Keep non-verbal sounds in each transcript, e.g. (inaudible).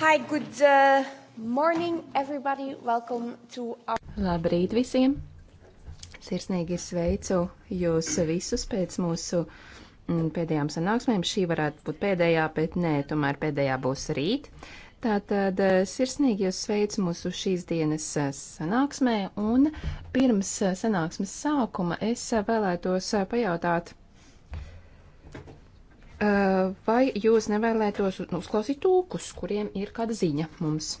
Hi, good uh, morning, everybody. Welcome to our... Labrīt visiem! Sirsnīgi sveicu jūs visus pēc mūsu mm, pēdējām sanāksmēm. Šī varētu būt pēdējā, bet nē, tomēr pēdējā būs rīt. Tātad eh, sirsnīgi jūs sveicu mūsu šīs dienas eh, sanāksmē, un pirms eh, sanāksmes sākuma es vēlētos pajautāt Eh, vai jūs nevēlētos uzklausīt tūkus, kuriem ir kāda ziņa mums?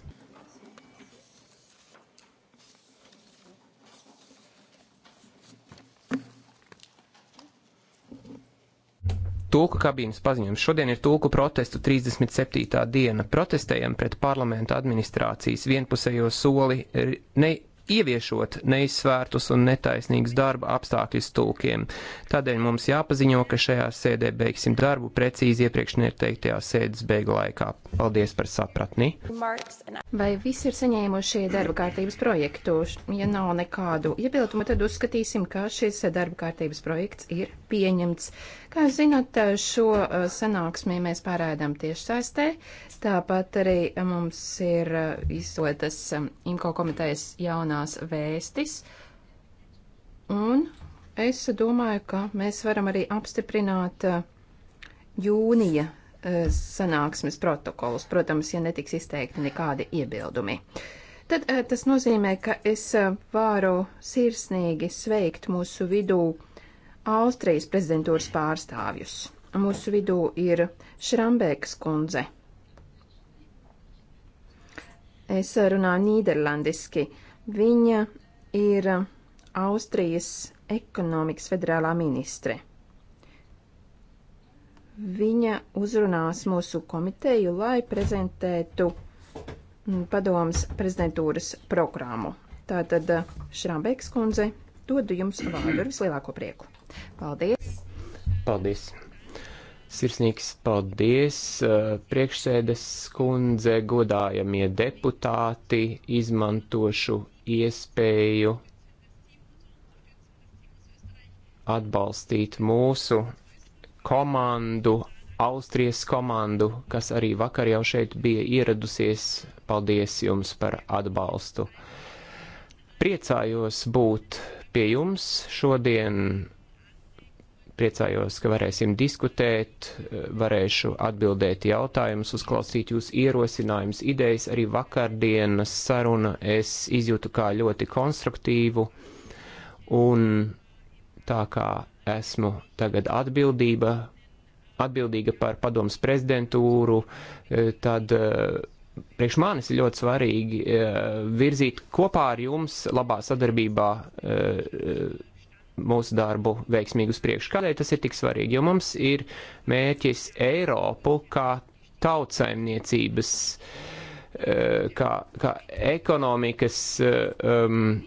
Tūku kabīnes paziņojums. Šodien ir tūku protestu 37. diena. Protestējam pret parlamenta administrācijas vienpusējo soli ne ieviešot neizsvērtus un netaisnīgus darba apstākļus tulkiem. Tādēļ mums jāpaziņo, ka šajā sēdē beigsim darbu precīzi iepriekš neteiktajā sēdes beigu laikā. Paldies par sapratni! Vai visi ir saņēmuši darba kārtības projektu? Ja nav nekādu iebildumu, tad uzskatīsim, ka šis darba kārtības projekts ir pieņemts. Kā jūs zināt, šo uh, sanāksmī mēs pārēdām tiešsaistē, tāpat arī mums ir uh, izsotas um, IMCO komitejas jaunās vēstis, un es domāju, ka mēs varam arī apstiprināt uh, jūnija sanāksmes protokolus, protams, ja netiks izteikti nekādi iebildumi tad tas nozīmē, ka es varu sirsnīgi sveikt mūsu vidū Austrijas prezidentūras pārstāvjus. Mūsu vidū ir Šrambēks kundze. Es runāju nīderlandiski. Viņa ir Austrijas ekonomikas federālā ministre. Viņa uzrunās mūsu komiteju, lai prezentētu padomas prezidentūras programmu. Tātad Šrambēks kundze, dodu jums vārdu ar vislielāko prieku. Paldies! Paldies! Sirsnīgs paldies, eh, priekšsēdes kundze, godājamie deputāti, izmantošu iespēju atbalstīt mūsu komandu, Austrijas komandu, kas arī vakar jau šeit bija ieradusies. Paldies jums par atbalstu. Priecājos būt pie jums šodien Priecājos, ka varēsim diskutēt, varēšu atbildēt jautājumus, uzklausīt jūs ierosinājumus, idejas. Arī vakardienas saruna es izjūtu kā ļoti konstruktīvu un tā kā esmu tagad atbildība, atbildīga par padomus prezidentūru, e, tad e, priekš manis ir ļoti svarīgi e, virzīt kopā ar jums labā sadarbībā mūsu darbu veiksmīgi uz priekšu. Kādēļ tas ir tik svarīgi? Jo mums ir mērķis Eiropu kā tautsaimniecības, eh, kā, kā ekonomikas eh, um,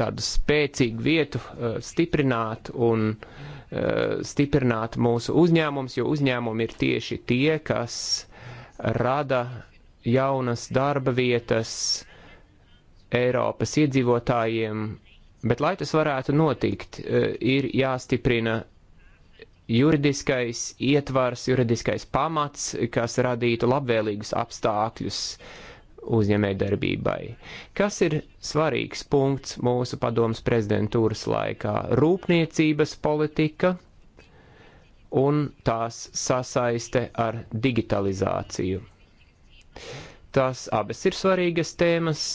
tādu spēcīgu vietu eh, stiprināt un stiprināt mūsu uzņēmumus, jo uzņēmumi ir tieši tie, kas rada jaunas darba vietas Eiropas iedzīvotājiem Bet, lai tas varētu notikt, eh, ir jāstiprina juridiskais ietvars, juridiskais pamats, kas radītu labvēlīgus apstākļus uzņēmējdarbībai. Kas ir svarīgs punkts mūsu padomas prezidentūras laikā? Rūpniecības politika un tās sasaiste ar digitalizāciju. Tās abas ir svarīgas tēmas,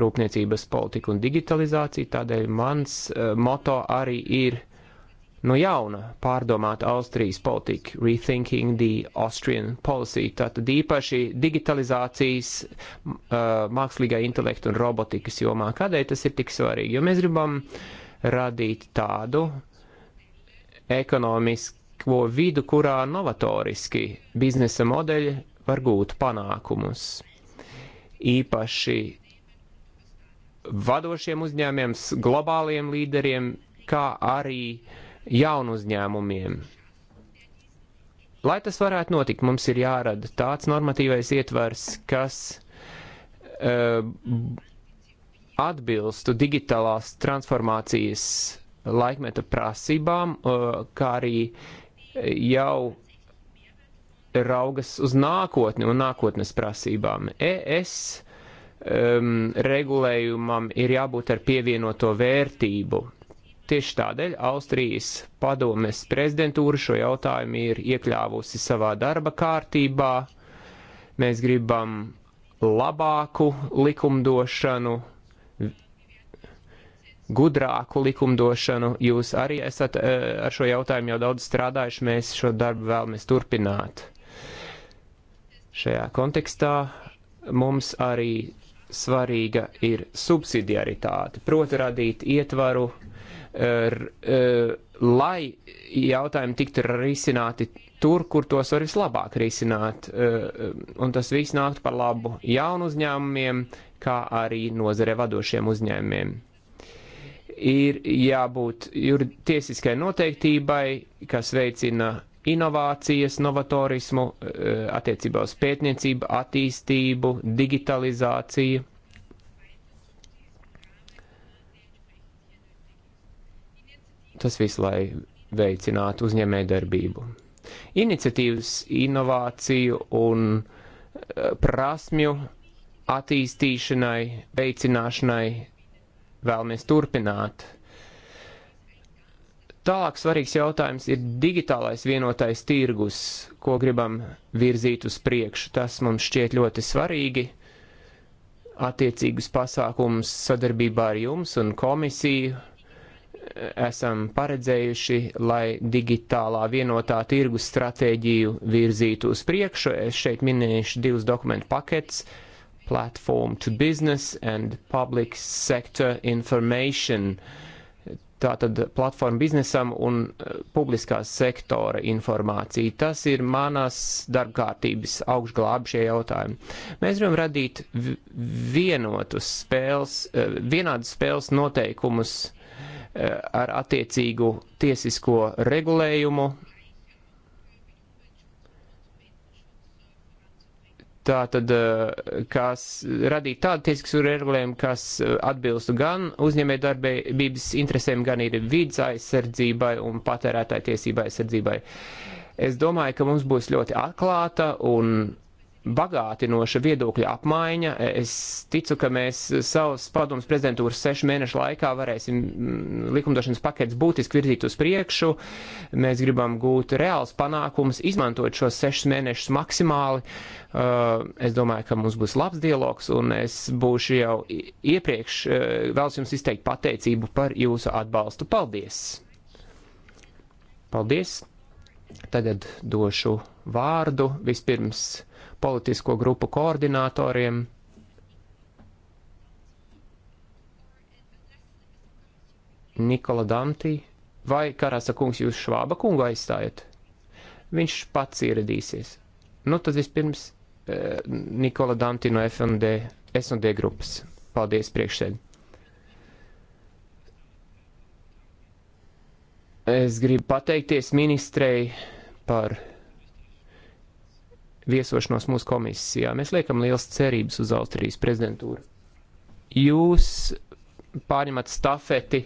rūpniecības politiku un digitalizāciju, tādēļ mans uh, moto arī ir no nu, jauna pārdomāt Austrijas politiku, rethinking the Austrian policy, tātad īpaši digitalizācijas, uh, mākslīgā intelekta un robotikas jomā. Kādēļ tas ir tik svarīgi? Jo mēs gribam radīt tādu ekonomisko vidu, kurā novatoriski biznesa modeļi var gūt panākumus. Īpaši vadošiem uzņēmiem, globāliem līderiem, kā arī jaunu uzņēmumiem. Lai tas varētu notikt, mums ir jārada tāds normatīvais ietvers, kas uh, atbilstu digitalās transformācijas laikmeta prasībām, uh, kā arī jau raugas uz nākotni un nākotnes prasībām. ES um, regulējumam ir jābūt ar pievienoto vērtību. Tieši tādēļ Austrijas padomes prezidentūra šo jautājumu ir iekļāvusi savā darba kārtībā. Mēs gribam labāku likumdošanu, gudrāku likumdošanu. Jūs arī esat uh, ar šo jautājumu jau daudz strādājuši, mēs šo darbu vēlamies turpināt. Šajā kontekstā mums arī svarīga ir subsidiaritāte, proti radīt ietvaru, r, er, r, e, lai jautājumi tiktu risināti tur, kur tos var vislabāk risināt, r, e, un tas viss nākt par labu jaunu uzņēmumiem, kā arī nozare vadošiem uzņēmumiem. Ir jābūt tiesiskai noteiktībai, kas veicina inovācijas, novatorismu, e, attiecībā uz pētniecību, attīstību, digitalizāciju. Tas viss, lai veicinātu uzņēmējdarbību. Iniciatīvas, inovāciju un e, prasmju attīstīšanai, veicināšanai vēlamies turpināt Tālāk svarīgs jautājums ir digitālais vienotais tirgus, ko gribam virzīt uz priekšu. Tas mums šķiet ļoti svarīgi. Attiecīgus pasākumus sadarbībā ar jums un komisiju eh, esam paredzējuši, lai digitālā vienotā tirgus stratēģiju virzītu uz priekšu. Es šeit minēšu divus dokumentu paketus - Platform to Business and Public Sector Information. Uh, tātad platforma biznesam un e, publiskās sektora informācija. Tas ir manās darbkārtības augšglābi šie jautājumi. Mēs gribam radīt vienotus spēles, e, vienādus spēles noteikumus e, ar attiecīgu tiesisko regulējumu tā tad, eh, kas radīt tādu tiesisku regulējumu, kas eh, atbilstu gan uzņēmē darbības interesēm, gan ir vidas aizsardzībai un patērētāja tiesība aizsardzībai. Es domāju, ka mums būs ļoti atklāta un bagātinoša viedokļa apmaiņa. Es ticu, ka mēs savas padomus prezidentūras sešu mēnešu laikā varēsim mm, likumdošanas pakets būtiski virzīt uz priekšu. Mēs gribam gūt reāls panākums, izmantot šos sešus mēnešus maksimāli. Uh, es domāju, ka mums būs labs dialogs, un es būšu jau iepriekš uh, vēlos jums izteikt pateicību par jūsu atbalstu. Paldies! Paldies! Tagad došu vārdu vispirms politisko grupu koordinatoriem. Nikola Dantī, vai Karasa kungs jūs švāba kungu aizstājat? Viņš pats ieradīsies. Nu, tad vispirms eh, Nikola Dantī no FND, SND grupas. Paldies priekšsēdi. Es gribu pateikties ministrei par viesošanos mūsu komisijā. Mēs liekam liels cerības uz Austrijas prezidentūru. Jūs pārņemat stafeti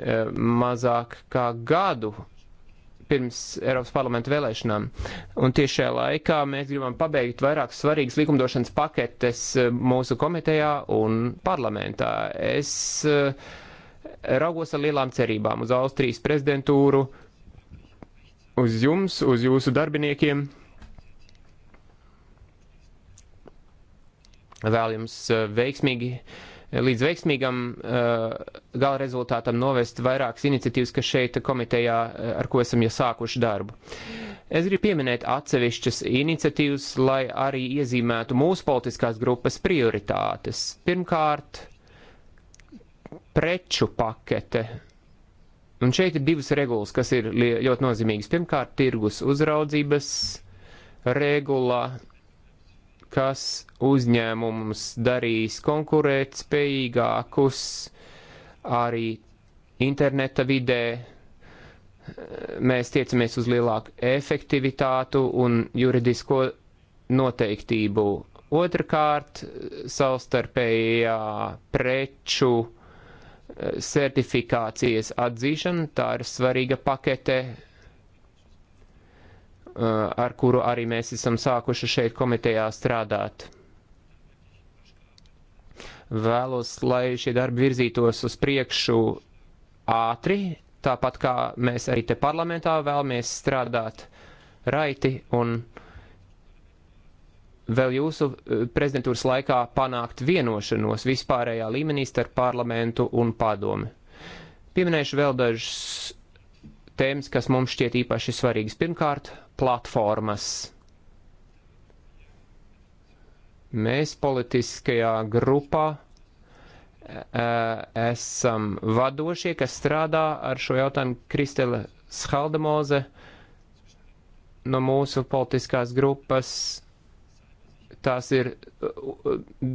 eh, mazāk kā gadu pirms Eiropas parlamenta vēlēšanām. Un tieši šajā laikā mēs gribam pabeigt vairākas svarīgas likumdošanas paketes eh, mūsu komitejā un parlamentā. Es eh, raugos ar lielām cerībām uz Austrijas prezidentūru, uz jums, uz jūsu darbiniekiem Vēl jums eh, veiksmīgi, eh, līdz veiksmīgam eh, gala rezultātam novest vairākas iniciatīvas, kas šeit komitejā, ar ko esam jau sākuši darbu. Es gribu pieminēt atsevišķas iniciatīvas, lai arī iezīmētu mūsu politiskās grupas prioritātes. Pirmkārt, preču pakete. Un šeit ir divas regulas, kas ir ļoti nozīmīgas. Pirmkārt, tirgus uzraudzības regula kas uzņēmumus darīs konkurēt spējīgākus arī interneta vidē. Mēs tiecamies uz lielāku efektivitātu un juridisko noteiktību. Otrakārt, savstarpējā preču eh, certifikācijas atzīšana, tā ir svarīga pakete Eh, ar kuru arī mēs esam sākuši šeit komitejā strādāt. Vēlos, lai šie darbi virzītos uz priekšu ātri, tāpat kā mēs arī te parlamentā vēlamies strādāt raiti un vēl jūsu eh, prezidentūras laikā panākt vienošanos vispārējā līmenī starp parlamentu un padomi. Pieminēšu vēl dažus tēmas, kas mums šķiet īpaši svarīgas. Pirmkārt, platformas. Mēs politiskajā grupā esam vadošie, kas strādā ar šo jautājumu Kristela Schaldemoze no mūsu politiskās grupas tās ir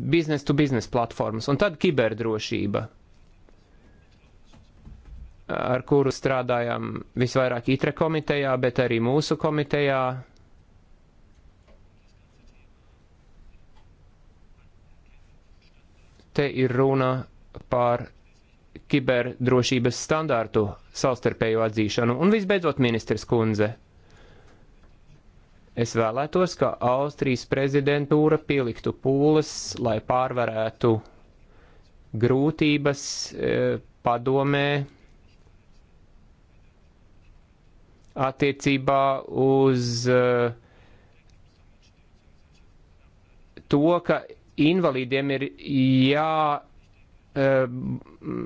biznes to biznes platformas, un tad kiberdrošība ar kuru strādājam visvairāk ITRE komitejā, bet arī mūsu komitejā. Te ir runa par kiberdrošības standārtu savstarpējo atzīšanu. Un visbeidzot, ministrs kundze. Es vēlētos, ka Austrijas prezidentūra pieliktu pūles, lai pārvarētu grūtības e, padomē attiecībā uz eh, to, ka invalīdiem ir jā, eh,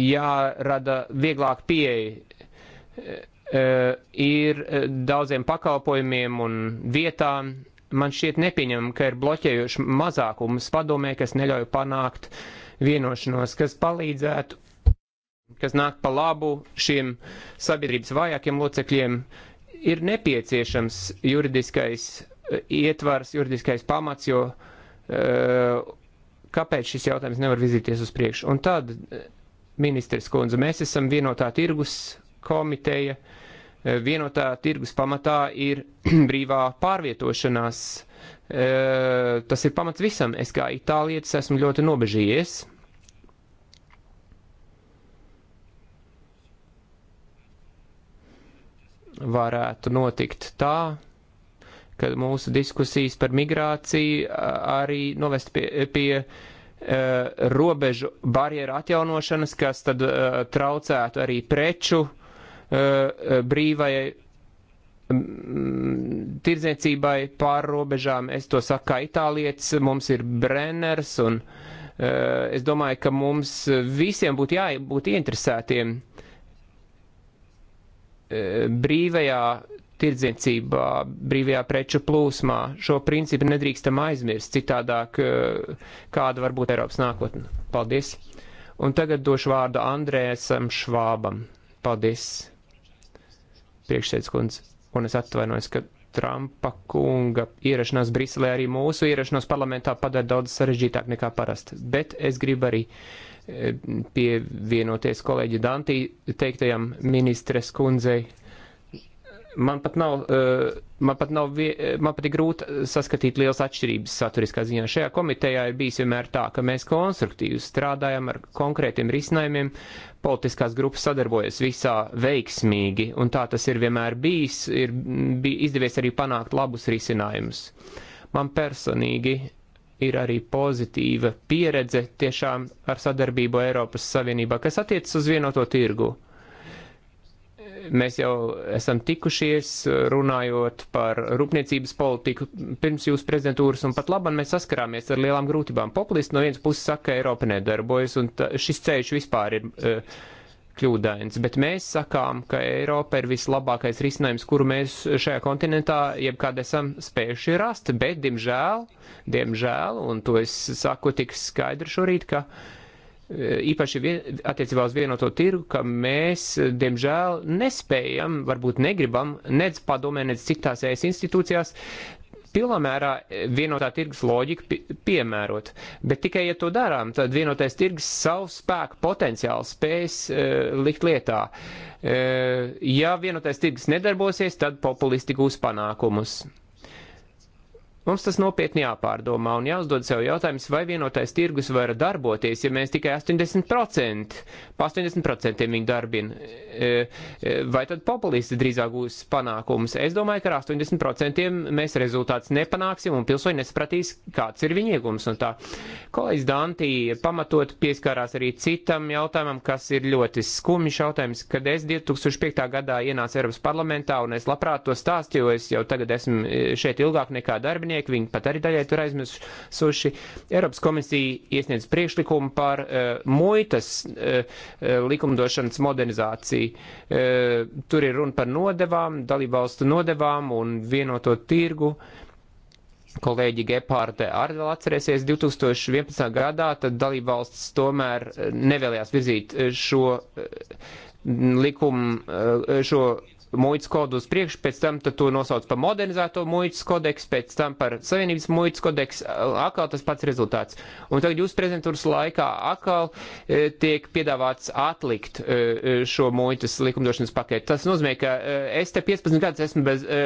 jārada vieglāk pieeja. Eh, ir daudziem pakalpojumiem un vietām. Man šķiet nepieņemam, ka ir bloķējuši mazākums padomē, kas neļauj panākt vienošanos, kas palīdzētu kas nāk pa labu šiem sabiedrības vājākiem locekļiem, ir nepieciešams juridiskais eh, ietvars, juridiskais pamats, jo eh, kāpēc šis jautājums nevar virzīties uz priekšu. Un tad, eh, ministrs kundze, mēs esam vienotā tirgus komiteja, vienotā tirgus pamatā ir (clears throat) brīvā pārvietošanās. Tas ir pamats visam. Es kā itālietis esmu ļoti nobežījies varētu notikt tā, ka mūsu diskusijas par migrāciju arī novest pie, pie uh, robežu barjeru atjaunošanas, kas tad uh, traucētu arī preču uh, brīvajai tirdzniecībai pār robežām. Es to saku kā itālietis, mums ir Brenners un es domāju, ka mums visiem būtu jābūt ieinteresētiem E, brīvajā tirdzniecībā, brīvajā preču plūsmā. Šo principu nedrīkstam aizmirst, citādāk e, kāda var būt Eiropas nākotne. Paldies! Un tagad došu vārdu Andrēsam Švābam. Paldies! Priekšsēdz kundze, un es atvainojos, ka Trumpa kunga ierašanās Briselē arī mūsu ierašanās parlamentā padara daudz sarežģītāk nekā parasti. Bet es gribu arī uh, pievienoties kolēģi Dantī teiktajam ministres kundzei. Man pat nav, eh, man pat nav, eh, man pat ir grūti saskatīt liels atšķirības saturiskā ziņā. Šajā komitejā ir bijis vienmēr tā, ka mēs konstruktīvi strādājam ar konkrētiem risinājumiem, politiskās grupas sadarbojas visā veiksmīgi, un tā tas ir vienmēr bijis, ir bij, izdevies arī panākt labus risinājumus. Man personīgi ir arī pozitīva pieredze tiešām ar sadarbību Eiropas Savienībā, kas attiecas uz vienoto tirgu. Mēs jau esam tikušies runājot par rūpniecības politiku pirms jūsu prezidentūras, un pat labam mēs saskarāmies ar lielām grūtībām. Populisti no vienas puses saka, ka Eiropa nedarbojas, un ta, šis ceļš vispār ir. Uh, kļūdains, bet mēs sakām, ka Eiropa ir vislabākais risinājums, kuru mēs šajā kontinentā jebkād esam spējuši rast, bet, diemžēl, diemžēl, un to es saku tik skaidri šorīt, ka e, īpaši vien, attiecībā uz vienoto tiru, ka mēs, diemžēl, nespējam, varbūt negribam, nec padomē, nec citās ES institūcijās pilnā mērā e, vienotā tirgus loģiku piemērot. Bet tikai, ja to darām, tad vienotais tirgus savu spēku potenciālu spējas uh, e, likt lietā. Uh, ja vienotais tirgus nedarbosies, tad populisti gūs panākumus. Mums tas nopietni jāpārdomā un jāuzdod sev jautājums, vai vienotais tirgus var darboties, ja mēs tikai 80%, pa 80% viņu darbina. E, e, vai tad populisti drīzāk gūs panākumus? Es domāju, ka ar 80% mēs rezultāts nepanāksim un pilsoņi nesapratīs, kāds ir viņa iegums. Un tā kolēģis Dantī pamatot pieskārās arī citam jautājumam, kas ir ļoti skumjš jautājums, kad es 2005. gadā ienācu Eiropas parlamentā un es labprāt to stāstīju, jo es jau tagad esmu e, šeit ilgāk nekā darbinieks dzīvnieki, viņi pat arī daļai tur aizmirsuši. Eiropas komisija iesniedz priekšlikumu par uh, muitas uh, likumdošanas modernizāciju. Uh, tur ir runa par nodevām, dalībvalstu nodevām un vienoto tirgu. Kolēģi Gepārde arī vēl atcerēsies, 2011. gadā tad dalībvalsts tomēr nevēlējās virzīt šo likumu, šo muitas kodu uz priekšu, pēc tam to nosauc par modernizēto muitas kodeksu, pēc tam par Savienības muitas kodeksu, atkal tas pats rezultāts. Un tagad jūsu prezentūras laikā atkal e, tiek piedāvāts atlikt e, šo muitas likumdošanas paketu. Tas nozīmē, ka e, es te 15 gadus esmu bez e,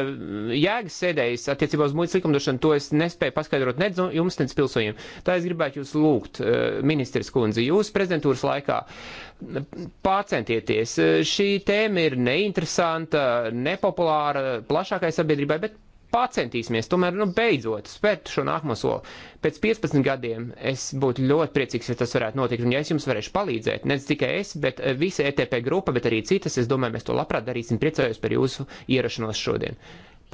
jēgas sēdējis attiecībā uz muitas likumdošanu, to es nespēju paskaidrot nec jums, nec pilsoņiem. Tā es gribētu jūs lūgt, e, ministrs kundze, jūsu prezentūras laikā. E, pārcentieties. Šī tēma ir neinteresanta, nepopulāra plašākai sabiedrībai, bet pacentīsimies, tomēr, nu, beidzot, spērt šo nākamo soli. Pēc 15 gadiem es būtu ļoti priecīgs, ja tas varētu notikt, un ja es jums varēšu palīdzēt, ne tikai es, bet eh, visa ETP grupa, bet arī citas, es domāju, mēs to labprāt darīsim, priecājos par jūsu ierašanos šodien.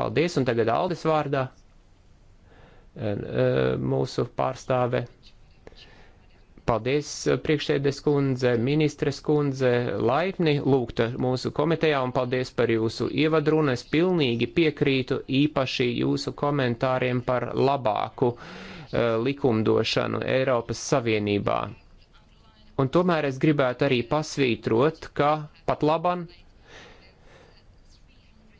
Paldies, un tagad Aldis vārdā eh, eh, mūsu pārstāve Paldies eh, priekšsēdes kundze, ministres kundze, laipni lūgta mūsu komitejā un paldies par jūsu ievadrunu. Es pilnīgi piekrītu īpaši jūsu komentāriem par labāku uh, likumdošanu Eiropas Savienībā. Un tomēr es gribētu arī pasvītrot, ka pat laban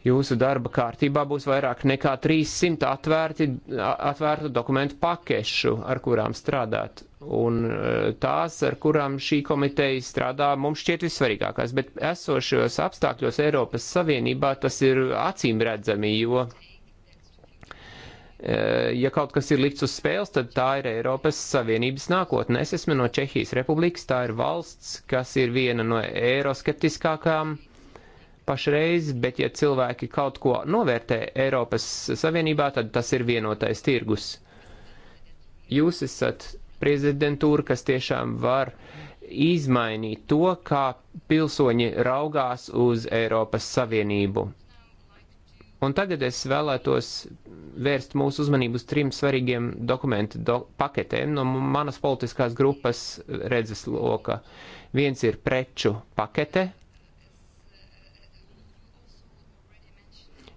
jūsu darba kārtībā būs vairāk nekā 300 atvērti, atvērtu dokumentu pakešu, ar kurām strādāt un eh, tās, ar kurām šī komiteja strādā, mums šķiet vissvarīgākās, bet esošajos apstākļos Eiropas Savienībā tas ir acīm redzami, jo, eh, ja kaut kas ir likts uz spēles, tad tā ir Eiropas Savienības nākotne. Es esmu no Čehijas republikas, tā ir valsts, kas ir viena no eiroskeptiskākām pašreiz, bet ja cilvēki kaut ko novērtē Eiropas Savienībā, tad tas ir vienotais tirgus. Jūs esat prezidentūra, kas tiešām var izmainīt to, kā pilsoņi raugās uz Eiropas Savienību. Un tagad es vēlētos vērst mūsu uzmanību uz trim svarīgiem dokumentu do paketēm no manas politiskās grupas redzes loka. Viens ir preču pakete.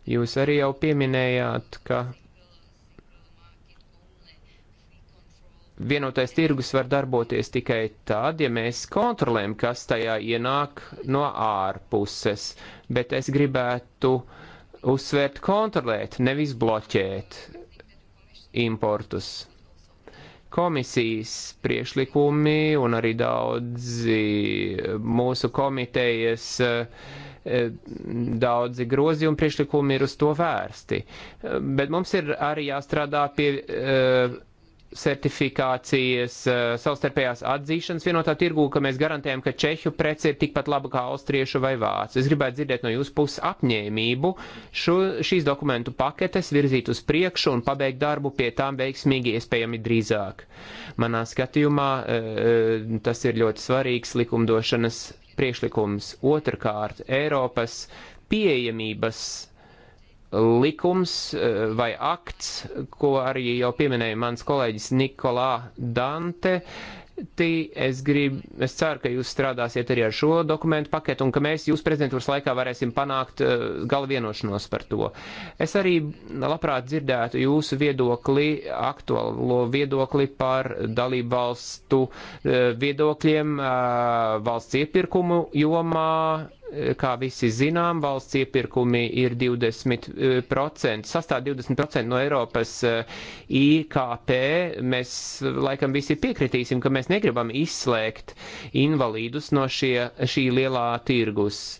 Jūs arī jau pieminējāt, ka vienotais tirgus var darboties tikai tad, ja mēs kontrolējam, kas tajā ienāk no ārpuses, bet es gribētu uzsvērt kontrolēt, nevis bloķēt importus. Komisijas priešlikumi un arī daudzi mūsu komitejas uh, daudzi grozījumi priekšlikumi ir uz to vērsti. Eh, bet mums ir arī jāstrādā pie uh, certifikācijas, eh, savstarpējās atzīšanas vienotā tirgū, ka mēs garantējam, ka čehu prece ir tikpat laba kā austriešu vai vācu. Es gribētu dzirdēt no jūsu puses apņēmību šo, šīs dokumentu paketes virzīt uz priekšu un pabeigt darbu pie tām veiksmīgi iespējami drīzāk. Manā skatījumā eh, eh, tas ir ļoti svarīgs likumdošanas priekšlikums. Otrakārt, Eiropas pieejamības likums eh, vai akts, ko arī jau pieminēja mans kolēģis Nikolā Dante, Tī es gribu, es ceru, ka jūs strādāsiet arī ar šo dokumentu paketu un ka mēs jūs prezidentūras laikā varēsim panākt uh, eh, galvienošanos par to. Es arī labprāt dzirdētu jūsu viedokli, aktuālo viedokli par dalību valstu uh, viedokļiem uh, valsts iepirkumu jomā, kā visi zinām, valsts iepirkumi ir 20%, eh, sastāv 20% no Eiropas eh, IKP. Mēs laikam visi piekritīsim, ka mēs negribam izslēgt invalīdus no šie, šī lielā tirgus.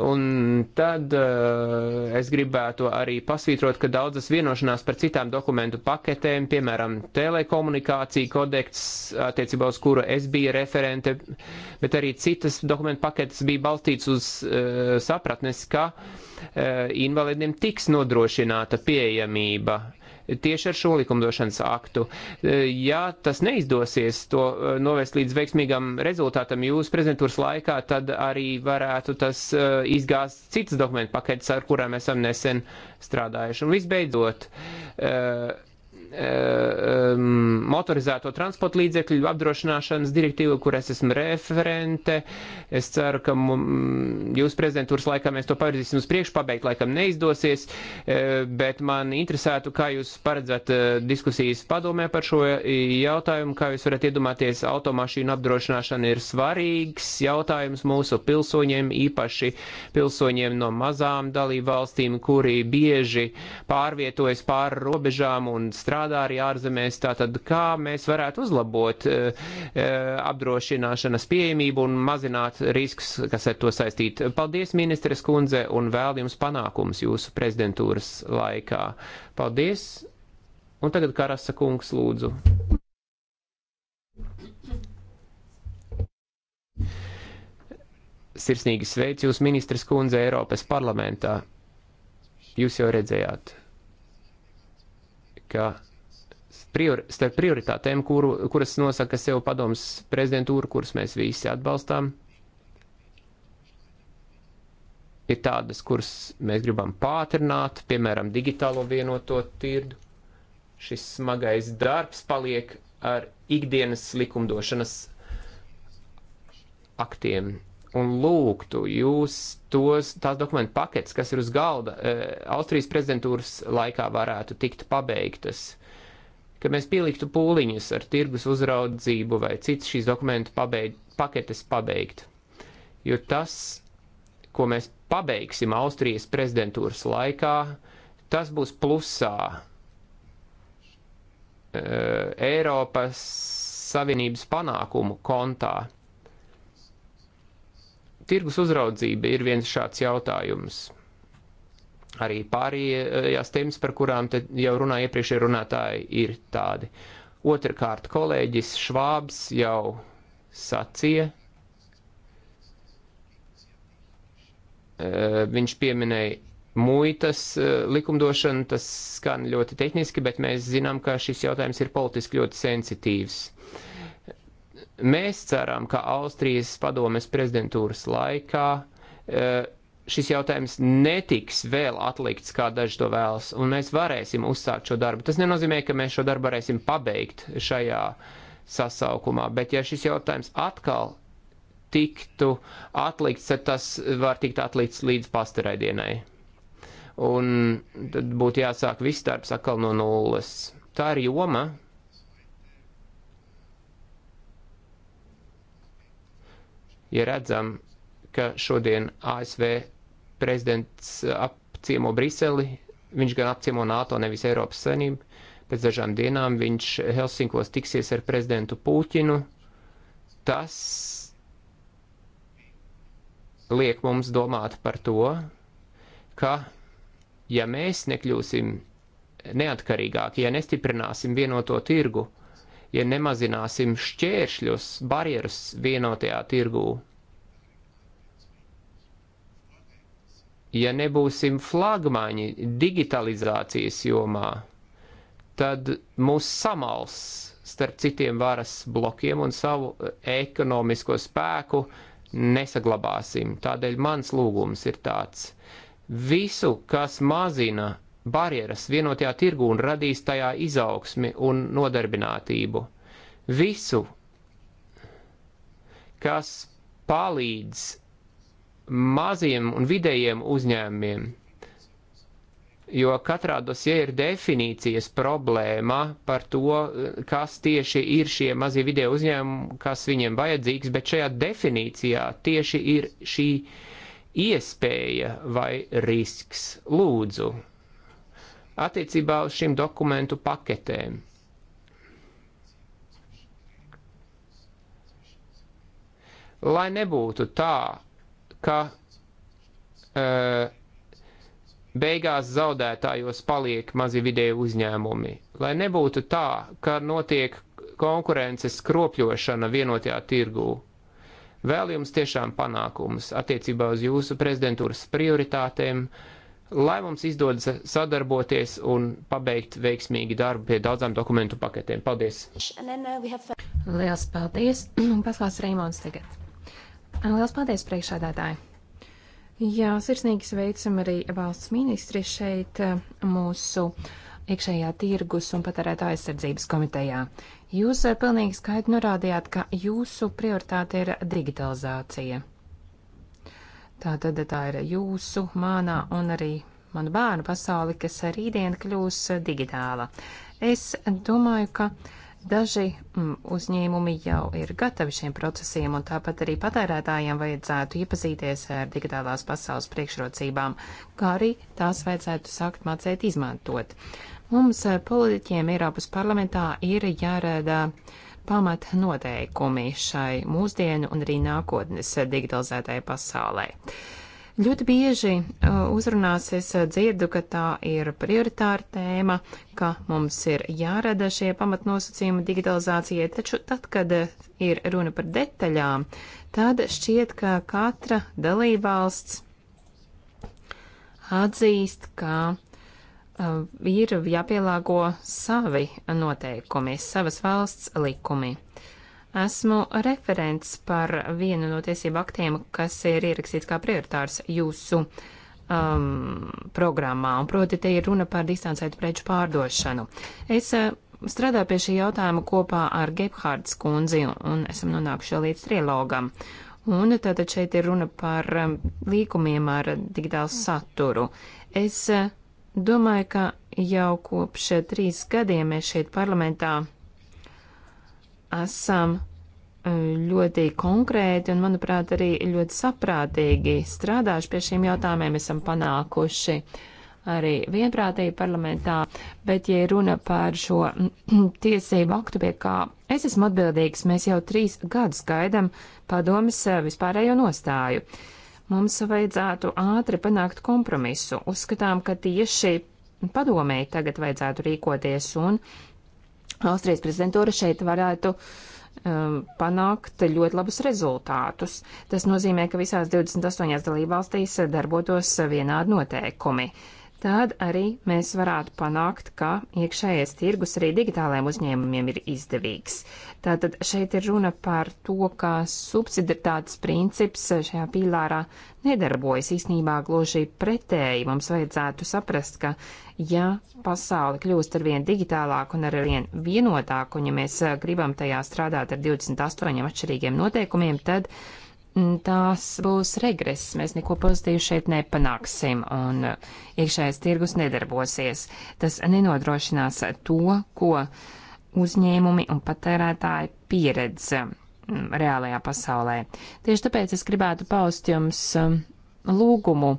Un tad eh, es gribētu arī pasvītrot, ka daudzas vienošanās par citām dokumentu paketēm, piemēram, telekomunikācija kodeks, attiecībā uz kuru es biju referente, bet arī citas dokumentu paketes bija balstīts uz Eh, sapratnes, ka eh, invalidiem tiks nodrošināta pieejamība tieši ar šo likumdošanas aktu. Eh, ja tas neizdosies to novest līdz veiksmīgam rezultātam jūsu prezidentūras laikā, tad arī varētu tas izgāzt citas dokumentu paketes, ar kurām esam nesen strādājuši. Un visbeidzot, uh, Eh, motorizēto transporta līdzekļu apdrošināšanas direktīvu, kur es esmu referente. Es ceru, ka jūs prezidentūras laikā mēs to pavirzīsim uz priekšu, pabeigt laikam neizdosies, eh, bet man interesētu, kā jūs paredzat eh, diskusijas padomē par šo jautājumu, kā jūs varat iedomāties, automašīnu apdrošināšana ir svarīgs jautājums mūsu pilsoņiem, īpaši pilsoņiem no mazām dalību valstīm, kuri bieži pārvietojas pāri robežām un strādā strādā arī ārzemēs. Tātad, kā mēs varētu uzlabot eh, eh, apdrošināšanas pieejamību un mazināt risks, kas ar to saistīt. Paldies, ministres kundze, un vēl jums panākums jūsu prezidentūras laikā. Paldies! Un tagad Karasa kungs lūdzu. Sirsnīgi sveicu jūs, ministres kundze, Eiropas parlamentā. Jūs jau redzējāt, ka priori, starp prioritātēm, kuru, kuras nosaka sev padoms prezidentūra, kuras mēs visi atbalstām, ir tādas, kuras mēs gribam pātrināt, piemēram, digitālo vienoto tirdu. Šis smagais darbs paliek ar ikdienas likumdošanas aktiem. Un lūgtu jūs tos, tās dokumentu paketes, kas ir uz galda, e, Austrijas prezidentūras laikā varētu tikt pabeigtas. E, ka mēs pieliktu pūliņus ar tirgus uzraudzību vai cits šīs dokumentu pabeid, paketes pabeigt. Jo tas, ko mēs pabeigsim Austrijas prezidentūras laikā, tas būs plusā e, Eiropas Savienības panākumu kontā tirgus uzraudzība ir viens šāds jautājums. Arī pārējās tēmas, par kurām jau runāja iepriekšējie runātāji, ir tādi. Otrakārt, kolēģis Švābs jau sacīja, e, viņš pieminēja muitas e, likumdošanu, tas skan ļoti tehniski, bet mēs zinām, ka šis jautājums ir politiski ļoti sensitīvs. Mēs ceram, ka Austrijas padomes prezidentūras laikā e, šis jautājums netiks vēl atlikts, kā daži to vēlas, un mēs varēsim uzsākt šo darbu. Tas nenozīmē, ka mēs šo darbu varēsim pabeigt šajā sasaukumā, bet ja šis jautājums atkal tiktu atlikts, tad tas var tikt atlikts līdz pastarai dienai. Un tad būtu jāsāk viss darbs atkal no nulles. Tā ir joma, ja redzam, ka šodien ASV prezidents eh, apciemo Briseli, viņš gan apciemo NATO, nevis Eiropas Savienību. Pēc dažām dienām viņš Helsinkos tiksies ar prezidentu Pūķinu. Tas liek mums domāt par to, ka ja mēs nekļūsim neatkarīgāki, ja nestiprināsim vienoto tirgu, ja nemazināsim šķēršļus, barjerus vienotajā tirgū, ja nebūsim flagmaņi digitalizācijas jomā, tad mūs samals starp citiem varas blokiem un savu eh, ekonomisko spēku nesaglabāsim. Tādēļ mans lūgums ir tāds. Visu, kas mazina barjeras vienotajā tirgu un radīs tajā izaugsmi un nodarbinātību. Visu, kas palīdz maziem un vidējiem uzņēmumiem, jo katrā dosē ir definīcijas problēma par to, kas tieši ir šie mazie video uzņēmumi, kas viņiem vajadzīgs, bet šajā definīcijā tieši ir šī iespēja vai risks. Lūdzu, attiecībā uz šīm dokumentu paketēm. Lai nebūtu tā, ka e, beigās zaudētājos paliek mazi vidēji uzņēmumi. Lai nebūtu tā, ka notiek konkurences kropļošana vienotajā tirgū. Vēl jums tiešām panākums attiecībā uz jūsu prezidentūras prioritātēm, lai mums izdodas sadarboties un pabeigt veiksmīgi darbu pie daudzām dokumentu paketēm. Paldies! Uh, uh, Liels paldies! (clears throat) Paskās Reimons tagad. Lielas paldies, priekšādātāji! Jā, sirsnīgi sveicam arī valsts ministri šeit mūsu iekšējā tirgus un patērētā aizsardzības komitejā. Jūs pilnīgi skaidri norādījāt, ka jūsu prioritāte ir digitalizācija. Tā tad tā ir jūsu, mānā un arī manu bērnu pasauli, kas rītdien kļūs digitāla. Es domāju, ka Daži mm, uzņēmumi jau ir gatavi šiem procesiem, un tāpat arī patērētājiem vajadzētu iepazīties ar digitālās pasaules priekšrocībām, kā arī tās vajadzētu sākt mācīt izmantot. Mums eh, politiķiem Eiropas parlamentā ir jārada pamat noteikumi šai mūsdienu un arī nākotnes digitalizētajai pasaulē. Uh, Ļoti bieži uh, uzrunās es uh, dzirdu, ka tā ir prioritāra tēma, ka mums ir jārada šie pamatnosacījumi digitalizācijai, taču tad, kad uh, ir runa par detaļām, tad šķiet, ka katra dalībvalsts atzīst, ka ir jāpielāgo savi noteikumi, savas valsts likumi. Uh, Esmu referents par vienu no tiesību aktiem, kas ir ierakstīts kā prioritārs jūsu um, programmā, un proti te ir runa par distancētu preču pārdošanu. Es uh, strādāju pie šī jautājuma kopā ar Gebhards kundzi, un esam nonākuši līdz trilogam. Un tātad šeit ir runa par um, līkumiem ar digitālu saturu. Es uh, domāju, ka jau kopš trīs gadiem mēs šeit parlamentā esam e, ļoti konkrēti un, manuprāt, arī ļoti saprātīgi strādājuši pie šiem jautājumiem, esam panākuši arī vienprātīgi parlamentā, bet, ja runa par šo (clears throat) tiesību aktu, pie kā es esmu atbildīgs, mēs jau trīs gadus gaidam padomis e, vispārējo nostāju. Mums vajadzētu ātri panākt kompromisu. Uzskatām, ka tieši padomēji tagad vajadzētu rīkoties un uh, Austrijas prezidentūra šeit varētu um, panākt ļoti labus rezultātus. Tas nozīmē, ka visās 28 dalībvalstīs darbotos vienādi noteikumi. Uh, tad arī mēs varētu panākt, ka iekšējais tirgus arī digitālajiem uzņēmumiem ir izdevīgs. Tātad šeit ir runa par to, ka subsidiaritātes princips šajā pīlārā nedarbojas īsnībā gloži pretēji. Mums vajadzētu saprast, ka ja pasauli kļūst ar vien digitālāku un ar vien vienotāku, un ja mēs gribam tajā strādāt ar 28 atšķirīgiem noteikumiem, tad Mm, tās būs regress, mēs neko pozitīvu šeit nepanāksim un uh, iekšējais tirgus nedarbosies. Tas nenodrošinās to, ko uzņēmumi un patērētāji pieredz mm, reālajā pasaulē. Tieši tāpēc es gribētu paust jums um, lūgumu.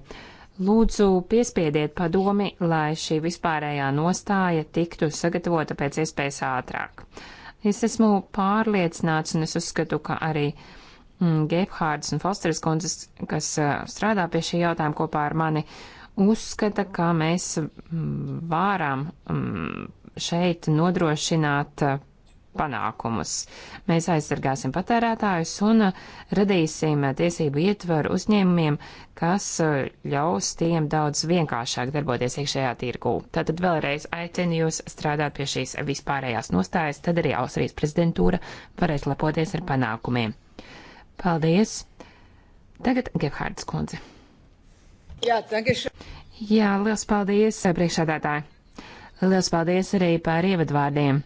Lūdzu, piespiediet padomi, lai šī vispārējā nostāja tiktu sagatavota pēc iespējas ātrāk. Es esmu pārliecināts un es uzskatu, ka arī uh, Mm, Gebhārdas un Fosteras kundzes, kas strādā pie šī jautājuma kopā ar mani, uzskata, ka mēs mm, varam mm, šeit nodrošināt panākumus. Mēs aizsargāsim patērētājus un radīsim tiesību ietvaru uzņēmumiem, kas ļaus tiem daudz vienkāršāk darboties iekšējā tirgū. Tātad vēlreiz aicinu jūs strādāt pie šīs vispārējās nostājas, tad arī Austrijas prezidentūra varēs lepoties ar panākumiem. Paldies! Tagad Gebhārdas kundze. Jā, tagad. Jā, liels paldies, eh, priekšādātāji. Liels paldies arī par ievadvārdiem.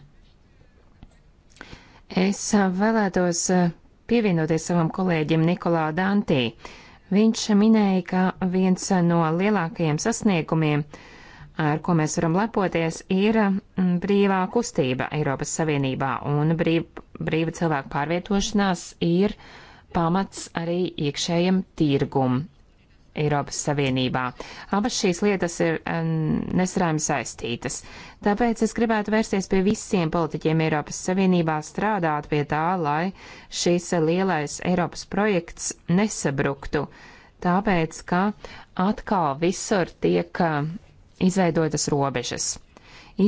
Es eh, vēlētos eh, pievienoties savam kolēģim Nikolā Dantī. Viņš minēja, ka viens no lielākajiem sasniegumiem, ar ko mēs varam lepoties, ir mm, brīvā kustība Eiropas Savienībā, un brīv, brīva cilvēku pārvietošanās ir uh, pamats arī iekšējiem tirgum Eiropas Savienībā. Abas šīs lietas ir um, nesarājami saistītas. Tāpēc es gribētu vērsties pie visiem politiķiem Eiropas Savienībā strādāt pie tā, lai šis lielais Eiropas projekts nesabruktu. Tāpēc, ka atkal visur tiek izveidotas robežas.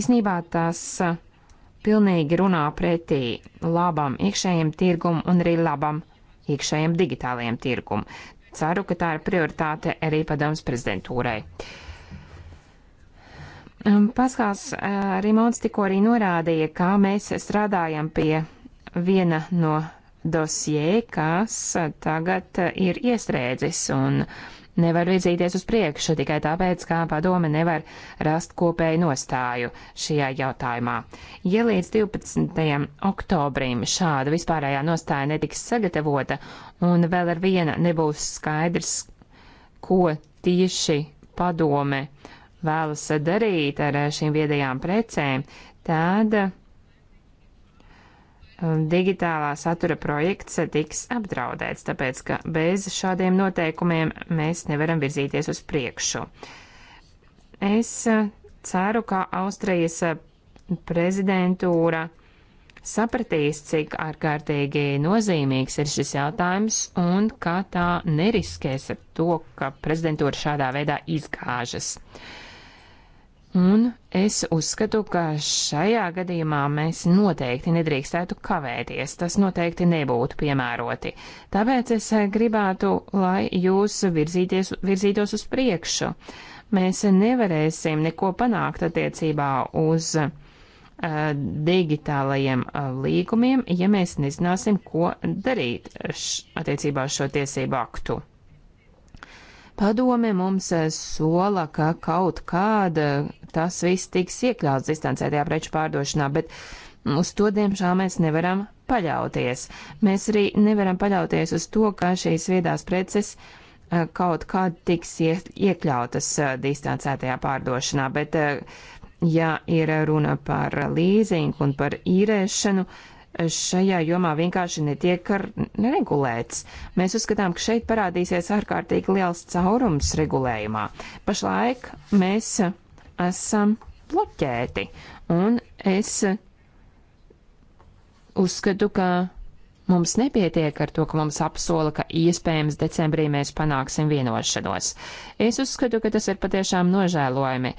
Īsnībā tas pilnīgi runā pretī labam iekšējiem tirgum un arī labam iekšējiem digitālajiem tirgum. Ceru, ka tā ir prioritāte arī padoms prezidentūrai. Um, Paskās uh, Rimons tikko arī norādīja, kā mēs strādājam pie viena no dosie, kas tagad ir iestrēdzis un uh, nevar virzīties uz priekšu tikai tāpēc, ka padome nevar rast kopēju nostāju šajā jautājumā. Ja līdz 12. oktobrim šāda vispārējā nostāja netiks sagatavota un vēl ar viena nebūs skaidrs, ko tieši padome vēlas darīt ar šīm viedajām precēm, tad Um, digitālā satura projekts tiks apdraudēts, tāpēc ka bez šādiem noteikumiem mēs nevaram virzīties uz priekšu. Es uh, ceru, ka Austrijas uh, prezidentūra sapratīs, cik ārkārtīgi nozīmīgs ir šis jautājums un ka tā neriskēs ar to, ka prezidentūra šādā veidā izgāžas. Uh, Un es uzskatu, ka šajā gadījumā mēs noteikti nedrīkstētu kavēties. Tas noteikti nebūtu piemēroti. Tāpēc es gribētu, lai jūs virzīties, virzītos uz priekšu. Mēs nevarēsim neko panākt attiecībā uz uh, digitālajiem uh, līgumiem, ja mēs nezināsim, ko darīt š, attiecībā uz šo tiesību aktu. Padome mums eh, sola, ka kaut kāda eh, tas viss tiks iekļauts distancētajā preču pārdošanā, bet uz to diemžēl mēs nevaram paļauties. Mēs arī nevaram paļauties uz to, ka šīs viedās preces eh, kaut kā tiks iekļautas distancētajā pārdošanā, bet ja ir runa par līzingu un par īrēšanu, šajā jomā vienkārši netiek regulēts. Mēs uzskatām, ka šeit parādīsies ārkārtīgi liels caurums regulējumā. Pašlaik mēs esam bloķēti, un es uzskatu, ka Mums nepietiek ar to, ka mums apsola, ka iespējams decembrī mēs panāksim vienošanos. Es uzskatu, ka tas ir patiešām nožēlojami,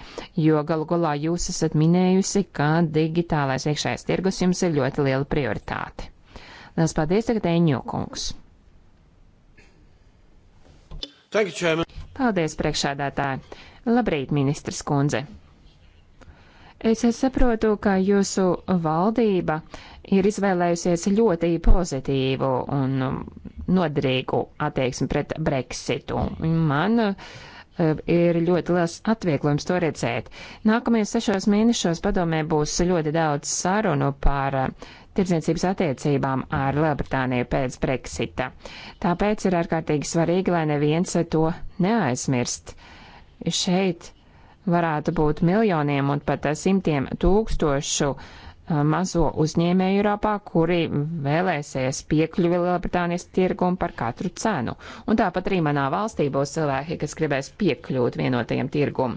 jo galu galā jūs esat minējusi, ka digitālais iekšējais tirgus jums ir ļoti liela prioritāte. Lielas paldies, tagad Eņokungs. Paldies, priekšādātāji. Labrīt, ministrs kundze. Es saprotu, ka jūsu valdība ir izvēlējusies ļoti pozitīvu un um, noderīgu attieksmi pret Brexitu. Man uh, ir ļoti liels atvieglojums to redzēt. Nākamajos sešos mēnešos padomē būs ļoti daudz sarunu par uh, tirdzniecības attiecībām ar Lielbritāniju pēc Brexita. Tāpēc ir ārkārtīgi svarīgi, lai neviens to neaizmirst. Šeit varētu būt miljoniem un pat simtiem tūkstošu uh, mazo uzņēmēju Eiropā, kuri vēlēsies piekļuvi Lielbritānijas tirgumu par katru cenu. Un tāpat arī manā valstī būs cilvēki, kas gribēs piekļūt vienotajam tirgumam.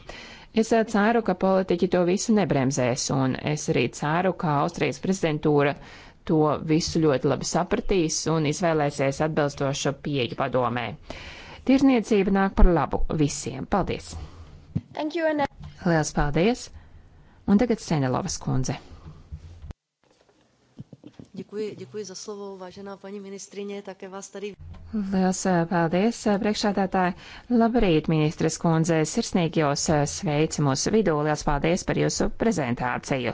Es eh, ceru, ka politiķi to visu nebremzēs, un es arī ceru, ka Austrijas prezidentūra to visu ļoti labi sapratīs un izvēlēsies atbilstošu pieeju padomē. Tirzniecība nāk par labu visiem. Paldies! Thank you, Anna. Liels paldies! Un tagad Senelovas kundze. Děkuji, děkuji za slovo, váženā paņi ministriņē, také vás arī. Liels eh, paldies, eh, priekšādātāji. Labrīt, ministres kundze, sirsnīgi jūs eh, sveicu mūsu vidū. Liels paldies par jūsu prezentāciju.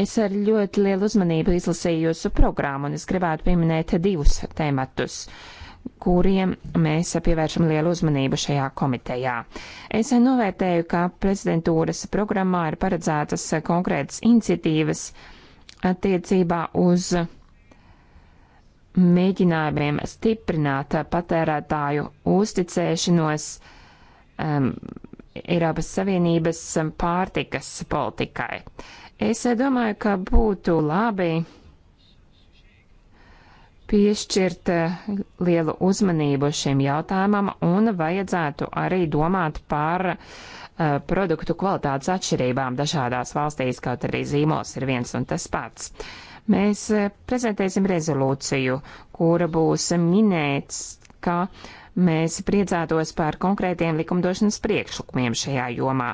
Es ar ļoti lielu uzmanību izlasīju jūsu programmu un es gribētu pieminēt divus tematus kuriem mēs pievēršam lielu uzmanību šajā komitejā. Es novērtēju, ka prezidentūras programmā ir paredzētas konkrētas iniciatīvas attiecībā uz mēģinājumiem stiprināt patērētāju uzticēšanos um, Eiropas Savienības um, pārtikas politikai. Es eh, domāju, ka būtu labi piešķirt eh, lielu uzmanību šim jautājumam un vajadzētu arī domāt par uh, produktu kvalitātes atšķirībām dažādās valstīs, kaut arī zīmos ir viens un tas pats. Mēs eh, prezentēsim rezolūciju, kura būs minēts, ka mēs priecātos par konkrētiem likumdošanas priekšlikumiem šajā jomā.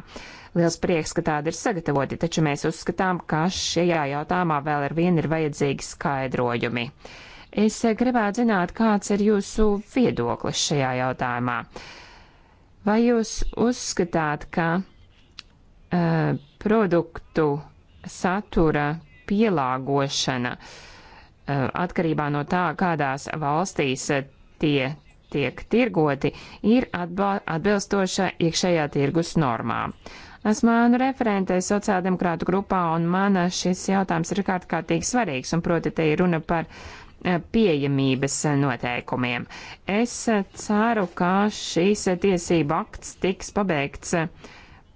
Liels prieks, ka tādi ir sagatavoti, taču mēs uzskatām, ka šajā jautājumā vēl ar vienu ir vajadzīgi skaidrojumi. Uh, Es gribētu zināt, kāds ir jūsu viedoklis šajā jautājumā. Vai jūs uzskatāt, ka uh, produktu satura pielāgošana uh, atkarībā no tā, kādās valstīs eh, tie tiek tirgoti, ir atbilstoša iekšējā tirgus normām? Esmu ānu referente sociāldemokrātu grupā, un man šis jautājums ir kārtkārtīgi svarīgs, un proti te ir runa par Eh, pieejamības eh, noteikumiem. Es eh, ceru, ka šīs tiesība akts tiks pabeigts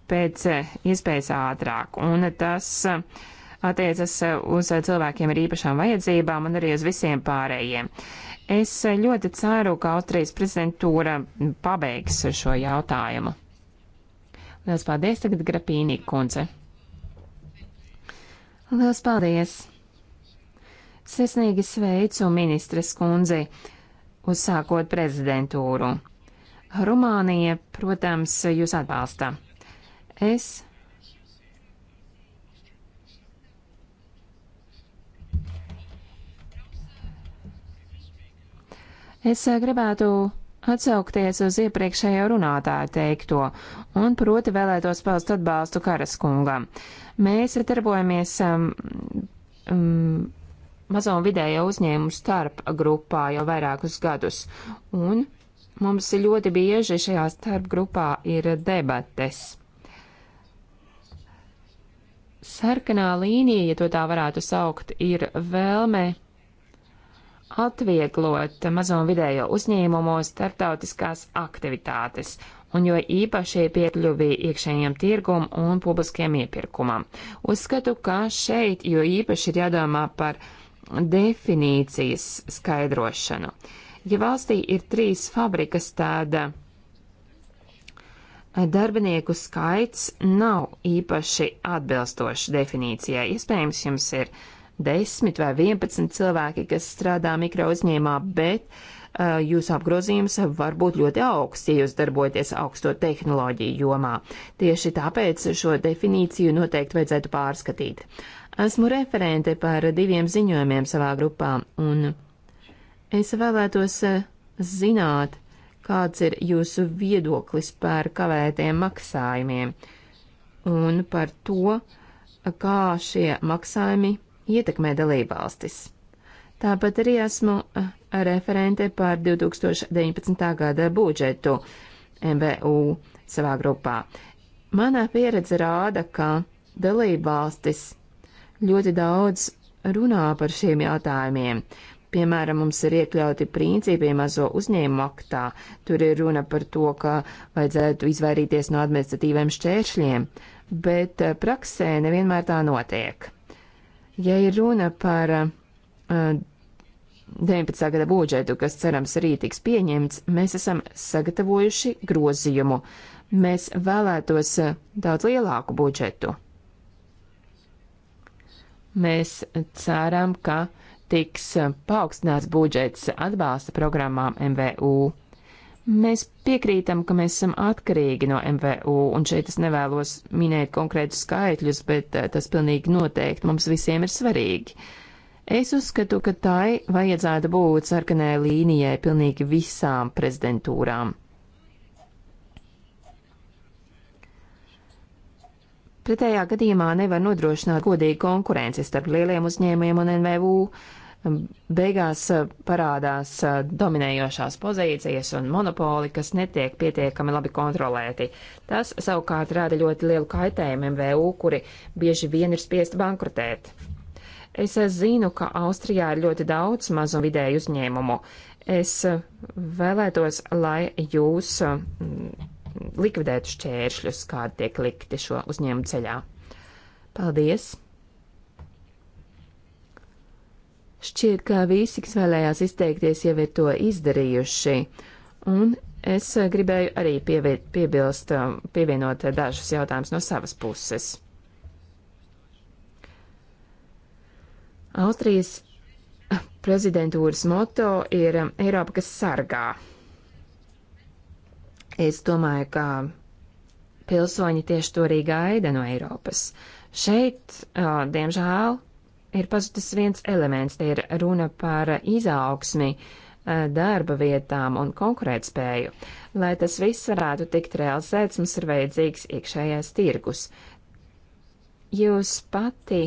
pēc iespējas ātrāk, un tas attiecas uz cilvēkiem ar īpašām vajadzībām un arī uz visiem pārējiem. Es ļoti ceru, ka Austrijas prezidentūra pabeigs šo jautājumu. Lielas paldies tagad Grapīnī kundze. Lielas paldies! Sesnīgi sveicu ministres kundzi, uzsākot prezidentūru. Rumānija, protams, jūs atbalsta. Es Es gribētu atsaukties uz iepriekšējo runātāju teikto, un proti vēlētos paust atbalstu karaskungam. Mēs darbojamies um, um, mazo un vidējo uzņēmumu starp grupā jau vairākus gadus, un mums ļoti bieži šajā starp grupā ir debates. Sarkanā līnija, ja to tā varētu saukt, ir vēlme atvieglot mazo un vidējo uzņēmumu starptautiskās aktivitātes, un jo īpaši piekļuvi iekšējiem tirgum un publiskiem iepirkumam. Uzskatu, ka šeit jo īpaši ir jādomā par definīcijas skaidrošanu. Ja valstī ir trīs fabrikas, tad darbinieku skaits nav īpaši atbilstošs definīcijai. Iespējams, jums ir 10 vai 11 cilvēki, kas strādā mikro uzņēmumā, bet uh, jūsu apgrozījums var būt ļoti augsts, ja jūs darbojaties augsto tehnoloģiju jomā. Tieši tāpēc šo definīciju noteikti vajadzētu pārskatīt. Uh, Esmu referente par diviem ziņojumiem savā grupā, un es vēlētos eh, zināt, kāds ir jūsu viedoklis par kavētiem maksājumiem un par to, kā šie maksājumi ietekmē dalībvalstis. Tāpat arī esmu eh, referente par 2019. gada budžetu MBU savā grupā. Manā pieredze rāda, ka dalībvalstis ļoti daudz runā par šiem jautājumiem. Piemēram, mums ir iekļauti principi mazo uzņēmumu aktā. Tur ir runa par to, ka vajadzētu izvairīties no administratīviem šķēršļiem, bet eh, praksē nevienmēr tā notiek. Ja ir runa par uh, eh, 19. gada budžetu, kas cerams arī tiks pieņemts, mēs esam sagatavojuši grozījumu. Mēs vēlētos eh, daudz lielāku budžetu. Mēs ceram, ka tiks paaugstināts budžets atbalsta programmām MVU. Mēs piekrītam, ka mēs esam atkarīgi no MVU, un šeit es nevēlos minēt konkrētus skaitļus, bet eh, tas pilnīgi noteikti mums visiem ir svarīgi. Es uzskatu, ka tai vajadzētu būt sarkanai līnijai pilnīgi visām prezidentūrām. Pretējā gadījumā nevar nodrošināt godīgu konkurenci starp lieliem uzņēmumiem un NVU. Beigās eh, parādās eh, dominējošās pozīcijas un monopoli, kas netiek pietiekami labi kontrolēti. Tas savukārt rada ļoti lielu kaitējumu MVU, kuri bieži vien ir spiesti bankrotēt. Es eh, zinu, ka Austrijā ir ļoti daudz mazu un vidēju uzņēmumu. Es vēlētos, lai jūs likvidēt šķēršļus, kādi tiek likti šo uzņēmumu ceļā. Paldies! Šķiet, ka visi, kas vēlējās izteikties, jau ir to izdarījuši, un es gribēju arī piebilst, pievienot dažus jautājumus no savas puses. Austrijas prezidentūras moto ir Eiropa, kas sargā. Es domāju, ka pilsoņi tieši to arī gaida no Eiropas. Šeit, diemžēl, ir pazudis viens elements, tie ir runa par izaugsmi, darba vietām un konkurētspēju. Lai tas viss varētu tikt realizēts, mums ir vajadzīgs iekšējais tirgus. Jūs pati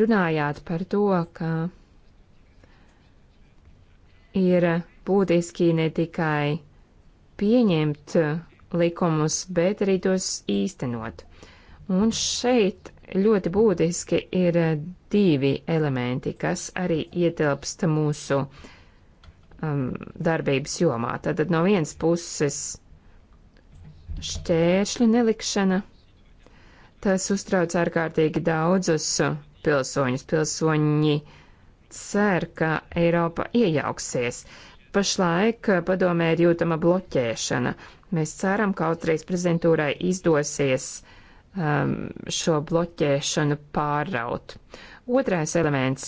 runājāt par to, ka ir būtiski ne tikai pieņemt likumus, bet arī tos īstenot. Un šeit ļoti būtiski ir divi elementi, kas arī ietilpst mūsu um, darbības jomā. Tātad no vienas puses šķēršļu nelikšana, tas uztrauc ārkārtīgi daudzus pilsoņus. Pilsoņi cer, ka Eiropa iejauksies. Uh, Pašlaik eh, padomē ir jūtama bloķēšana. Mēs ceram, ka Austrijas prezidentūrai izdosies um, šo bloķēšanu pārraut. Otrais elements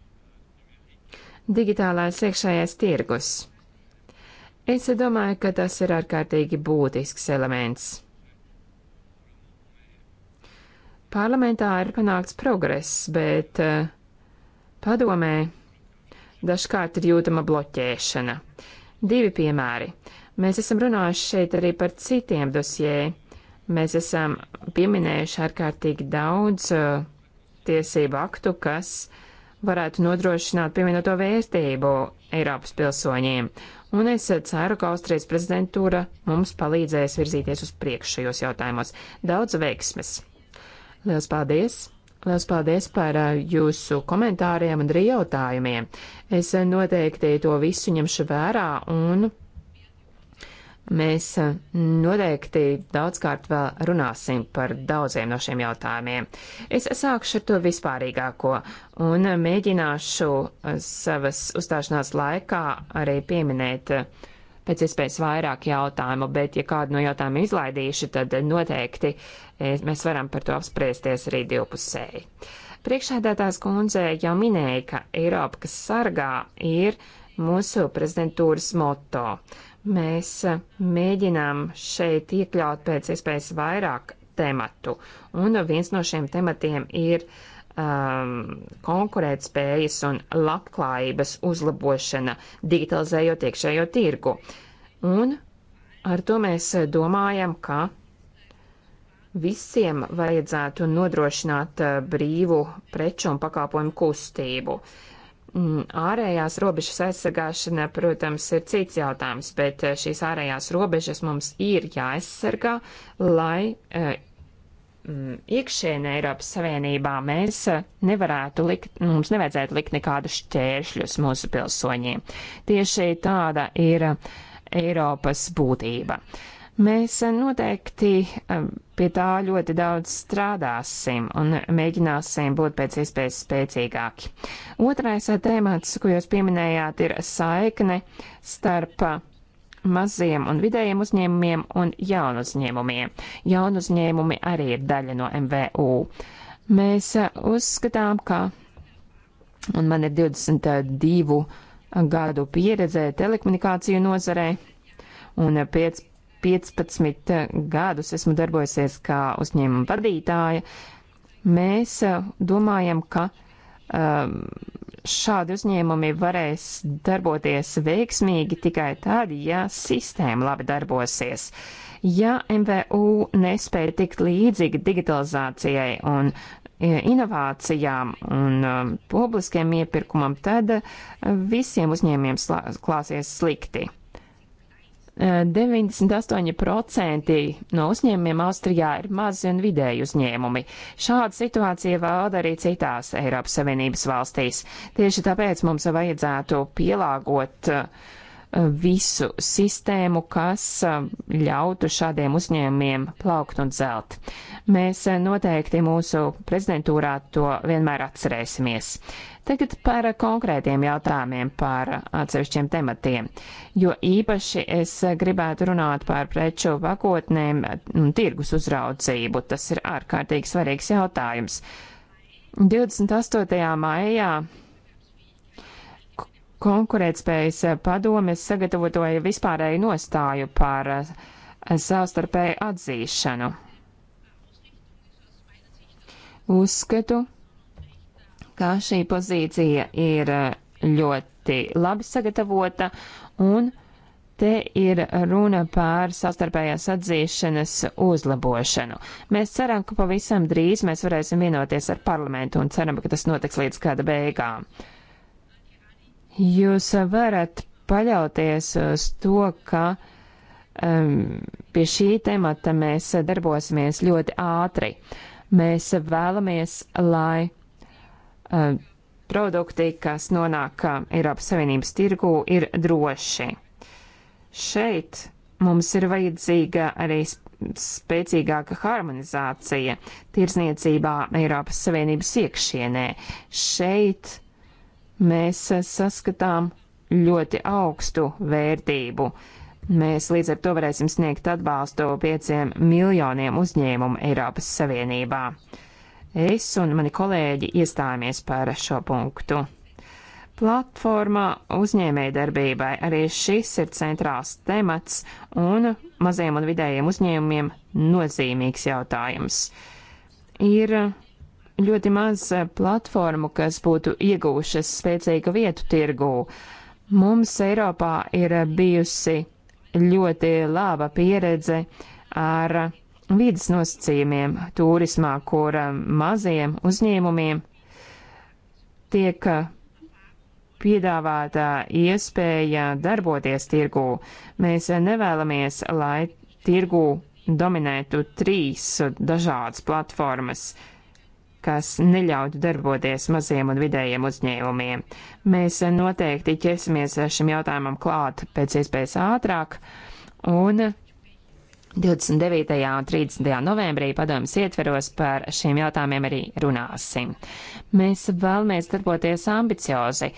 - digitālais iekšējais tirgus. Es domāju, ka tas ir ārkārtīgi būtisks elements. Parlamentā ir panākts progress, bet uh, padomē dažkārt ir jūtama bloķēšana. Divi piemēri. Mēs esam runājuši šeit arī par citiem dosjē. Mēs esam pieminējuši ārkārtīgi daudz uh, tiesību aktu, kas varētu nodrošināt pievienoto vērtību Eiropas pilsoņiem. Un es ceru, ka Austrijas prezidentūra mums palīdzēs virzīties uz priekšu šajos jautājumos. Daudz veiksmes! Lielas paldies! Lielas paldies par jūsu komentāriem un arī jautājumiem. Es noteikti to visu ņemšu vērā un mēs noteikti daudzkārt vēl runāsim par daudziem no šiem jautājumiem. Es sākšu ar to vispārīgāko un mēģināšu savas uzstāšanās laikā arī pieminēt uh, pēc iespējas vairāk jautājumu, bet ja kādu no jautājumiem izlaidīšu, tad noteikti e, mēs varam par to apspriesties arī divpusēji. Priekšādātās kundze jau minēja, ka Eiropa, kas sargā, ir mūsu prezidentūras moto. Mēs e, mēģinām šeit iekļaut pēc iespējas vairāk tematu, un viens no šiem tematiem ir uh, um, konkurētspējas un labklājības uzlabošana, digitalizējot iekšējo tirgu. Un ar to mēs domājam, ka visiem vajadzētu nodrošināt uh, brīvu preču un pakāpojumu kustību. Mm, ārējās robežas aizsargāšana, protams, ir cits jautājums, bet uh, šīs ārējās robežas mums ir jāaizsargā, lai uh, Mm, iekšēnē Eiropas Savienībā mēs eh, nevarētu likt, mm, mums nevajadzētu likt nekādus šķēršļus mūsu pilsoņiem. Tieši tāda ir eh, Eiropas būtība. Mēs eh, noteikti pie tā ļoti daudz strādāsim un mēģināsim būt pēc iespējas spēcīgāki. Otrais tēmats, ko jūs pieminējāt, ir saikne starp maziem un vidējiem uzņēmumiem un jaunu uzņēmumiem. Jaunu uzņēmumi arī ir daļa no MVU. Mēs eh, uzskatām, ka, un man ir 22 gadu pieredze telekomunikāciju nozarē, un 5, 15 gadus esmu darbojusies kā uzņēmuma vadītāja, mēs eh, domājam, ka um, šādi uzņēmumi varēs darboties veiksmīgi tikai tad, ja sistēma labi darbosies. Ja MVU nespēja tikt līdzīgi digitalizācijai un e, inovācijām un e, publiskiem iepirkumam, tad e, visiem uzņēmiem klāsies slikti. 98% no uzņēmumiem Austrijā ir mazi un vidēji uzņēmumi. Šāda situācija valda arī citās Eiropas Savienības valstīs. Tieši tāpēc mums vajadzētu pielāgot uh, visu sistēmu, kas um, ļautu šādiem uzņēmumiem plaukt un zelt. Mēs uh, noteikti mūsu prezidentūrā to vienmēr atcerēsimies. Tagad par konkrētiem jautājumiem, par atsevišķiem tematiem, jo īpaši es gribētu runāt par preču pakotnēm un tirgus uzraudzību. Tas ir ārkārtīgi svarīgs jautājums. 28. maijā konkurētspējas eh, padomes sagatavotoja vispārēju nostāju par eh, savstarpēju atzīšanu. Uzskatu, ka šī pozīcija ir eh, ļoti labi sagatavota un te ir runa pār sastarpējās atzīšanas uzlabošanu. Mēs ceram, ka pavisam drīz mēs varēsim vienoties ar parlamentu un ceram, ka tas notiks līdz kāda beigām. Uh, Jūs varat paļauties uz to, ka um, pie šī temata mēs darbosimies ļoti ātri. Mēs vēlamies, lai um, produkti, kas nonāk um, Eiropas Savienības tirgū, ir droši. Šeit mums ir vajadzīga arī spēcīgāka harmonizācija tirsniecībā Eiropas Savienības iekšienē. Šeit mēs saskatām ļoti augstu vērtību. Mēs līdz ar to varēsim sniegt atbalstu pieciem miljoniem uzņēmumu Eiropas Savienībā. Es un mani kolēģi iestājāmies par šo punktu. Platformā uzņēmējdarbībai arī šis ir centrāls temats un maziem un vidējiem uzņēmumiem nozīmīgs jautājums. Ir ļoti maz eh, platformu, kas būtu iegūšas spēcīgu vietu tirgū. Mums Eiropā ir eh, bijusi ļoti laba pieredze ar vidas nosacījumiem turismā, kur eh, maziem uzņēmumiem tiek piedāvāta iespēja darboties tirgū. Mēs nevēlamies, lai tirgū dominētu trīs dažādas platformas kas neļautu darboties maziem un vidējiem uzņēmumiem. Mēs noteikti ķersimies šim jautājumam klāt pēc iespējas ātrāk, un 29. un 30. novembrī padomas ietveros par šiem jautājumiem arī runāsim. Mēs vēlamies darboties ambiciozi,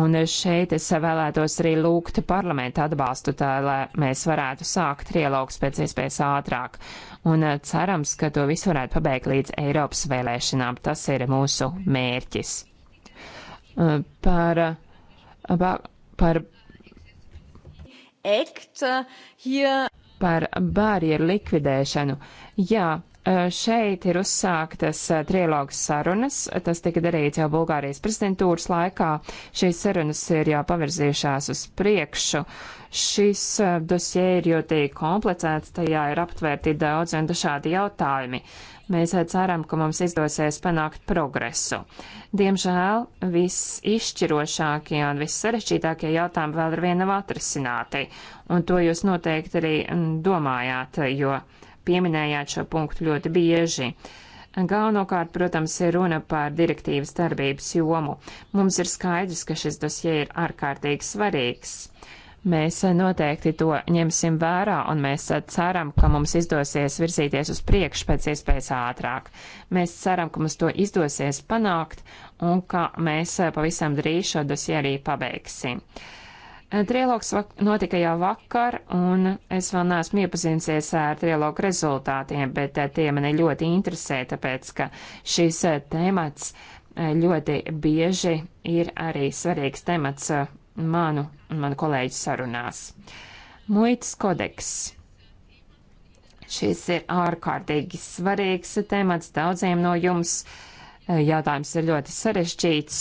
un šeit es vēlētos arī lūgt parlamentu atbalstu, tā lai mēs varētu sākt trialogus pēc iespējas ātrāk un eh, cerams, ka to visu varētu pabeigt līdz Eiropas vēlēšanām. Tas ir mūsu mērķis. Eh, par, eh, par, par barjeru likvidēšanu. Jā, Šeit ir uzsāktas trilogas sarunas, tas tika darīts jau Bulgārijas prezidentūras laikā. Šīs sarunas ir jau pavirzījušās uz priekšu. Šis dosie ir jūtīgi komplicēts, tajā ir aptvērti daudz un dažādi jautājumi. Mēs ceram, ka mums izdosies panākt progresu. Diemžēl viss izšķirošākie un viss sarežģītākie jautājumi vēl ar vienu nav atrisināti, un to jūs noteikti arī domājāt, jo pieminējāt šo punktu ļoti bieži. Galvenokārt, protams, ir runa par direktīvas darbības jomu. Mums ir skaidrs, ka šis dosie ir ārkārtīgi svarīgs. Mēs noteikti to ņemsim vērā, un mēs ceram, ka mums izdosies virzīties uz priekšu pēc iespējas ātrāk. Mēs ceram, ka mums to izdosies panākt, un ka mēs pavisam drīz šo dosie arī pabeigsim. Uh, Eh, trialogs vak notika jau vakar, un es vēl neesmu iepazinusies ar trialogu rezultātiem, bet eh, tie mani ļoti interesē, tāpēc, ka šis eh, temats ļoti bieži ir arī svarīgs temats manu un manu kolēģu sarunās. Muitas kodeks. Šis ir ārkārtīgi svarīgs temats daudziem no jums. Jautājums ir ļoti sarežģīts.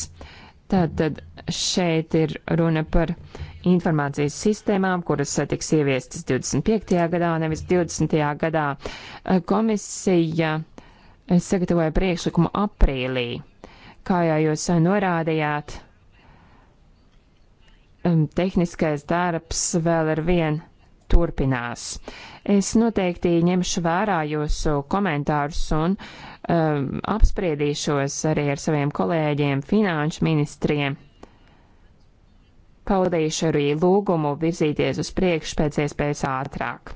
Tātad šeit ir runa par uh, informācijas sistēmām, kuras eh, tiks ieviestas 25. gadā, nevis 20. gadā. Eh, komisija eh, sagatavoja priekšlikumu aprīlī. Kā jau jūs norādījāt, tehniskais darbs vēl ar vien turpinās. Es noteikti ņemšu vērā jūsu komentārus un um, apspriedīšos arī ar saviem kolēģiem, finanšu ministriem paudīšu arī lūgumu virzīties uz priekšu pēc iespējas ātrāk.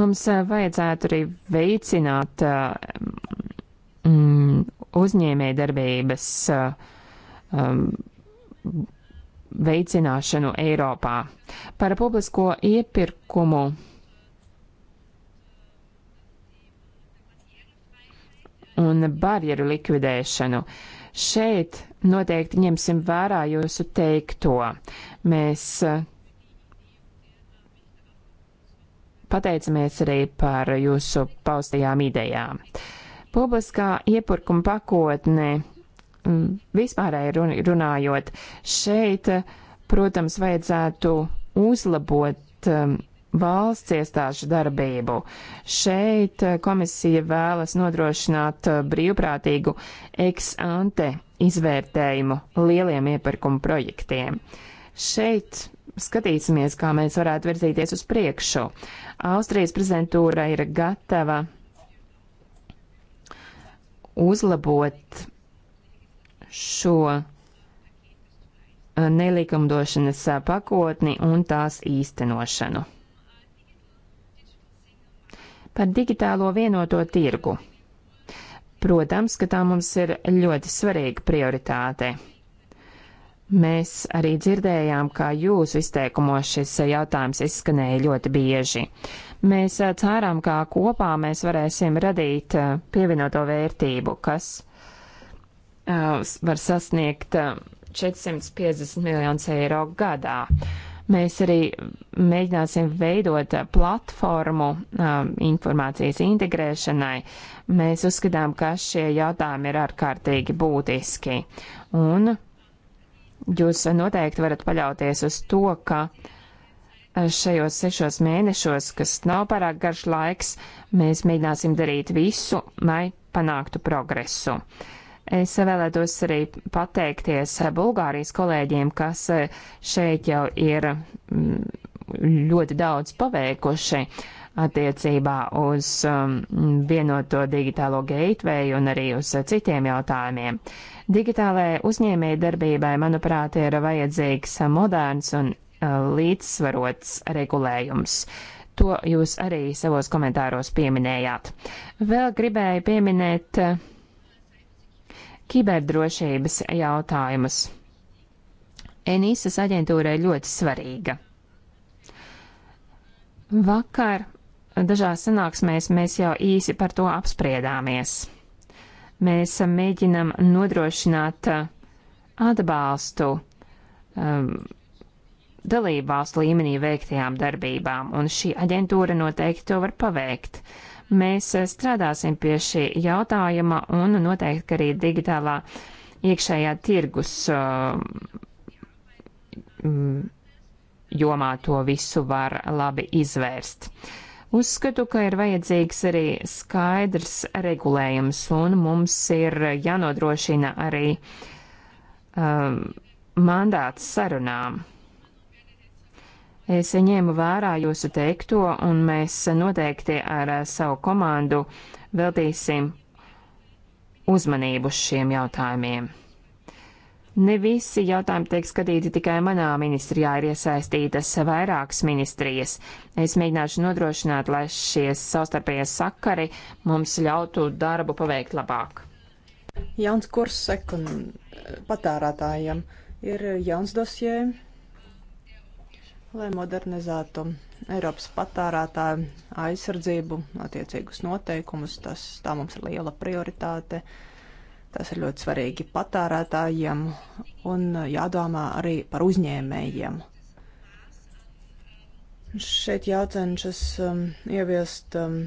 Mums eh, vajadzētu arī veicināt eh, mm, uzņēmējdarbības um, veicināšanu Eiropā. Par publisko iepirkumu. Un barjeru likvidēšanu. Uh, Šeit noteikti ņemsim vērā jūsu teikto. Mēs eh, pateicamies arī par jūsu paustajām idejām. Publiskā iepirkuma pakotne mm, vispārēji runājot, šeit, eh, protams, vajadzētu uzlabot mm, valsts iestāžu darbību. Šeit eh, komisija vēlas nodrošināt eh, brīvprātīgu ex ante izvērtējumu lieliem iepirkumu projektiem. Šeit skatīsimies, kā mēs varētu virzīties uz priekšu. Austrijas prezidentūra ir gatava uzlabot šo eh, nelikumdošanas pakotni un tās īstenošanu. Par digitālo vienoto tirgu. Protams, ka tā mums ir ļoti svarīga prioritāte. Mēs arī dzirdējām, ka jūsu izteikumos šis jautājums izskanēja ļoti bieži. Mēs eh, ceram, ka kopā mēs varēsim radīt eh, pievienoto vērtību, kas eh, var sasniegt 450 miljonus eiro gadā. Mēs arī mēģināsim veidot platformu um, informācijas integrēšanai. Mēs uzskatām, ka šie jautājumi ir ārkārtīgi būtiski. Un jūs noteikti varat paļauties uz to, ka uh, šajos sešos mēnešos, kas nav pārāk garš laiks, mēs mēģināsim darīt visu, lai panāktu progresu. Uh, Es vēlētos arī pateikties Bulgārijas kolēģiem, kas šeit jau ir mm, ļoti daudz paveikuši attiecībā uz mm, vienoto digitālo gateway un arī uz citiem jautājumiem. Digitālajai uzņēmēji darbībai, manuprāt, ir vajadzīgs moderns un e, līdzsvarots regulējums. To jūs arī savos komentāros pieminējāt. Vēl gribēju pieminēt uh, kiberdrošības jautājumus. Enīsas aģentūra ir ļoti svarīga. Vakar dažās sanāksmēs mēs jau īsi par to apspriedāmies. Mēs mēģinam nodrošināt uh, atbalstu um, dalībvalstu līmenī veiktajām darbībām, un šī aģentūra noteikti to var paveikt. Uh, Mēs eh, strādāsim pie šī jautājuma un noteikti, ka arī digitālā iekšējā tirgus eh, mm, jomā to visu var labi izvērst. Uzskatu, ka ir vajadzīgs arī skaidrs regulējums, un mums ir jānodrošina arī um, mandāts sarunām. Es ņēmu vērā jūsu teikto, un mēs noteikti ar eh, savu komandu veltīsim uzmanību šiem jautājumiem. Ne visi jautājumi tiek skatīti tikai manā ministrijā, ir iesaistītas vairākas ministrijas. Es mēģināšu nodrošināt, lai šie savstarpējie sakari mums ļautu darbu paveikt labāk. Jauns kurs sekund patērētājiem ir jauns dosjē, lai modernizētu Eiropas patārātāju aizsardzību, attiecīgus noteikumus. Tas tā mums ir liela prioritāte. Tas ir ļoti svarīgi patārētājiem un jādomā arī par uzņēmējiem. Šeit jācenšas um, ieviest um,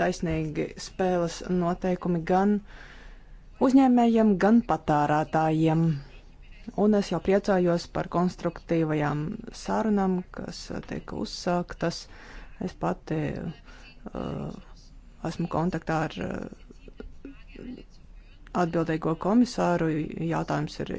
taisnīgi spēles noteikumi gan uzņēmējiem, gan patārētājiem. Un es jau priecājos par konstruktīvajām sarunām, kas tika uzsāktas. Es pati uh, esmu kontaktā ar uh, atbildīgo komisāru. Jautājums ir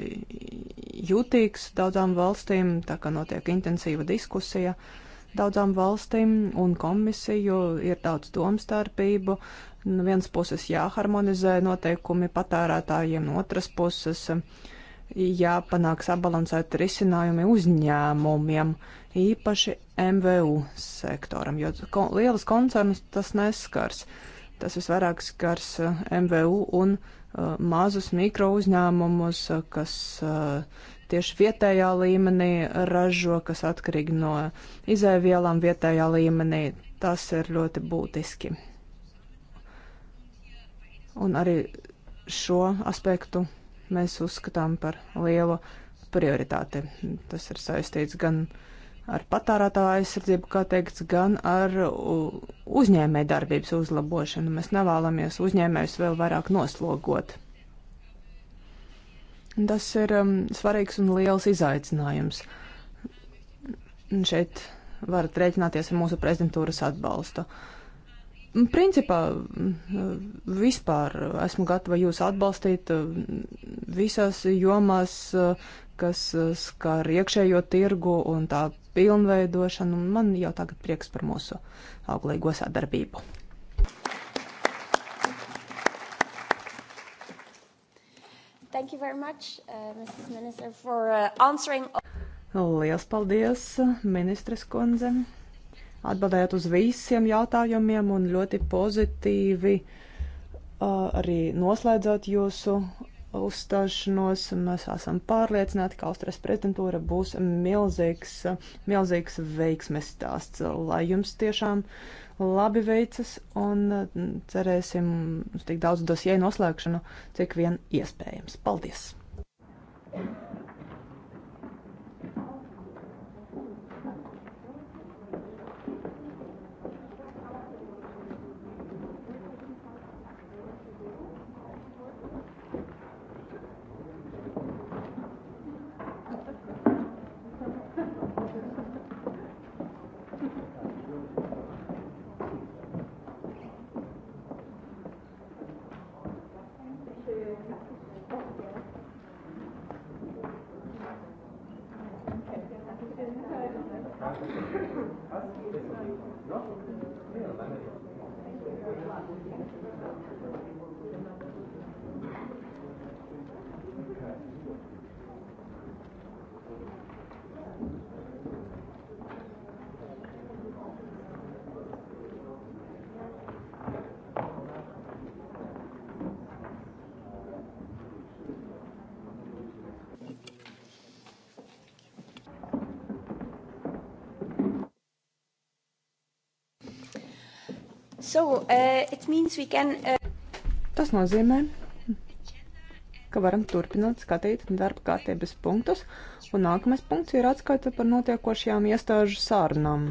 jūtīgs daudzām valstīm, tā kā notiek intensīva diskusija. Uh, daudzām valstīm un komisiju ir daudz domstarpību. No nu, vienas puses jāharmonizē noteikumi patērētājiem, no otras puses jāpanāk sabalansēt risinājumi uzņēmumiem, īpaši MVU sektoram, jo kon lielas koncernas tas neskars. Tas visvairāk skars eh, MVU un uh, mazus mikro uzņēmumus, eh, kas uh, tieši vietējā līmenī ražo, kas atkarīgi no izēvielām vietējā līmenī. Tas ir ļoti būtiski. Un arī šo aspektu mēs uzskatām par lielu prioritāti. Tas ir saistīts gan ar patārātāju aizsardzību, kā teikts, gan ar uzņēmē darbības uzlabošanu. Mēs nevēlamies uzņēmējus vēl vairāk noslogot. Tas ir um, svarīgs un liels izaicinājums. Šeit varat rēķināties ar mūsu prezidentūras atbalstu. Uh, Mm, principā mm, vispār esmu gatava jūs atbalstīt mm, visās jomās, kas skar iekšējo tirgu un tā pilnveidošanu. Man jau tagad prieks par mūsu auglīgo sadarbību. Thank you very much, uh, Mrs. Minister, for uh, answering. Liels paldies, ministres kundze atbildējāt uz visiem jautājumiem un ļoti pozitīvi uh, arī noslēdzot jūsu uzstāšanos. Mēs esam pārliecināti, ka Austrijas prezidentūra būs milzīgs, milzīgs veiksmes stāsts, lai jums tiešām labi veicas un uh, cerēsim uz tik daudz dosieju noslēgšanu, cik vien iespējams. Paldies! Thank you. So, uh, can, uh... Tas nozīmē, ka varam turpināt skatīt darba kārtības punktus, un nākamais punkts ir atskaita par notiekošajām iestāžu sārunām.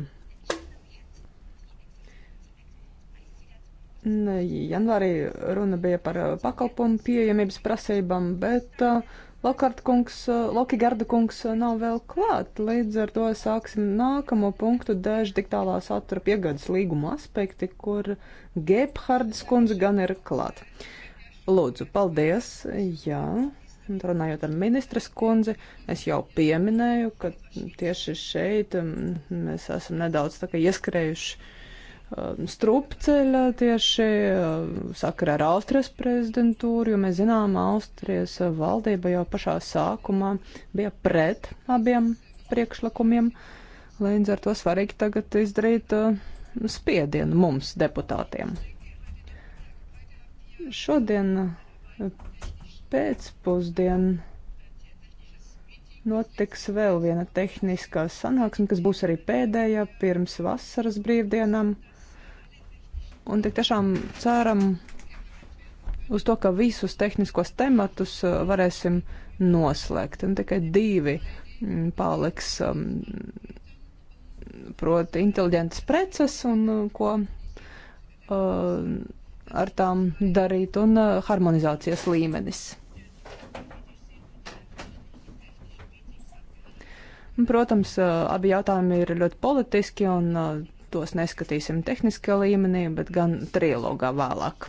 Janvārī runa bija par pakalpojumu pieejamības prasībām, bet uh, Lokard kungs, eh, Loki Garda kungs eh, nav vēl klāt, līdz ar to sāksim nākamo punktu dēļ digitālā satura piegādes līguma aspekti, kur Gebhardas kundze gan ir klāt. Lūdzu, paldies, jā. Runājot ar ministras kundzi, es jau pieminēju, ka tieši šeit mm, mēs esam nedaudz tā kā ieskrējuši uh, Um, strupceļa tieši um, sakarā ar Austrijas prezidentūru, jo mēs zinām, Austrijas valdība jau pašā sākumā bija pret abiem priekšlikumiem. Līdz ar to svarīgi tagad izdarīt um, spiedienu mums, deputātiem. Šodien uh, pēcpusdien notiks vēl viena tehniskā sanāksme, kas būs arī pēdējā pirms vasaras brīvdienām Un tik tiešām ceram uz to, ka visus tehniskos tematus uh, varēsim noslēgt. Un tikai divi mm, paliks, um, proti, inteliģentas preces un uh, ko uh, ar tām darīt un uh, harmonizācijas līmenis. Protams, uh, abi jautājumi ir ļoti politiski un tos neskatīsim tehniskā līmenī, bet gan trilogā vēlāk.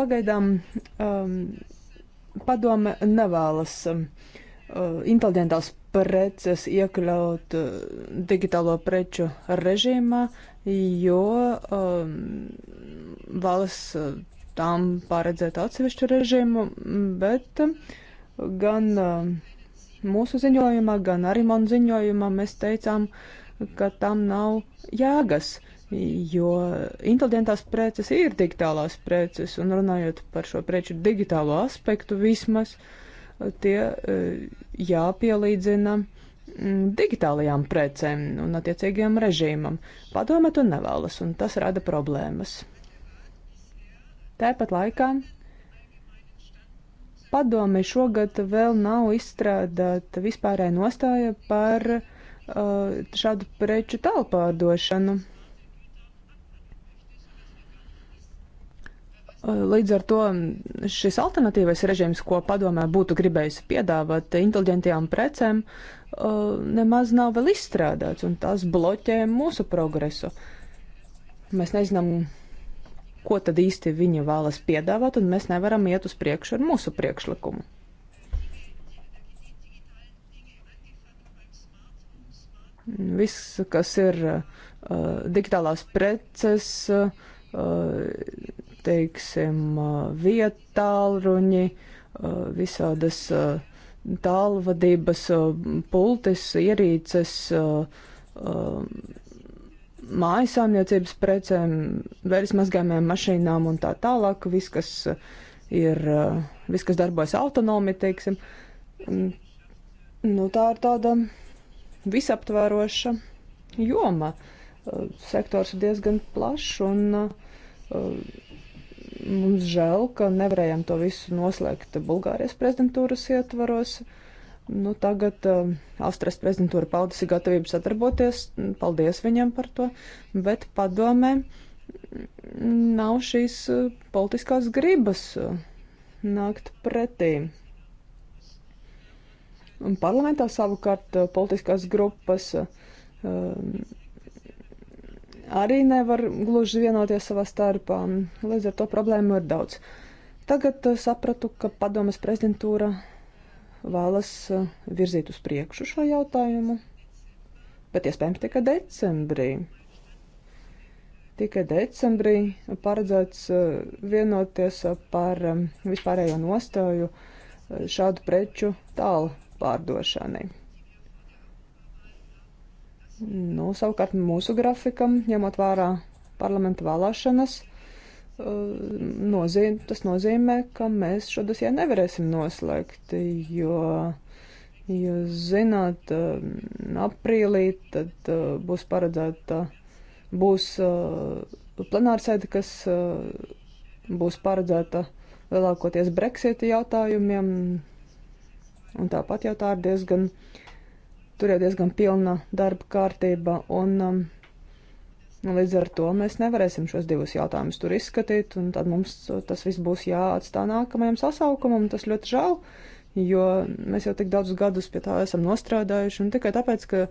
Pagaidām um, padome nevēlas um, inteliģentās preces iekļaut digitālo preču režīmā, jo um, valsts tām paredzēt atsevišķu režīmu, bet gan eh, mūsu ziņojumā, gan arī man ziņojumā mēs teicām, ka tam nav jēgas, jo inteliģentās preces ir digitālās preces, un runājot par šo preču digitālo aspektu vismaz, tie eh, jāpielīdzina mm, digitālajām precēm un attiecīgajam režīmam. Padome to nevēlas, un tas rada problēmas. Tāpat laikā padome šogad vēl nav izstrādāta vispārēja nostāja par uh, šādu preču tālpārdošanu. Uh, līdz ar to šis alternatīvais režīms, ko padomē būtu gribējusi piedāvāt inteliģentajām precēm, uh, nemaz nav vēl izstrādāts, un tas bloķē mūsu progresu. Mēs nezinām, ko tad īsti viņi vēlas piedāvāt, un mēs nevaram iet uz priekšu ar mūsu priekšlikumu. Viss, kas ir uh, digitālās preces, uh, teiksim, uh, vietālruņi, uh, visādas uh, tālvadības, uh, pultis, ierīces, uh, uh, mājasāmniecības precēm, vēļas mazgājumiem, mašīnām un tā tālāk. Viss, kas uh, ir, uh, viss, kas darbojas autonomi, teiksim, nu, tā ir tāda visaptvēroša joma. Uh, sektors ir diezgan plašs un mums žēl, ka nevarējām to visu noslēgt Bulgārijas prezidentūras ietvaros. Uh, Nu, tagad uh, Austrijas prezidentūra paudusi gatavību sadarboties, paldies viņiem par to, bet padomē nav šīs uh, politiskās gribas uh, nākt pretī. Un parlamentā savukārt uh, politiskās grupas uh, um, arī nevar gluži vienoties savā starpā, līdz ar to problēmu ir daudz. Tagad uh, sapratu, ka padomas prezidentūra vēlas eh, virzīt uz priekšu šo jautājumu, bet iespējams tikai decembrī. Tikai decembrī paredzēts eh, vienoties par eh, vispārējo nostāju šādu preču tālu pārdošanai. Nu, savukārt mūsu grafikam, ņemot vērā parlamenta vēlēšanas, uh, nozīm, tas nozīmē, ka mēs šo dosiju nevarēsim noslēgt, jo, jūs zināt, um, aprīlī tad uh, būs paredzēta, būs uh, plenārsēde, kas uh, būs paredzēta lielākoties Brexita jautājumiem, un tāpat jau tā ir diezgan, tur jau diezgan pilna darba kārtība, un um, Nu, līdz ar to mēs nevarēsim šos divus jautājumus tur izskatīt, un tad mums tas viss būs jāatstā nākamajam sasaukumam. Tas ļoti žēl, jo mēs jau tik daudzus gadus pie tā esam nostrādājuši, un tikai tāpēc, ka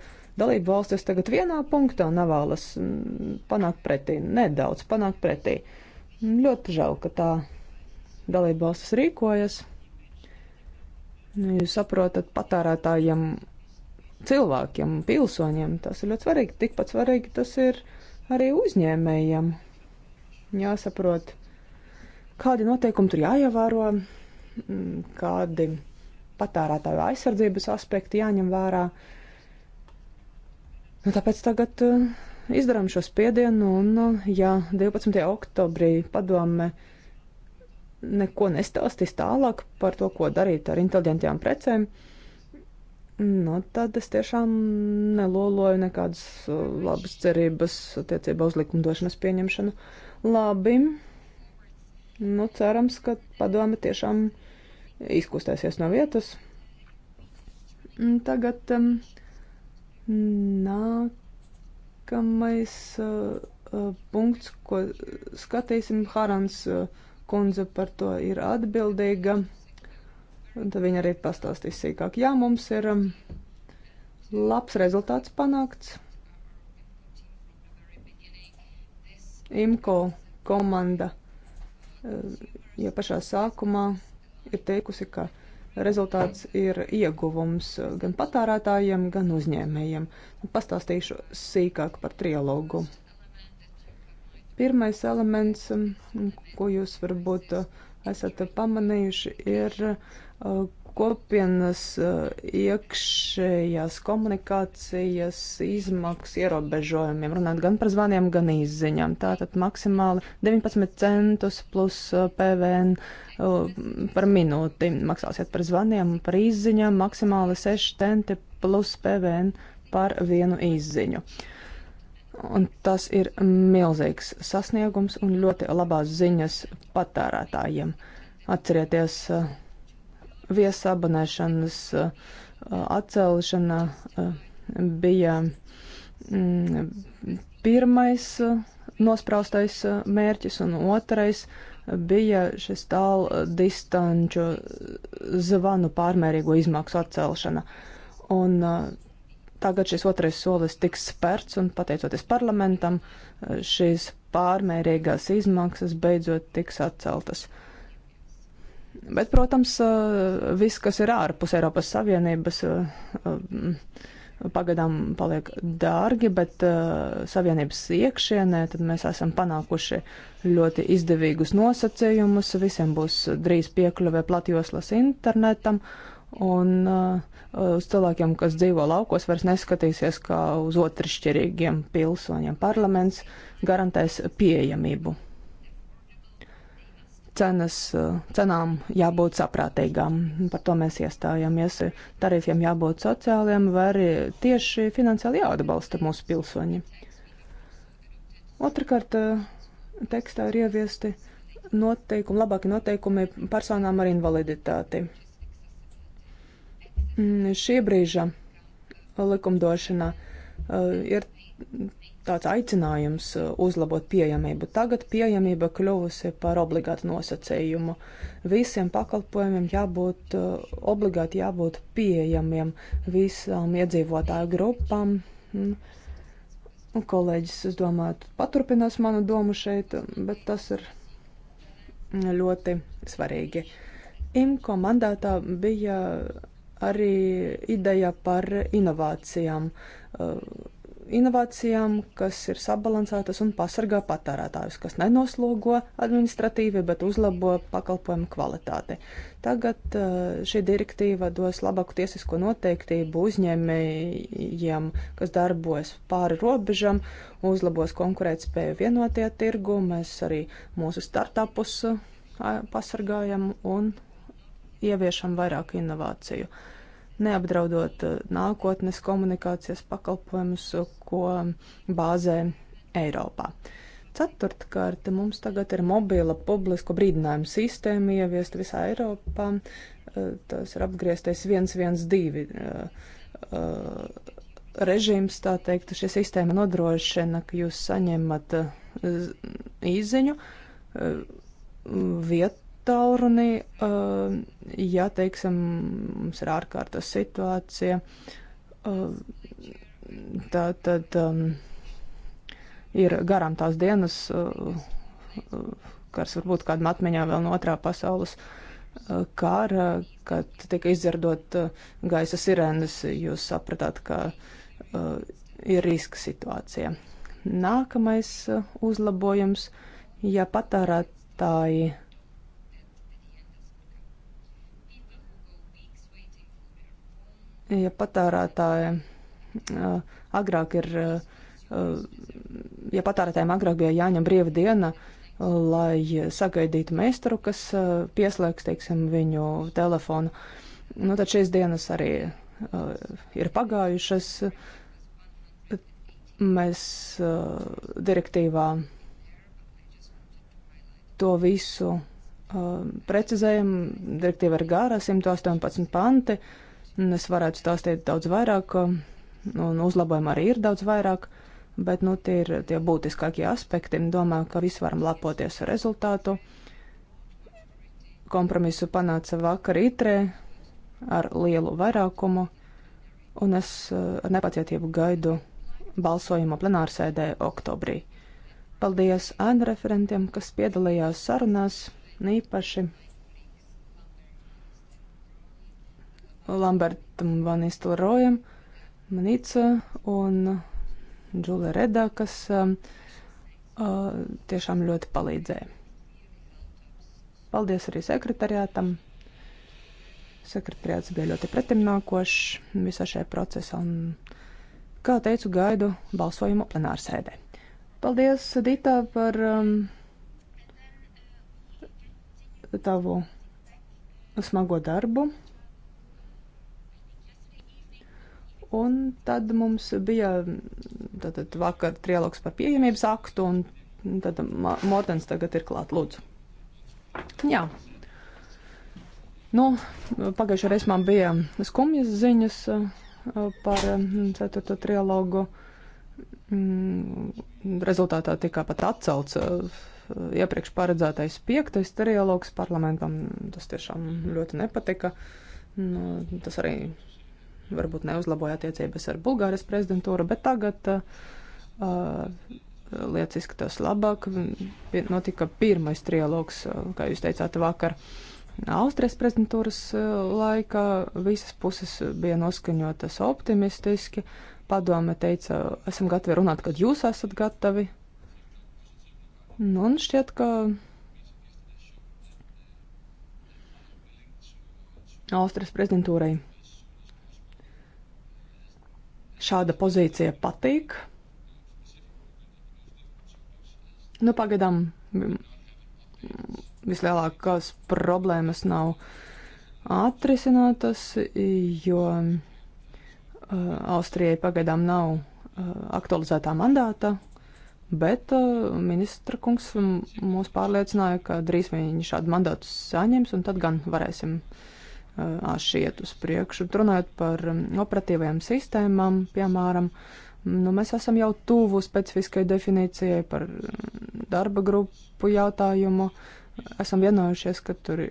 dalību valstis tagad vienā punktā nevēlas mm, panākt pretī, nedaudz panākt pretī. Ļoti žēl, ka tā dalību valstis rīkojas. Nu, jūs saprotat, patērētājiem, cilvēkiem, pilsoņiem tas ir ļoti svarīgi. Tikpat svarīgi tas ir arī uzņēmējiem. Jāsaprot, kādi noteikumi tur jāievēro, mm, kādi patērētāju aizsardzības aspekti jāņem vērā. Nu, tāpēc tagad uh, izdarām šo spiedienu, un, eh, ja 12. oktobrī padome neko nestāstīs tālāk par to, ko darīt ar inteliģentiem precēm, uh, Nu, tad es tiešām neloloju nekādas uh, labas cerības attiecībā uz likumdošanas pieņemšanu. Labi. Nu, cerams, ka padome tiešām izkustēsies no vietas. Tagad um, nākamais uh, uh, punkts, ko skatīsim, Harans uh, kundze par to ir atbildīga. Un tad viņi arī pastāstīs sīkāk. Jā, mums ir um, labs rezultāts panākts. IMCO komanda uh, jau pašā sākumā ir teikusi, ka rezultāts ir ieguvums gan patērētājiem, gan uzņēmējiem. Nu, pastāstīšu sīkāk par trialogu. Pirmais elements, um, ko jūs varbūt uh, esat pamanījuši, ir kopienas eh, iekšējās komunikācijas izmaksu ierobežojumiem, runāt gan par zvaniem, gan izziņām. Tātad maksimāli 19 centus plus eh, PVN eh, par minūti maksāsiet par zvaniem, par izziņām maksimāli 6 centi plus PVN par vienu izziņu. Un tas ir milzīgs sasniegums un ļoti labās ziņas patērētājiem. Atcerieties, uh, viesabonēšanas uh, atcelšana uh, bija mm, pirmais uh, nospraustais mērķis, un otrais bija šis tālu distanču zvanu pārmērīgo izmaksu atcelšana. Un tagad šis otrais solis tiks spērts, un pateicoties parlamentam, šīs pārmērīgās izmaksas beidzot tiks atceltas. Uh, Bet, protams, eh, viss, kas ir ārpus Eiropas Savienības, eh, eh, pagadām paliek dārgi, bet Savienības iekšienē tad mēs esam panākuši ļoti izdevīgus nosacījumus. Visiem būs drīz piekļuve platjoslas internetam, un uz cilvēkiem, kas dzīvo laukos, vairs neskatīsies kā uz otršķirīgiem pilsoņiem. Parlaments garantēs pieejamību cenas, eh, cenām jābūt saprātīgām. Par to mēs iestājamies. Tarifiem jābūt sociāliem, vai arī tieši finansiāli jāatbalsta mūsu pilsoņi. Otrakārt, eh, tekstā ir ieviesti noteikumi, labāki noteikumi personām ar invaliditāti. Mm, šī brīža likumdošana eh, ir tāds aicinājums uh, uzlabot pieejamību. Tagad pieejamība kļuvusi par obligātu nosacījumu. Visiem pakalpojumiem jābūt uh, obligāti jābūt pieejamiem visām iedzīvotāju grupām. Mm. Kolēģis, es domāju, paturpinās manu domu šeit, bet tas ir ļoti svarīgi. IMCO mandātā bija arī ideja par inovācijām uh, inovācijām, kas ir sabalansētas un pasargā patērētājus, kas nenoslogo administratīvi, bet uzlabo pakalpojumu kvalitāti. Tagad uh, šī direktīva dos labāku tiesisko noteiktību uzņēmējiem, kas darbojas pāri robežam, uzlabos konkurētspēju vienotie tirgu, mēs arī mūsu startupus uh, pasargājam un ieviešam vairāk inovāciju. Uh, neapdraudot eh, nākotnes komunikācijas pakalpojumus, eh, ko bāzē Eiropā. Ceturtkārt, mums tagad ir mobila publisko brīdinājumu sistēma ieviest visā Eiropā. Eh, tas ir apgrieztais 112 režīms, tā teikt. Šī sistēma nodrošina, ka jūs saņemat īziņu viet, tālruni, ja, teiksim, mums ir ārkārtas situācija, tā tad um, ir garām tās dienas, kas varbūt kādam atmiņā vēl no otrā pasaules kara, kad tika izdzirdot gaisa sirēnas, jūs sapratāt, ka uh, ir riska situācija. Nākamais uzlabojums, ja patērētāji ja patērētāji uh, agrāk ir, uh, ja patērētājiem agrāk bija jāņem brīva diena, uh, lai sagaidītu meistaru, kas uh, pieslēgs, teiksim, viņu telefonu, nu tad šīs dienas arī uh, ir pagājušas. Mēs uh, direktīvā to visu uh, precizējam. Direktīva ir gara, 118 panti. Uh, Es varētu stāstīt daudz vairāk, un uzlabojumu arī ir daudz vairāk, bet nu, tie ir tie būtiskākie aspekti. Domāju, ka visi varam lepoties ar rezultātu. Kompromisu panāca vakar itrē ar lielu vairākumu, un es eh, ar nepacietību gaidu balsojumu plenārsēdē oktobrī. Paldies ēnu referentiem, kas piedalījās sarunās, īpaši Lambertam Van Istelrojam, Manica un Džulija Redā, kas um, uh, tiešām ļoti palīdzēja. Paldies arī sekretariātam. Sekretariāts bija ļoti pretimnākošs visā šajā procesā un, kā teicu, gaidu balsojumu plenārsēdē. Paldies, Dita, par um, tavu smago darbu. Un tad mums bija tātad vakar trialogs par pieejamības aktu, un tad Mortens tagad ir klāt, lūdzu. Jā. Nu, pagājušajā reizē man bija skumjas ziņas uh, par um, ceturto trialogu. Mm, rezultātā tika pat atcelts uh, iepriekš paredzētais piektais trialogs parlamentam. Tas tiešām ļoti nepatika. Nu, tas arī varbūt neuzlaboja attiecības ar Bulgārijas prezidentūru, bet tagad uh, uh lietas izskatās labāk. Notika pirmais trialogs, uh, kā jūs teicāt, vakar. Austrijas prezidentūras uh, laikā visas puses bija noskaņotas optimistiski. Padome teica, esam gatavi runāt, kad jūs esat gatavi. Nu, un šķiet, ka Austrijas prezidentūrai šāda pozīcija patīk. Nu, pagaidām vislielākās problēmas nav atrisinātas, jo uh, Austrijai pagaidām nav uh, aktualizētā mandāta, bet uh, ministra kungs mūs pārliecināja, ka drīz viņi šādu mandātu saņems, un tad gan varēsim uh, iet uz priekšu. Runājot par um, operatīvajām sistēmām, piemēram, nu, mēs esam jau tuvu specifiskai definīcijai par um, darba grupu jautājumu. Esam vienojušies, ka tur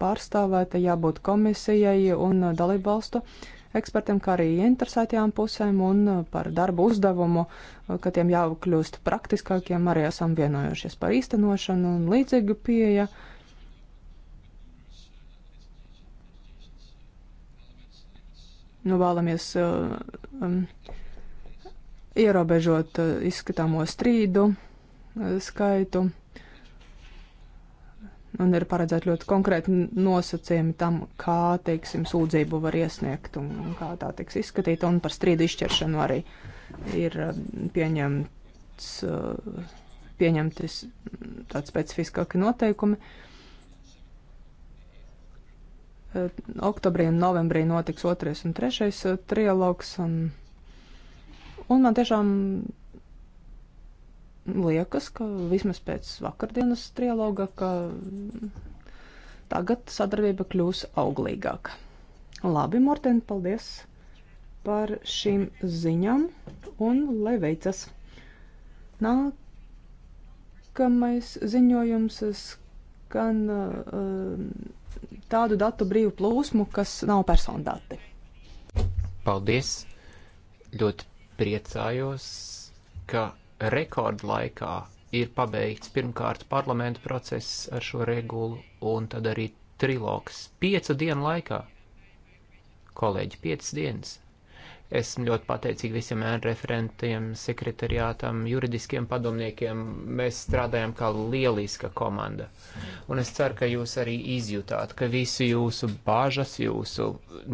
pārstāvēta jābūt komisijai un dalību valstu ekspertiem, kā arī interesētajām pusēm un par darbu uzdevumu, ka tiem jākļūst praktiskākiem, arī esam vienojušies par īstenošanu un līdzīgu pieeja. Uh, nu, vēlamies uh, um, ierobežot uh, izskatāmo strīdu uh, skaitu. Un ir paredzēti ļoti konkrēti nosacījumi tam, kā, teiksim, sūdzību var iesniegt un kā tā tiks izskatīta. Un par strīdu izšķiršanu arī ir um, pieņemts, uh, pieņemtis tāds specifiskāki noteikumi. Uh, Eh, oktobrī un novembrī notiks otrais un trešais eh, trialogs. Un, un man tiešām liekas, ka vismaz pēc vakardienas trialoga, ka tagad sadarbība kļūs auglīgāka. Labi, Morten, paldies par šīm ziņām un lai veicas. Nākamais ziņojums skan uh, tādu datu brīvu plūsmu, kas nav personu dati. Paldies! Ļoti priecājos, ka rekordlaikā ir pabeigts pirmkārt parlamentu process ar šo regulu un tad arī trilogs piecu dienu laikā. Kolēģi, piecas dienas. Esmu ļoti pateicīgi visiem referentiem, sekretariātam, juridiskiem padomniekiem. Mēs strādājam kā lieliska komanda. Un es ceru, ka jūs arī izjutāt, ka visi jūsu bāžas, jūsu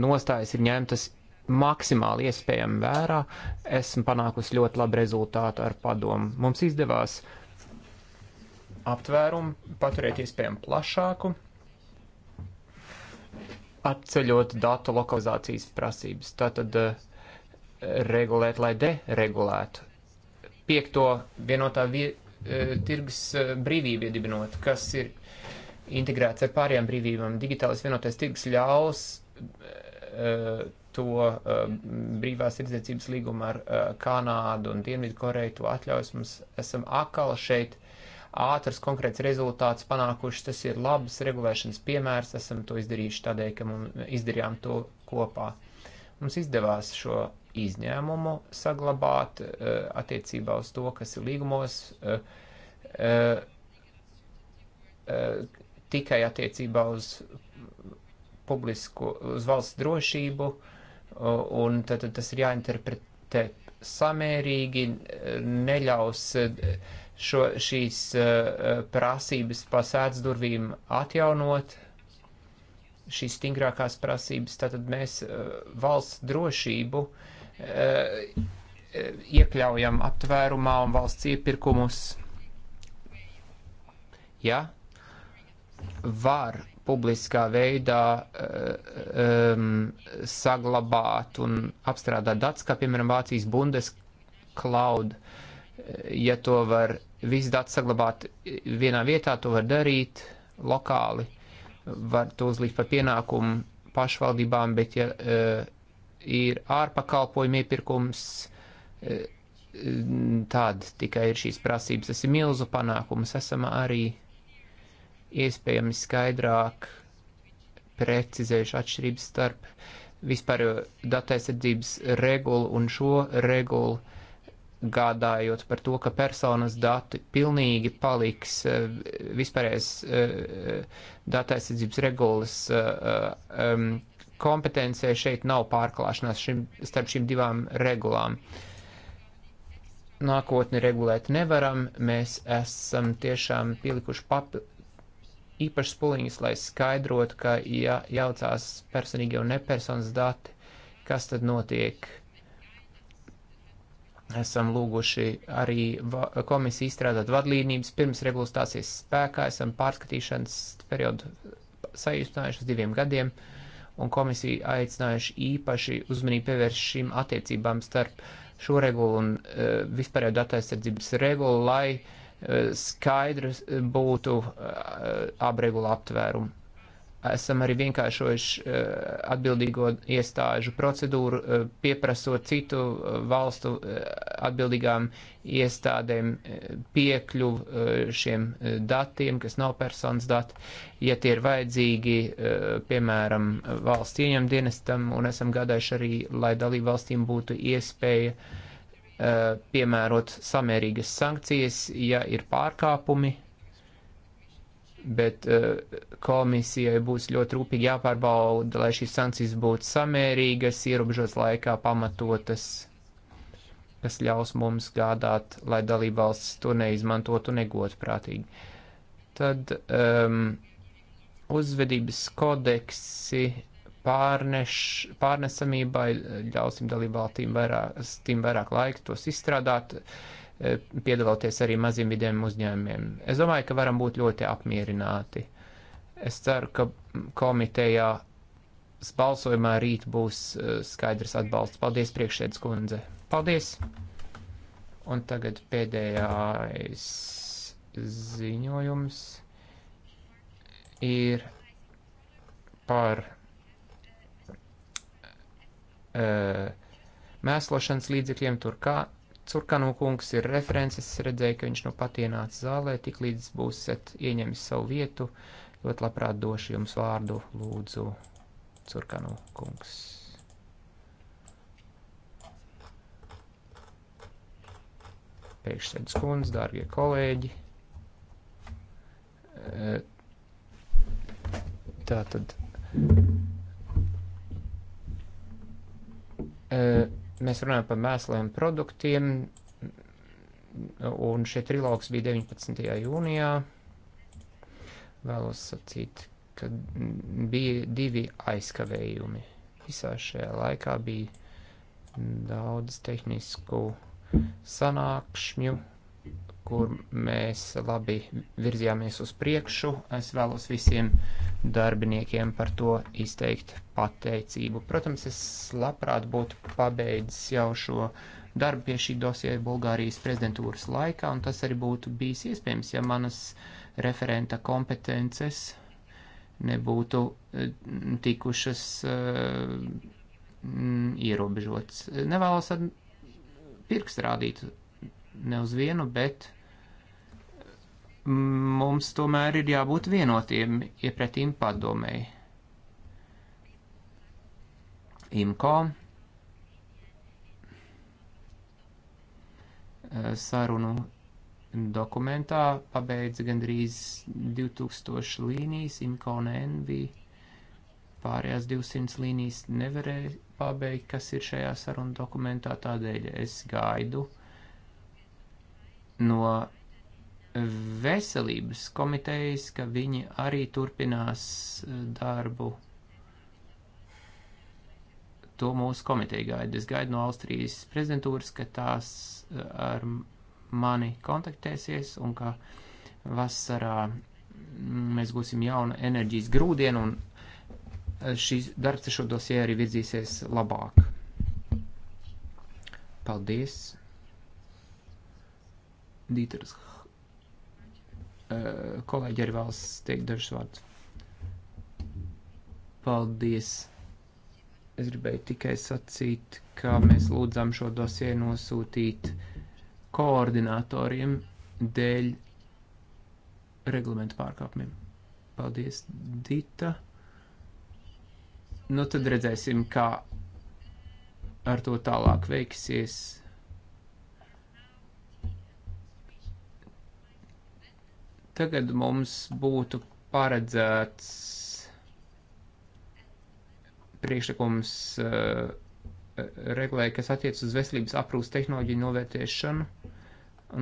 nostājas ir ņemtas maksimāli iespējami vērā. Esmu panākusi ļoti labu rezultātu ar padomu. Mums izdevās aptvērumu paturēt iespējami plašāku atceļot datu lokalizācijas prasības. Tātad uh, regulēt, lai deregulētu. Piekto vienotā vie, e, tirgus e, brīvību iedibinot, kas ir integrēts ar pārējām brīvībām. Digitālais vienotais tirgus ļaus e, to brīvās tirdzniecības līgumu ar Kanādu un Dienvidkoreju, to atļaus mums. Esam akal šeit ātrs konkrēts rezultāts panākuši, tas ir labs regulēšanas piemērs, esam to izdarījuši tādēļ, ka mums izdarījām to kopā. Mums izdevās šo izņēmumu saglabāt eh, attiecībā uz to, kas ir līgumos, eh, eh, tikai attiecībā uz publisku, uz valsts drošību, un tad tas ir jāinterpretē samērīgi, neļaus šo, šīs prasības pasēdz durvīm atjaunot, šīs stingrākās prasības, tad mēs valsts drošību uh, Eh, iekļaujam aptvērumā un valsts iepirkumus. Ja var publiskā veidā um, saglabāt un apstrādāt datus, kā piemēram Vācijas Bundescloud, eh, ja to var visu datu saglabāt vienā vietā, to var darīt lokāli, var to uzlikt par pienākumu pašvaldībām, bet ja uh, ir ārpakalpojumu iepirkums, e, tad tikai ir šīs prasības. Tas ir milzu panākums. Esam arī iespējami skaidrāk precizējuši atšķirības starp vispār dataizsardzības regulu un šo regulu, gādājot par to, ka personas dati pilnīgi paliks e, vispārējais e, dataizsardzības regulas kompetencijai šeit nav pārklāšanās šim, starp šīm divām regulām. Nākotni regulēt nevaram, mēs esam tiešām pielikuši papi, īpašas puliņas, lai skaidrotu, ka ja jaucās personīgi un nepersonas dati, kas tad notiek. Esam lūguši arī komisiju izstrādāt vadlīnības pirms regulas stāsies spēkā, esam pārskatīšanas periodu sajūstinājuši uz diviem gadiem. Uh, un komisija aicinājuši īpaši uzmanību pievērst šīm attiecībām starp šo regulu un uh, vispārējo datu aizsardzības regulu, lai uh, skaidrs e, būtu uh, abregula aptvērumu esam arī vienkāršojuši eh, atbildīgo iestāžu procedūru, eh, pieprasot citu eh, valstu atbildīgām iestādēm piekļuvu šiem datiem, kas nav personas dati, ja tie ir vajadzīgi, piemēram, valsts ieņemdienestam, un esam gādājuši arī, lai dalību valstīm būtu iespēja piemērot samērīgas sankcijas, ja ir pārkāpumi bet eh, komisijai būs ļoti rūpīgi jāpārbauda, lai šīs sankcijas būtu samērīgas, ierobežotas laikā pamatotas, kas ļaus mums gādāt, lai dalībvalsts to neizmantotu negodprātīgi. Tad um, uzvedības kodeksi pārneš, pārnesamībai ļausim dalībvalstīm vairāk, vairāk laika tos izstrādāt. Uh, Eh, piedaloties arī maziem vidiem uzņēmumiem. Es domāju, ka varam būt ļoti apmierināti. Es ceru, ka komitejā balsojumā rīt būs eh, skaidrs atbalsts. Paldies, priekšsēdus kundze. Paldies! Un tagad pēdējais ziņojums ir par uh, mēslošanas līdzekļiem, tur kā Curkanu kungs ir references, redzēju, ka viņš nu pat ienāca zālē, tik līdz būsiet ieņemis savu vietu, ļoti labprāt došu jums vārdu, lūdzu, Curkanu kungs. Priekšsēdus kundz, dārgie kolēģi. Eh, tātad. Uh, Mēs runājam par mēsliem produktiem, un šie trilogs bija 19. jūnijā. Vēlos sacīt, ka bija divi aizkavējumi. Visā šajā laikā bija daudz tehnisku sanākšņu, kur mēs labi virzījāmies uz priekšu. Es vēlos visiem darbiniekiem par to izteikt pateicību. Protams, es labprāt būtu pabeidzis jau šo darbu pie šī dosija Bulgārijas prezidentūras laikā, un tas arī būtu bijis iespējams, ja manas referenta kompetences nebūtu eh, tikušas uh, ierobežotas. Nevēlos ar pirkstu rādīt ne uz vienu, bet mums tomēr ir jābūt vienotiem iepretīm padomēji. IMCO sarunu dokumentā pabeidza gandrīz 2000 līnijas, IMCO un NV pārējās 200 līnijas nevarēja pabeigt, kas ir šajā sarunu dokumentā, tādēļ es gaidu no veselības komitejas, ka viņi arī turpinās eh, darbu. To mūsu komiteja gaida. Es gaidu no Austrijas prezidentūras, ka tās eh, ar mani kontaktēsies un ka vasarā mm, mēs būsim jauna enerģijas grūdienu un eh, šīs darbs ar šo dosie arī virzīsies labāk. Paldies! Dīters uh, kolēģi arī vēlas teikt dažus vārdus. Paldies! Es gribēju tikai sacīt, ka mēs lūdzam šo dosie nosūtīt koordinatoriem dēļ reglamentu pārkāpumiem. Paldies, Dita! Nu tad redzēsim, kā ar to tālāk veiksies. Tagad mums būtu paredzēts priekšlikums uh, eh, regulē, kas attiec uz veselības aprūpas tehnoloģiju novērtēšanu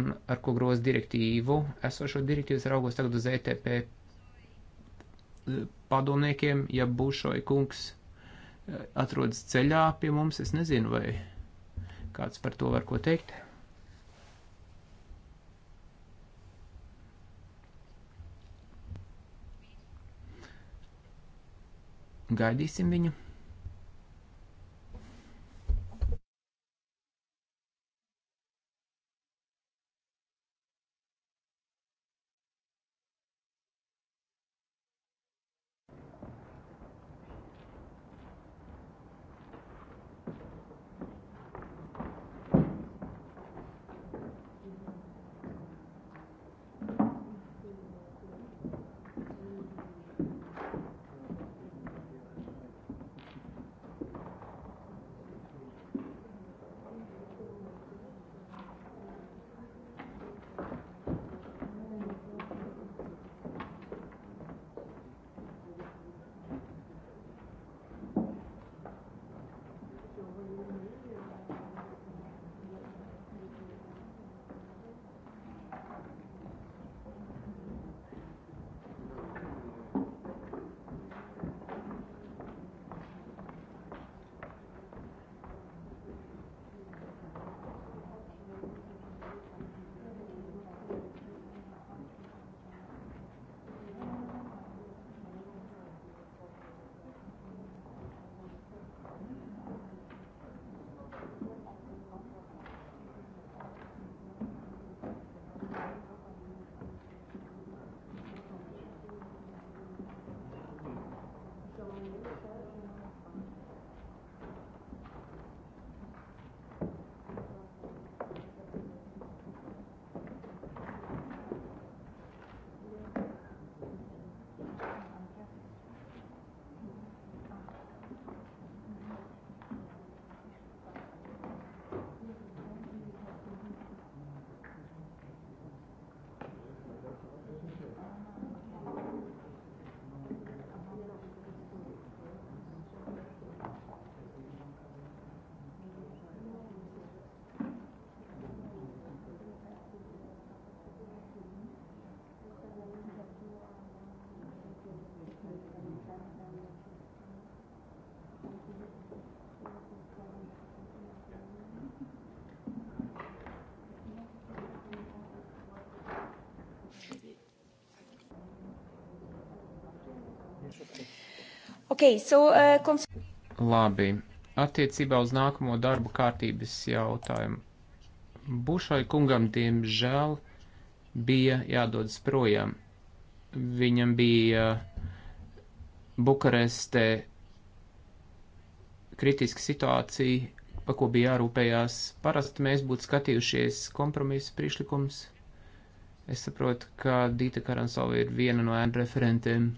un ar ko groz direktīvu. Esošo direktīvas raugos tagad uz ETP eh, padomniekiem, ja būšoja kungs eh, atrodas ceļā pie mums, es nezinu, vai kāds par to var ko teikt. Gaidīsim viņu. Okay, so, uh, Labi. Attiecībā uz nākamo darbu kārtības jautājumu. Bušai kungam, diemžēl, bija jādodas projām. Viņam bija Bukarestē kritiska situācija, pa ko bija jārūpējās. Parasti mēs būtu skatījušies kompromisa priekšlikums. Es saprotu, ka Dīta Karansova ir viena no ēnu referentiem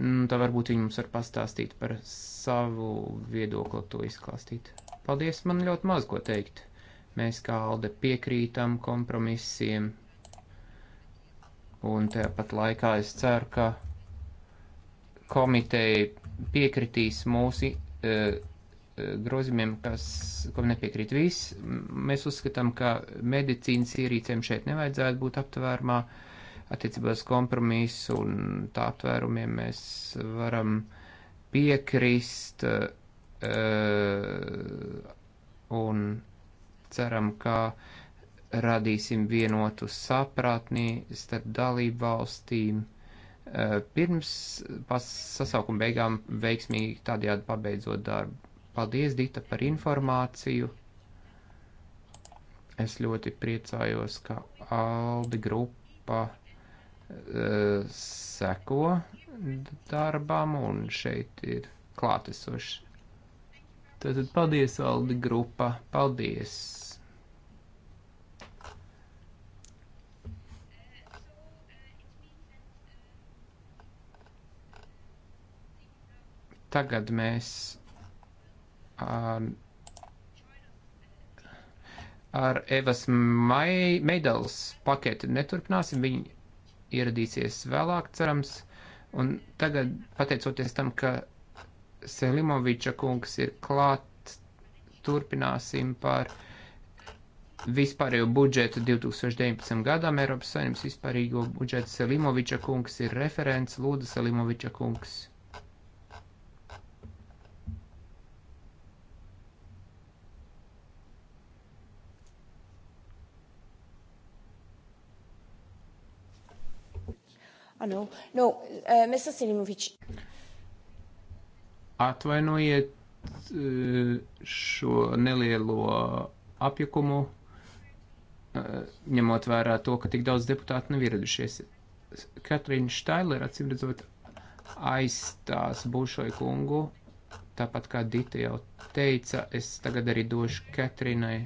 Nu, tā varbūt viņi mums var pastāstīt par savu viedokli, to izklāstīt. Paldies, man ļoti maz ko teikt. Mēs kā Alde piekrītam kompromisiem, un tāpat laikā es ceru, ka komiteja piekritīs mūsu e, e grozījumiem, kas, kam nepiekrīt viss. Mēs uzskatām, ka medicīnas ierīcēm šeit nevajadzētu būt aptvērumā. E, attiecībā uz kompromisu un tā atvērumiem mēs varam piekrist uh, un ceram, ka radīsim vienotu sapratni starp dalību valstīm. Uh, pirms sasaukuma beigām veiksmīgi tādējādi pabeidzot darbu. Paldies, Dita, par informāciju. Es ļoti priecājos, ka Aldi grupa seko darbam un šeit ir klātesoši. Tātad paldies, Aldi grupa, paldies! Tagad mēs ar, ar Evas Maidals paketi neturpināsim. Viņa ieradīsies vēlāk, cerams. Un tagad, pateicoties tam, ka Selimoviča kungs ir klāt, turpināsim par vispārējo budžetu 2019. gadam Eiropas Savienības vispārīgo budžetu Selimoviča kungs ir referents Lūda Selimoviča kungs. Ano, no, uh, eh, Mr. Selimovič. Atvainojiet eh, šo nelielo apjukumu, eh, ņemot vērā to, ka tik daudz deputātu nav ieradušies. Katrīna Štailera, acīm redzot, aizstās būšoju kungu, tāpat kā Dita jau teica, es tagad arī došu Katrinai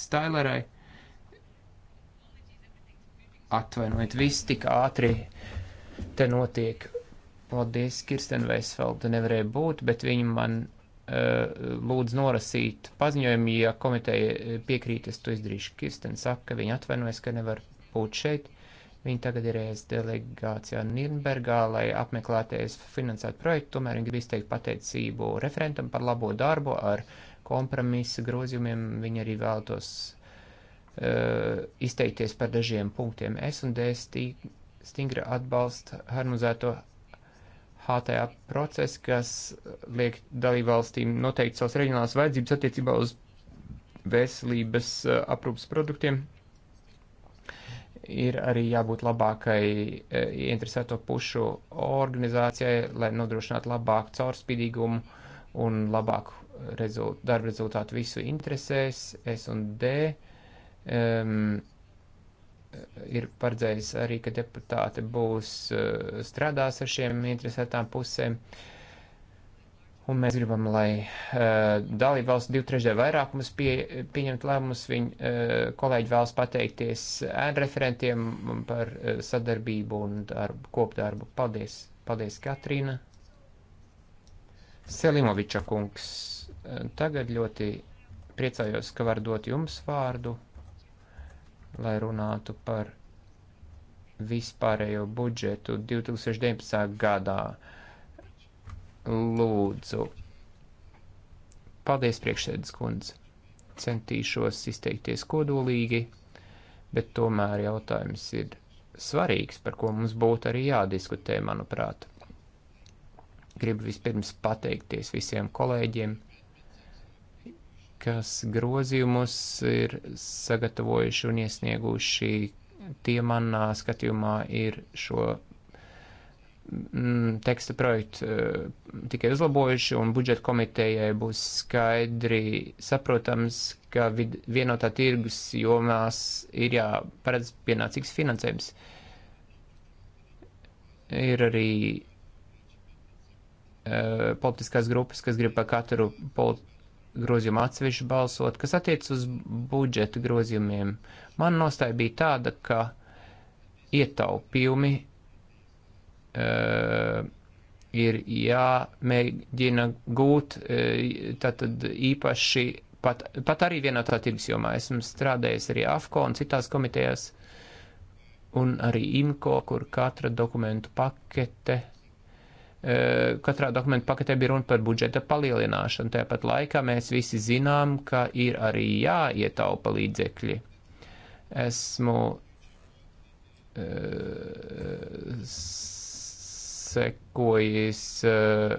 Stailerai. Uh, Atvainojiet, viss tik ātri te notiek. Paldies, Kirsten Veisfelda nevarēja būt, bet viņa man uh, lūdz norasīt paziņojumu, ja komiteja eh, piekrīt, es to izdarīšu. Kirsten saka, ka viņa atvainojas, ka nevar būt šeit. Viņa tagad ir ES delegācijā Nirnbergā, lai apmeklēties finansētu projektu, tomēr viņa grib izteikt pateicību referentam par labo darbu ar kompromisu grozījumiem. Viņa arī vēlētos Eh, izteikties par dažiem punktiem. S un D stingri atbalsta harmonizēto HTA procesu, kas liek dalībvalstīm noteikt savas reģionālās vajadzības attiecībā uz veselības eh, aprūpas produktiem. Ir arī jābūt labākai eh, interesēto pušu organizācijai, lai nodrošinātu labāku caurspīdīgumu un labāku rezult, darba rezultātu visu interesēs, S un D. Uh, um, ir paredzējis arī, ka deputāti būs uh, strādās ar šiem interesētām pusēm. Un mēs gribam, lai uh, eh, dalība valsts divu trešdaļu vairākumus pie, pieņemt lēmumus. Viņa uh, eh, kolēģi vēlas pateikties ēnu referentiem par uh, sadarbību un darbu, kopdarbu. Paldies! Paldies, Katrīna! Selimoviča kungs, tagad ļoti priecājos, ka var dot jums vārdu lai runātu par vispārējo budžetu 2019. gadā. Lūdzu. Paldies, priekšsēdus kundze. Centīšos izteikties kodolīgi, bet tomēr jautājums ir svarīgs, par ko mums būtu arī jādiskutē, manuprāt. Gribu vispirms pateikties visiem kolēģiem, kas grozījumus ir sagatavojuši un iesnieguši, tie manā skatījumā ir šo mm, teksta projektu uh, tikai uzlabojuši, un budžeta komitejai būs skaidri saprotams, ka vid, vienotā tirgus jomās ir jāparedz pienācīgs finansējums. Ir arī uh, politiskās grupas, kas grib par katru politiku grozījumu atsevišķi balsot. Kas attiec uz budžeta grozījumiem, man nostāja bija tāda, ka ietaupījumi uh, ir jāmēģina gūt, uh, tātad īpaši pat, pat arī vienotā tirgus jomā. Esmu strādājis arī AFCO un citās komitejās, un arī IMCO, kur katra dokumentu pakete katrā dokumentu paketē bija runa par budžeta palielināšanu. Tāpat laikā mēs visi zinām, ka ir arī jāietaupa līdzekļi. Esmu uh, sekojis uh,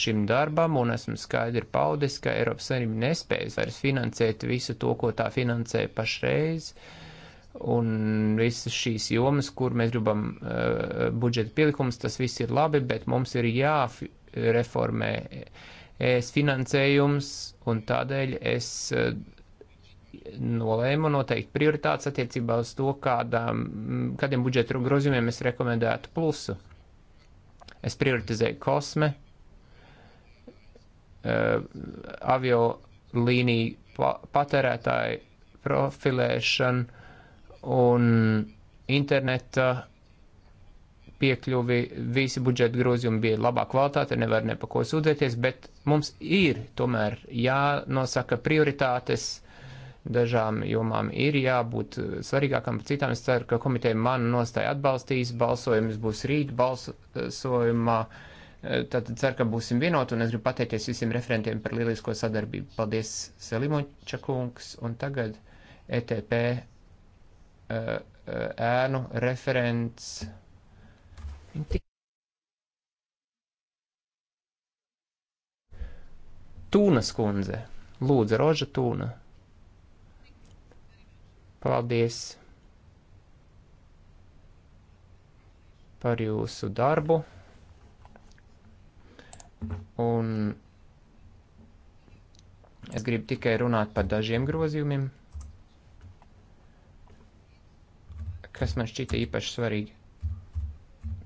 šim darbam un esmu skaidri paudis, ka Eiropas Savienība nespējas vairs finansēt visu to, ko tā finansē pašreiz. Uh, un visas šīs jomas, kur mēs gribam uh, budžeta pielikumus, tas viss ir labi, bet mums ir jāreformē es finansējums, un tādēļ es uh, nolēmu noteikti prioritātes attiecībā uz to, kādām, kādiem budžeta grozījumiem es rekomendētu plusu. Es prioritizēju kosme, uh, avio līniju patērētāju profilēšanu, un interneta piekļuvi, visi budžeta grozījumi bija labā kvalitāte, nevar ne pa ko sūdzēties, bet mums ir tomēr jānosaka prioritātes, dažām jomām ir jābūt svarīgākam par citām. Es ceru, ka komiteja manu nostāju atbalstīs, balsojums būs rīt balsojumā, tad ceru, ka būsim vienoti, un es gribu pateikties visiem referentiem par lielisko sadarbību. Paldies, Selimoņa kungs, un tagad ETP ēnu referents. Tūnas kundze. Lūdzu, Roža Tūna. Paldies par jūsu darbu. Un es gribu tikai runāt par dažiem grozījumiem. kas man šķita īpaši svarīgi.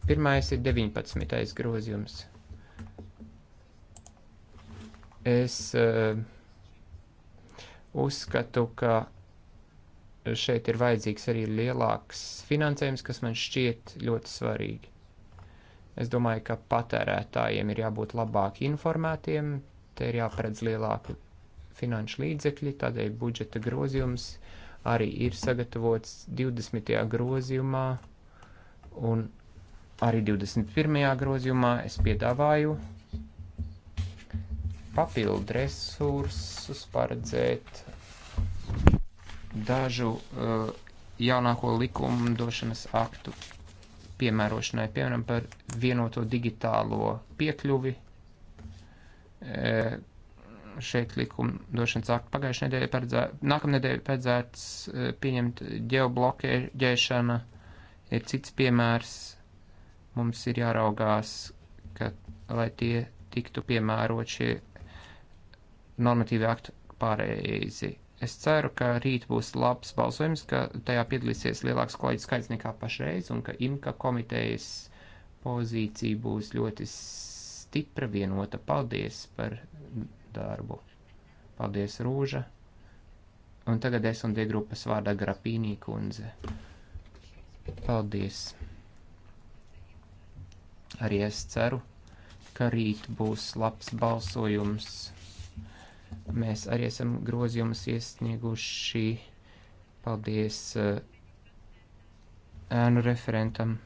Pirmais ir 19. grozījums. Es uh, uzskatu, ka šeit ir vajadzīgs arī lielāks finansējums, kas man šķiet ļoti svarīgi. Es domāju, ka patērētājiem ir jābūt labāk informētiem, te ir jāparedz lielāki finanšu līdzekļi, tādēļ budžeta grozījums uh, arī ir sagatavots 20. grozījumā un arī 21. grozījumā es piedāvāju papildu resursus paredzēt dažu uh, jaunāko likumdošanas aktu piemērošanai, piemēram, par vienoto digitālo piekļuvi, uh, šeit likumdošanas aktu. Pagājušajā nedēļā paredzē, nākamnedēļ paredzēts eh, pieņemt ģeoblokēšana, ir cits piemērs. Mums ir jāraugās, ka, lai tie tiktu piemērot šie normatīvi akti pareizi. Es ceru, ka rīt būs labs balsojums, ka tajā piedalīsies lielāks kolēģis skaits nekā pašreiz un ka IMKA komitejas pozīcija būs ļoti stipra vienota. Paldies par darbu. Paldies, Rūža! Un tagad es un D grupas vārdā Grapīnī kundze. Paldies! Arī es ceru, ka rīt būs labs balsojums. Mēs arī esam grozījumus iesnieguši. Paldies uh, ēnu referentam.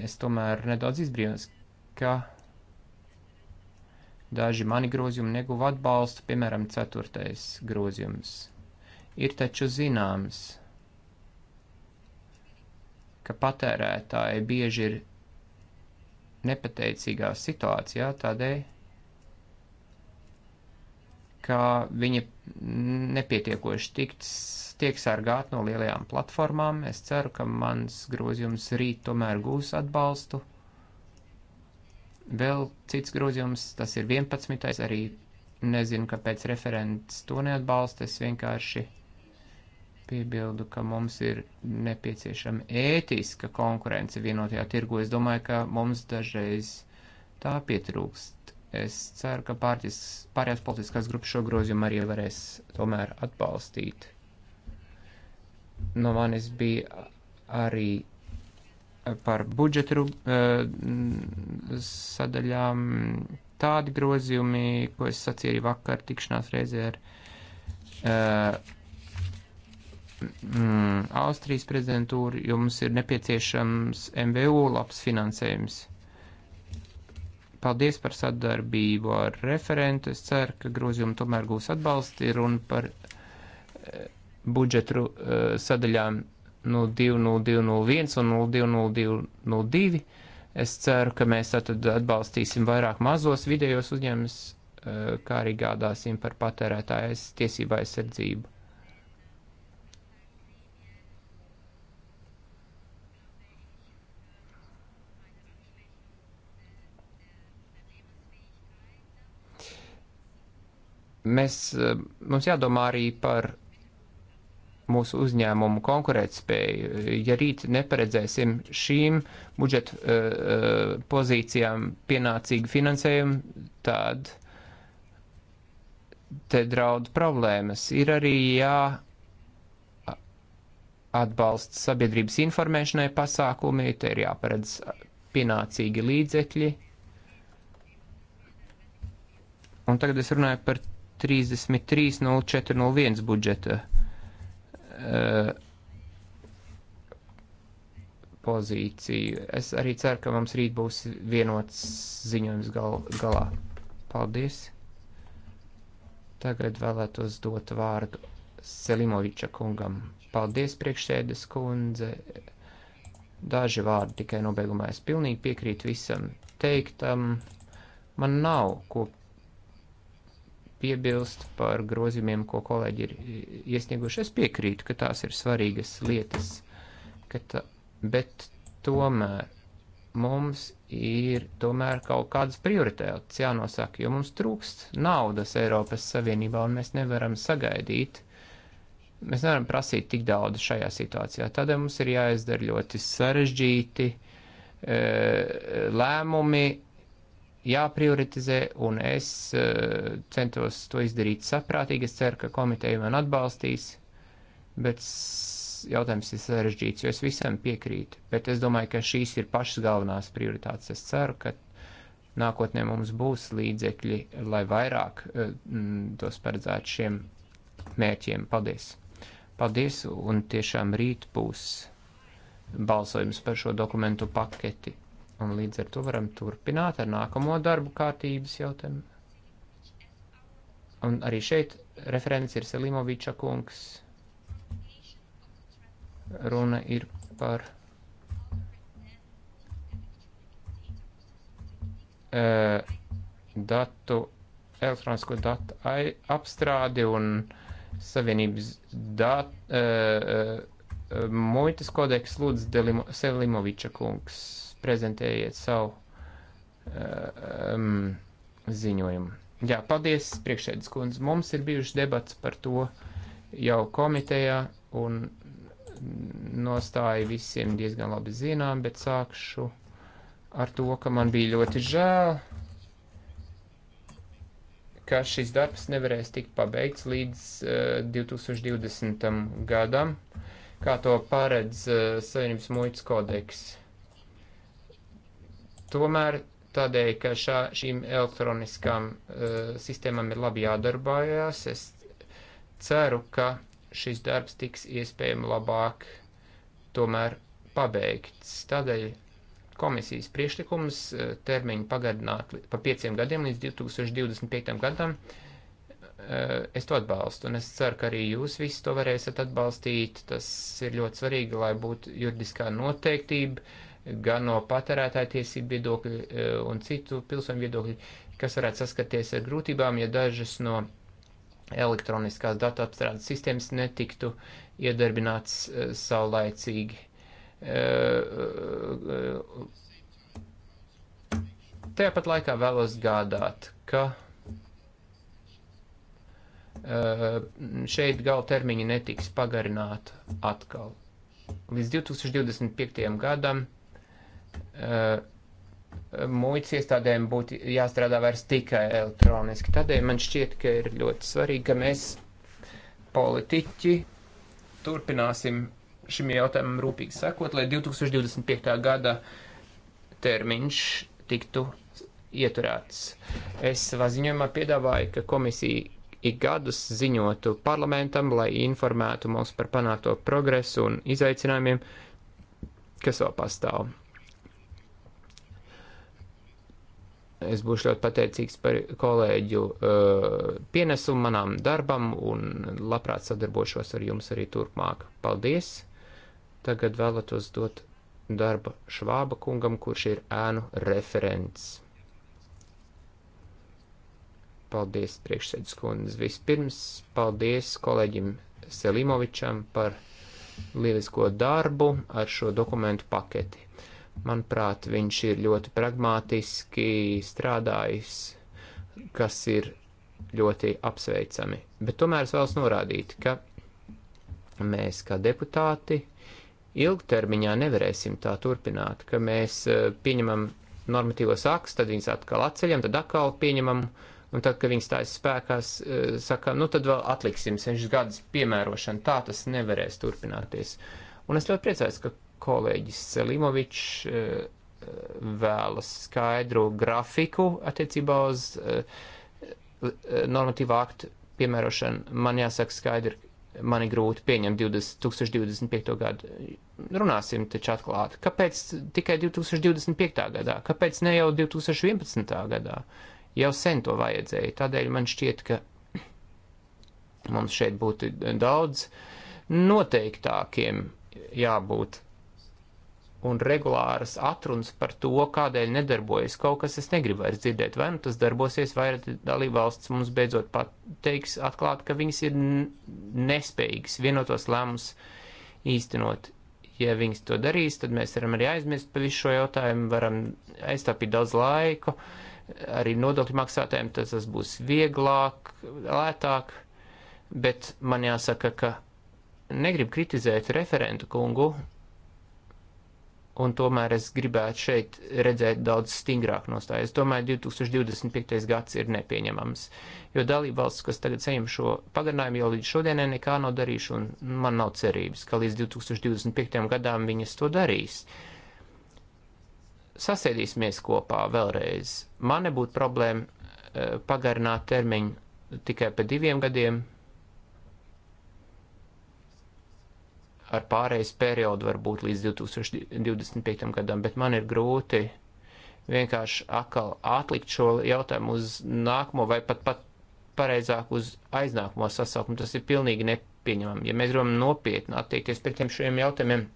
Es tomēr nedaudz izbrīnos, ka Daži mani grozījumi neguva atbalstu, piemēram, ceturtais grozījums. Ir taču zināms, ka patērētāji bieži ir nepateicīgā situācijā tādēļ, ka viņi nepietiekoši tikt, tiek sargāti no lielajām platformām. Es ceru, ka mans grozījums rīt tomēr gūs atbalstu. Vēl cits grozījums, tas ir 11. arī nezinu, kāpēc referents to neatbalsta, es vienkārši piebildu, ka mums ir nepieciešama ētiska konkurence vienotajā tirgu. Es domāju, ka mums dažreiz tā pietrūkst. Es ceru, ka pārties, pārējās politiskās grupas šo grozījumu arī varēs tomēr atbalstīt. No manis bija arī par budžetu eh, sadaļām tādi grozījumi, ko es sacīju vakar tikšanās reizē ar uh, mm, Austrijas prezidentūru, jo mums ir nepieciešams MVU labs finansējums. Paldies par sadarbību ar referentu. Es ceru, ka grozījumi tomēr gūs atbalsti. Ir runa par uh, budžetu uh, sadaļām 0201 un 0202. Es ceru, ka mēs tātad atbalstīsim vairāk mazos vidējos uzņēmumus, eh, kā arī gādāsim par patērētājas tiesību aizsardzību. Mēs, eh, mums jādomā arī par mūsu uzņēmumu konkurētspēju. Ja rīt neparedzēsim šīm budžeta uh, eh, eh, pozīcijām pienācīgu finansējumu, tad te draud problēmas. Ir arī jā atbalsts sabiedrības informēšanai pasākumi, te ir jāparedz pienācīgi līdzekļi. Un tagad es runāju par 33.04.01 budžeta Eh, pozīciju. Es arī ceru, ka mums rīt būs vienots ziņojums gal, galā. Paldies! Tagad vēlētos dot vārdu Selimoviča kungam. Paldies, priekšsēdes kundze! Daži vārdi tikai nobeigumā. Es pilnīgi piekrītu visam teiktam. Man nav ko piebilst par grozījumiem, ko kolēģi ir iesnieguši. Es piekrītu, ka tās ir svarīgas lietas, ta, bet tomēr mums ir tomēr kaut kādas prioritātes jānosaka, jo mums trūkst naudas Eiropas Savienībā un mēs nevaram sagaidīt, mēs nevaram prasīt tik daudz šajā situācijā. Tādēļ mums ir jāizdara ļoti sarežģīti e, lēmumi, jāprioritizē, un es eh, centos to izdarīt saprātīgi. Es ceru, ka komiteja man atbalstīs, bet jautājums ir sarežģīts, jo es visam piekrītu. Bet es domāju, ka šīs ir pašas galvenās prioritātes. Es ceru, ka nākotnē mums būs līdzekļi, lai vairāk eh, tos paredzētu šiem mērķiem. Paldies! Paldies, un tiešām rīt būs balsojums par šo dokumentu paketi. Un līdz ar to varam turpināt ar nākamo darbu kārtības jautājumu. Un arī šeit referents ir Selimoviča kungs. Runa ir par uh, datu, elektronisko datu apstrādi un savienības datu. Uh, e, uh, e, Muitas kodeks lūdz Selimoviča kungs prezentējiet savu uh, um, ziņojumu. Jā, paldies, priekšēdus kundze. Mums ir bijušas debats par to jau komitejā, un nostāja visiem diezgan labi zinām, bet sākšu ar to, ka man bija ļoti žēl, ka šis darbs nevarēs tikt pabeigts līdz uh, eh, 2020. gadam, kā to paredz uh, Savienības muitas kodeks. Tomēr tādēļ, ka šā, šīm elektroniskām uh, sistēmām ir labi jādarbājās, es ceru, ka šis darbs tiks iespējami labāk tomēr pabeigts. Tādēļ komisijas priekšlikums e, termiņu pagarināt pa pieciem gadiem līdz 2025. gadam. E, es to atbalstu, un es ceru, ka arī jūs visi to varēsiet atbalstīt. Tas ir ļoti svarīgi, lai būtu juridiskā noteiktība, uh, gan no patērētāja tiesību viedokļa eh, un citu pilsoņu viedokļa, kas varētu saskaties ar grūtībām, ja dažas no elektroniskās datu apstrādes sistēmas netiktu iedarbināts eh, saulaicīgi. Eh, tāpat laikā vēlos gādāt, ka šeit gala termiņi netiks pagarināti atkal. Līdz 2025. gadam Eh, muitas iestādēm būtu jāstrādā vairs tikai elektroniski. Tādēļ man šķiet, ka ir ļoti svarīgi, ka mēs, politiķi, turpināsim šim jautājumam rūpīgi sekot, lai 2025. gada termiņš tiktu ieturēts. Es savā ziņojumā piedāvāju, ka komisija ik gadus ziņotu parlamentam, lai informētu mūs par panākto progresu un izaicinājumiem, kas vēl pastāv Es būšu ļoti pateicīgs par kolēģu uh, pienesumu manām darbam un labprāt sadarbošos ar jums arī turpmāk. Paldies! Tagad vēlētos dot darba Švāba kungam, kurš ir ēnu referents. Paldies, priekšsēdus kundze. Vispirms paldies kolēģim Selimovičam par lielisko darbu ar šo dokumentu paketi Manuprāt, viņš ir ļoti pragmātiski strādājis, kas ir ļoti apsveicami. Bet tomēr es vēlos norādīt, ka mēs kā deputāti ilgtermiņā nevarēsim tā turpināt, ka mēs eh, pieņemam normatīvos aktus, tad viņus atkal atceļam, tad atkal pieņemam, un tad, kad viņas stājas spēkās, eh, saka, nu tad vēl atliksim sešas gadus piemērošanu, tā tas nevarēs turpināties. Un es ļoti priecājos, ka kolēģis Selimovičs eh, eh, vēlas skaidru grafiku attiecībā uz eh, normatīvā aktu piemērošanu. Man jāsaka skaidri, man ir grūti pieņemt 20, 2025. gadu. Runāsim taču atklāti. Kāpēc tikai 2025. gadā? Kāpēc ne jau 2011. gadā? Jau sen to vajadzēja. Tādēļ man šķiet, ka mums šeit būtu daudz noteiktākiem jābūt un regulāras atrunas par to, kādēļ nedarbojas kaut kas, es negribu vairs dzirdēt. Vai nu tas darbosies, vai dalībvalsts mums beidzot pateiks atklāt, ka viņas ir nespējīgas vienotos lēmumus īstenot. Ja viņas to darīs, tad mēs varam arī aizmirst par visu šo jautājumu, varam aiztāpīt daudz laiku, arī nodokļu maksātājiem tas, tas būs vieglāk, lētāk, bet man jāsaka, ka negribu kritizēt referentu kungu, un tomēr es gribētu šeit redzēt daudz stingrāk nostāju. Es domāju, 2025. gads ir nepieņemams, jo dalība valsts, kas tagad saņem šo pagarinājumu, jau līdz šodienai nekā nav darījuši, un man nav cerības, ka līdz 2025. gadām viņas to darīs. Sasēdīsimies kopā vēlreiz. Man nebūtu problēma eh, pagarināt termiņu tikai pa diviem gadiem, ar pārejas periodu varbūt līdz 2025. gadam, bet man ir grūti vienkārši atkal atlikt šo jautājumu uz nākamo vai pat, pat pareizāk uz aiznākamo sasaukumu. Tas ir pilnīgi nepieņemami. Ja mēs gribam nopietni attiekties pret šiem jautājumiem,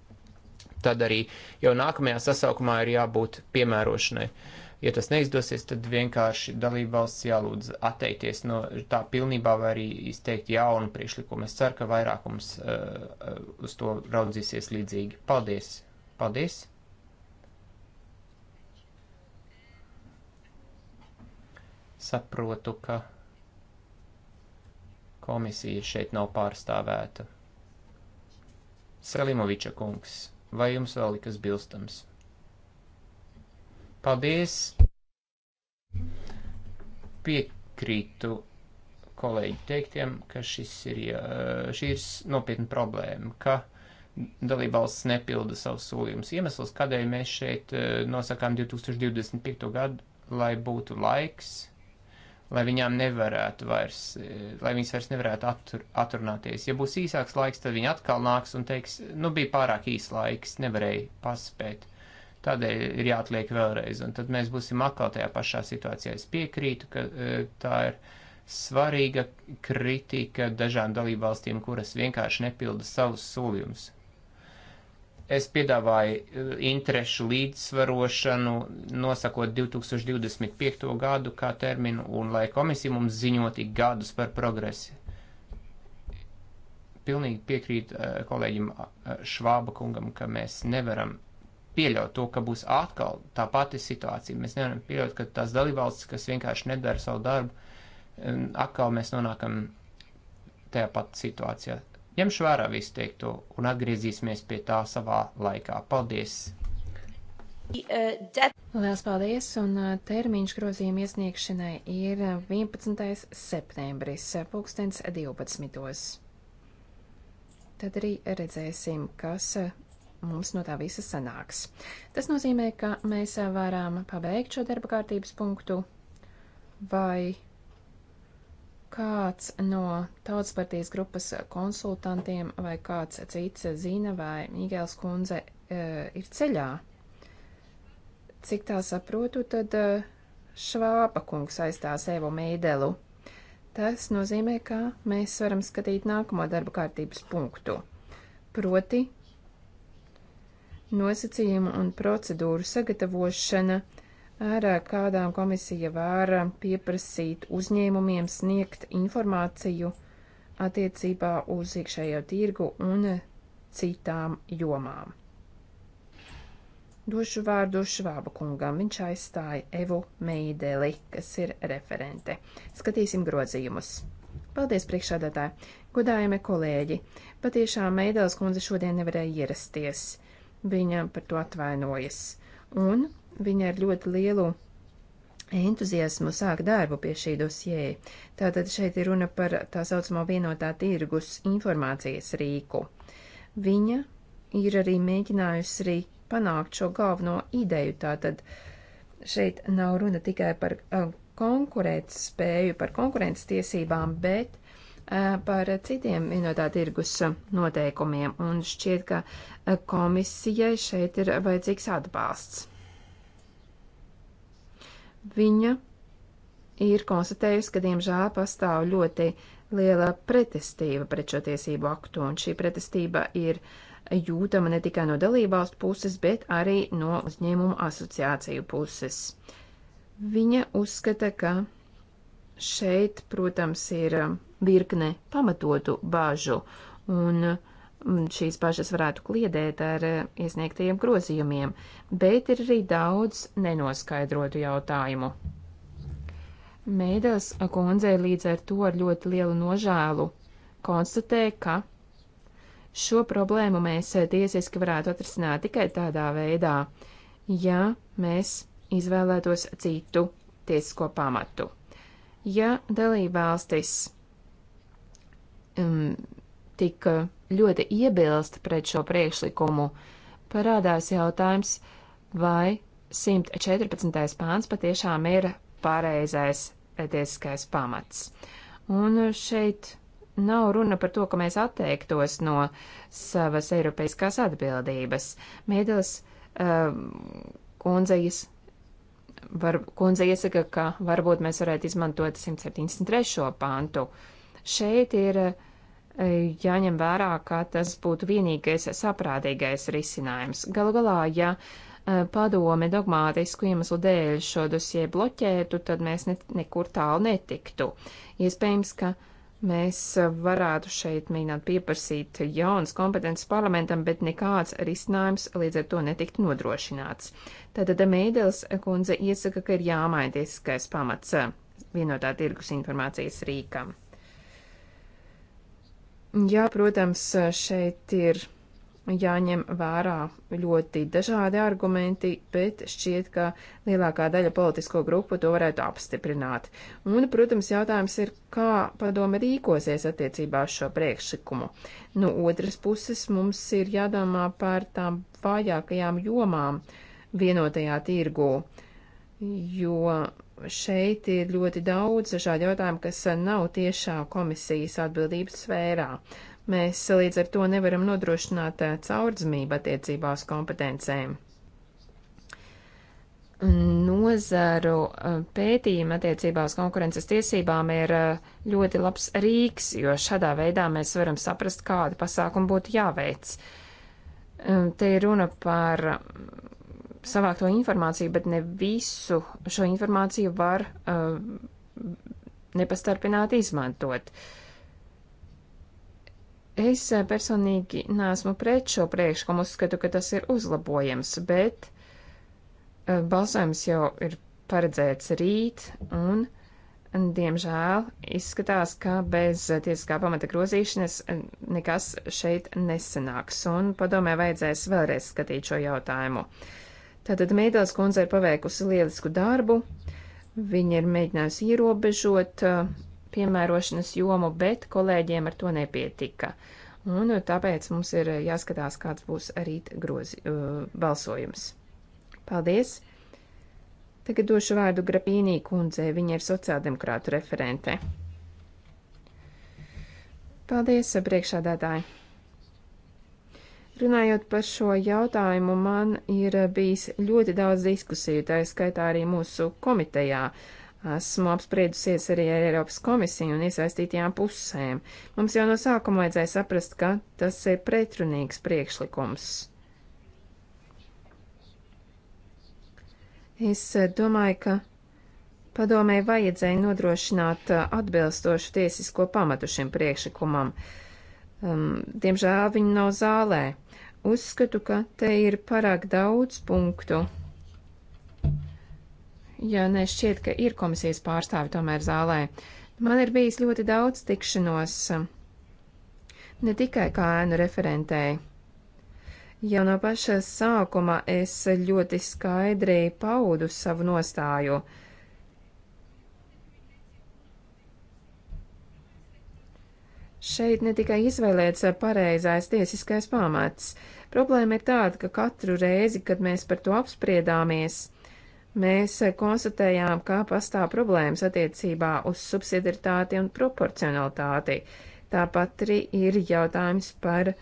tad arī jau nākamajā sasaukumā ir jābūt piemērošanai. Uh, Ja tas neizdosies, tad vienkārši dalība valsts jālūdz atteikties no tā pilnībā vai arī izteikt jaunu priekšlikumu. Es ceru, ka vairākums uh, uz to raudzīsies līdzīgi. Paldies! Paldies! Saprotu, ka komisija šeit nav pārstāvēta. Selimoviča kungs, vai jums vēl ir kas bilstams? Paldies! Piekrītu kolēģi teiktiem, ka šis ir, šī ir nopietna problēma, ka dalībvalsts nepilda savus solījumus. Iemesls, kādēļ mēs šeit e, nosakām 2025. gadu, lai būtu laiks, lai viņām nevarētu vairs, e, lai viņas vairs nevarētu attur, atrunāties. Ja būs īsāks laiks, tad viņi atkal nāks un teiks, nu bija pārāk īs laiks, nevarēja paspēt. Uh, Tādēļ ir jāatliek vēlreiz, un tad mēs būsim atkal tajā pašā situācijā. Es piekrītu, ka e, tā ir svarīga kritika dažām dalībvalstīm, kuras vienkārši nepilda savus solījumus. Es piedāvāju e, interešu līdzsvarošanu, nosakot 2025. gadu kā terminu, un lai komisija mums ziņot ik gadus par progresi. Pilnīgi piekrīt e, kolēģim Švāba kungam, ka mēs nevaram pieļaut to, ka būs atkal tā pati situācija. Mēs nevaram pieļaut, ka tās dalībvalstis, kas vienkārši nedara savu darbu, atkal mēs nonākam tajā pat situācijā. Ņemšu vērā visu teikto un atgriezīsimies pie tā savā laikā. Paldies! Lielas paldies, un uh, termiņš grozījuma iesniegšanai ir 11. Uh, septembris, uh, pulkstens 12. Tad arī redzēsim, kas mums no tā visa sanāks. Tas nozīmē, ka mēs varam pabeigt šo darba kārtības punktu, vai kāds no tautspartijas grupas konsultantiem vai kāds cits zina, vai Mīgēls kundze e, ir ceļā. Cik tā saprotu, tad e, Švāba kungs aizstās Evo Meidelu. Tas nozīmē, ka mēs varam skatīt nākamo darba kārtības punktu. Proti nosacījumu un procedūru sagatavošana, ar eh, kādām komisija var pieprasīt uzņēmumiem sniegt informāciju attiecībā uz iekšējo tirgu un citām jomām. Došu vārdu Švāba kungam, viņš aizstāja Evu Meideli, kas ir referente. Skatīsim grozījumus. Paldies, priekšādātāji! Godājami kolēģi! Patiešām Meideles kundze šodien nevarēja ierasties viņa par to atvainojas. Un viņa ar ļoti lielu entuziasmu sāk darbu pie šī dosjē. Tātad šeit ir runa par tā saucamo vienotā tirgus informācijas rīku. Viņa ir arī mēģinājusi arī panākt šo galveno ideju, tātad šeit nav runa tikai par eh, konkurētas spēju, par konkurences tiesībām, bet par citiem vienotā tirgus noteikumiem, un šķiet, ka komisijai šeit ir vajadzīgs atbalsts. Viņa ir konstatējusi, ka diemžēl pastāv ļoti liela pretestība pret šo tiesību aktu, un šī pretestība ir jūtama ne tikai no dalībvalstu puses, bet arī no uzņēmumu asociāciju puses. Viņa uzskata, ka šeit, protams, ir virkne pamatotu bāžu, un mm, šīs bažas varētu kliedēt ar eh, iesniegtajiem grozījumiem, bet ir arī daudz nenoskaidrotu jautājumu. Mēdas kundzei līdz ar to ar ļoti lielu nožēlu konstatē, ka šo problēmu mēs eh, tiesiski varētu atrisināt tikai tādā veidā, ja mēs izvēlētos citu tiesisko pamatu. Ja dalībvalstis um, tik ļoti iebilst pret šo priekšlikumu, parādās jautājums, vai 114. pāns patiešām ir pareizais tiesiskais pamats. Un šeit nav runa par to, ka mēs atteiktos no savas eiropeiskās atbildības. Mēdeles uh, um, kundzejas var, kundze iesaka, ka varbūt mēs varētu izmantot 173. pantu. Šeit ir uh, jāņem vērā, ka tas būtu vienīgais saprātīgais risinājums. Galu galā, ja e, padome dogmātisku iemeslu dēļ šo dosie bloķētu, tad mēs ne, nekur tālu netiktu. Iespējams, ka mēs varētu šeit mēģināt pieprasīt jaunas kompetences parlamentam, bet nekāds risinājums līdz ar to netiktu nodrošināts. Tātad Mēdels kundze iesaka, ka ir jāmaina tiesiskais pamats vienotā tirgus informācijas rīkam. Jā, protams, šeit ir jāņem vērā ļoti dažādi argumenti, bet šķiet, ka lielākā daļa politisko grupu to varētu apstiprināt. Un, protams, jautājums ir, kā padome rīkosies attiecībā uz šo priekšlikumu. No nu, otras puses, mums ir jādomā par tām vājākajām jomām vienotajā tirgū, jo šeit ir ļoti daudz šādu jautājumu, kas nav tiešā komisijas atbildības sfērā. Mēs līdz ar to nevaram nodrošināt eh, caurdzmību attiecībā uz kompetencēm. Nozaru eh, pētījuma attiecībā uz konkurences tiesībām ir eh, ļoti labs rīks, jo šādā veidā mēs varam saprast, kādi pasākumi būtu jāveic. Ehm, te ir runa par savākto informāciju, bet ne visu šo informāciju var uh, nepastarpināti izmantot. Es uh, personīgi nesmu pret šo priekšlikumu, uzskatu, ka tas ir uzlabojams, bet uh, balsojums jau ir paredzēts rīt, un, diemžēl, izskatās, ka bez tiesiskā pamata grozīšanas uh, nekas šeit nesanāks, un padomē vajadzēs vēlreiz skatīt šo jautājumu. Uh, Tātad Meidels kundze ir paveikusi lielisku darbu, viņa ir mēģinājusi ierobežot uh, piemērošanas jomu, bet kolēģiem ar to nepietika. Un tāpēc mums ir uh, jāskatās, kāds būs rīt grozi, uh, balsojums. Paldies! Tagad došu vārdu Grapīnī kundzē, viņa ir sociāldemokrātu referente. Paldies, priekšādātāji! Runājot par šo jautājumu, man ir bijis ļoti daudz diskusiju, tā skaitā arī mūsu komitejā. Esmu apspriedusies arī ar Eiropas komisiju un iesaistītajām pusēm. Mums jau no sākuma vajadzēja saprast, ka tas ir pretrunīgs priekšlikums. Es domāju, ka padomē vajadzēja nodrošināt atbilstošu tiesisko pamatu šim priekšlikumam. Uh, Um, diemžēl viņi nav zālē. Uzskatu, ka te ir pārāk daudz punktu. Ja nešķiet, ka ir komisijas pārstāvi tomēr zālē. Man ir bijis ļoti daudz tikšanos, um, ne tikai kā ēnu referentēji. Jau no paša sākuma es ļoti skaidri paudu savu nostāju. Uh, Šeit ne tikai izvēlēts pareizais tiesiskais pamats. Problēma ir tāda, ka katru reizi, kad mēs par to apspriedāmies, mēs konstatējām, kā pastāv problēmas attiecībā uz subsidiaritāti un proporcionalitāti. Tāpat arī ir jautājums par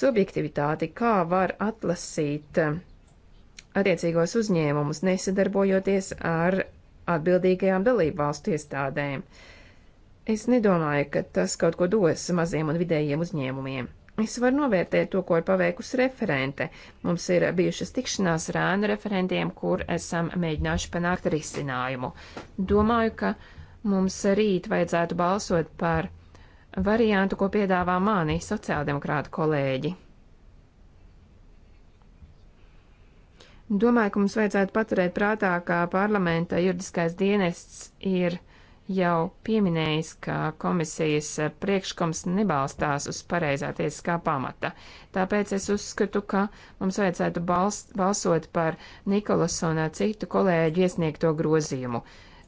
subjektivitāti, kā var atlasīt attiecīgos uzņēmumus, nesadarbojoties ar atbildīgajām dalību valstu iestādēm. Uh, Es nedomāju, ka tas kaut ko dos maziem un vidējiem uzņēmumiem. Es varu novērtēt to, ko ir paveikusi referente. Mums ir bijušas tikšanās ar ēnu referentiem, kur esam mēģinājuši panākt risinājumu. Domāju, ka mums rīt vajadzētu balsot par variantu, ko piedāvā mani sociāldemokrāta kolēģi. Domāju, ka mums vajadzētu paturēt prātā, ka parlamenta juridiskais dienests ir jau pieminējis, ka komisijas priekškums nebalstās uz pareizā tiesiskā pamata. Tāpēc es uzskatu, ka mums vajadzētu balst, balsot par Nikolas un citu kolēģu iesniegto grozījumu.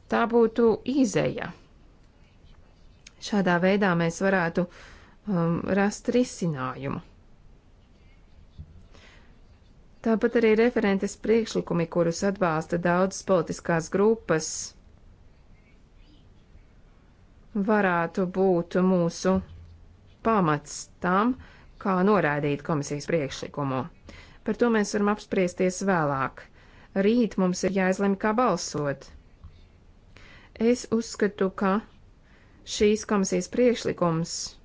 Tā būtu izeja. Šādā veidā mēs varētu um, rast risinājumu. Tāpat arī referentes priekšlikumi, kurus atbalsta daudzas politiskās grupas varētu būt mūsu pamats tam, kā noraidīt komisijas priekšlikumu. Par to mēs varam apspriesties vēlāk. Rīt mums ir jāizlemj, kā balsot. Es uzskatu, ka šīs komisijas priekšlikums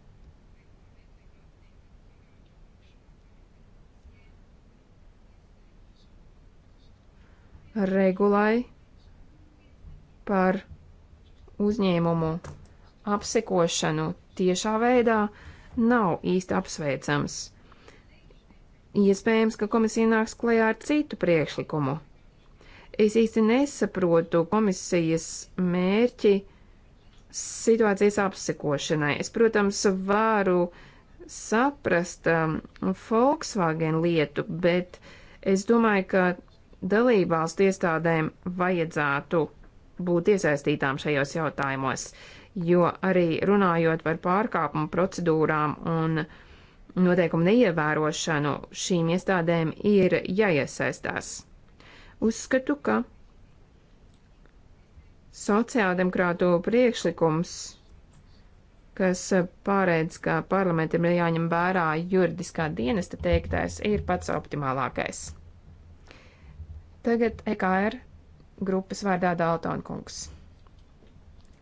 regulai par uzņēmumu apsekošanu tiešā veidā nav īsti apsveicams. Iespējams, ka komisija nāks klajā ar citu priekšlikumu. Es īsti nesaprotu komisijas mērķi situācijas apsekošanai. Es, protams, varu saprast um, Volkswagen lietu, bet es domāju, ka dalībvalstu iestādēm vajadzētu būt iesaistītām šajos jautājumos. Uh, jo arī runājot par pārkāpumu procedūrām un noteikumu neievērošanu, šīm iestādēm ir jāiesaistās. Uzskatu, ka sociāldemokrātu priekšlikums, kas pārēdz, ka parlamentam ir jāņem vērā juridiskā dienesta teiktais, ir pats optimālākais. Tagad EKR grupas vārdā Daltonkungs.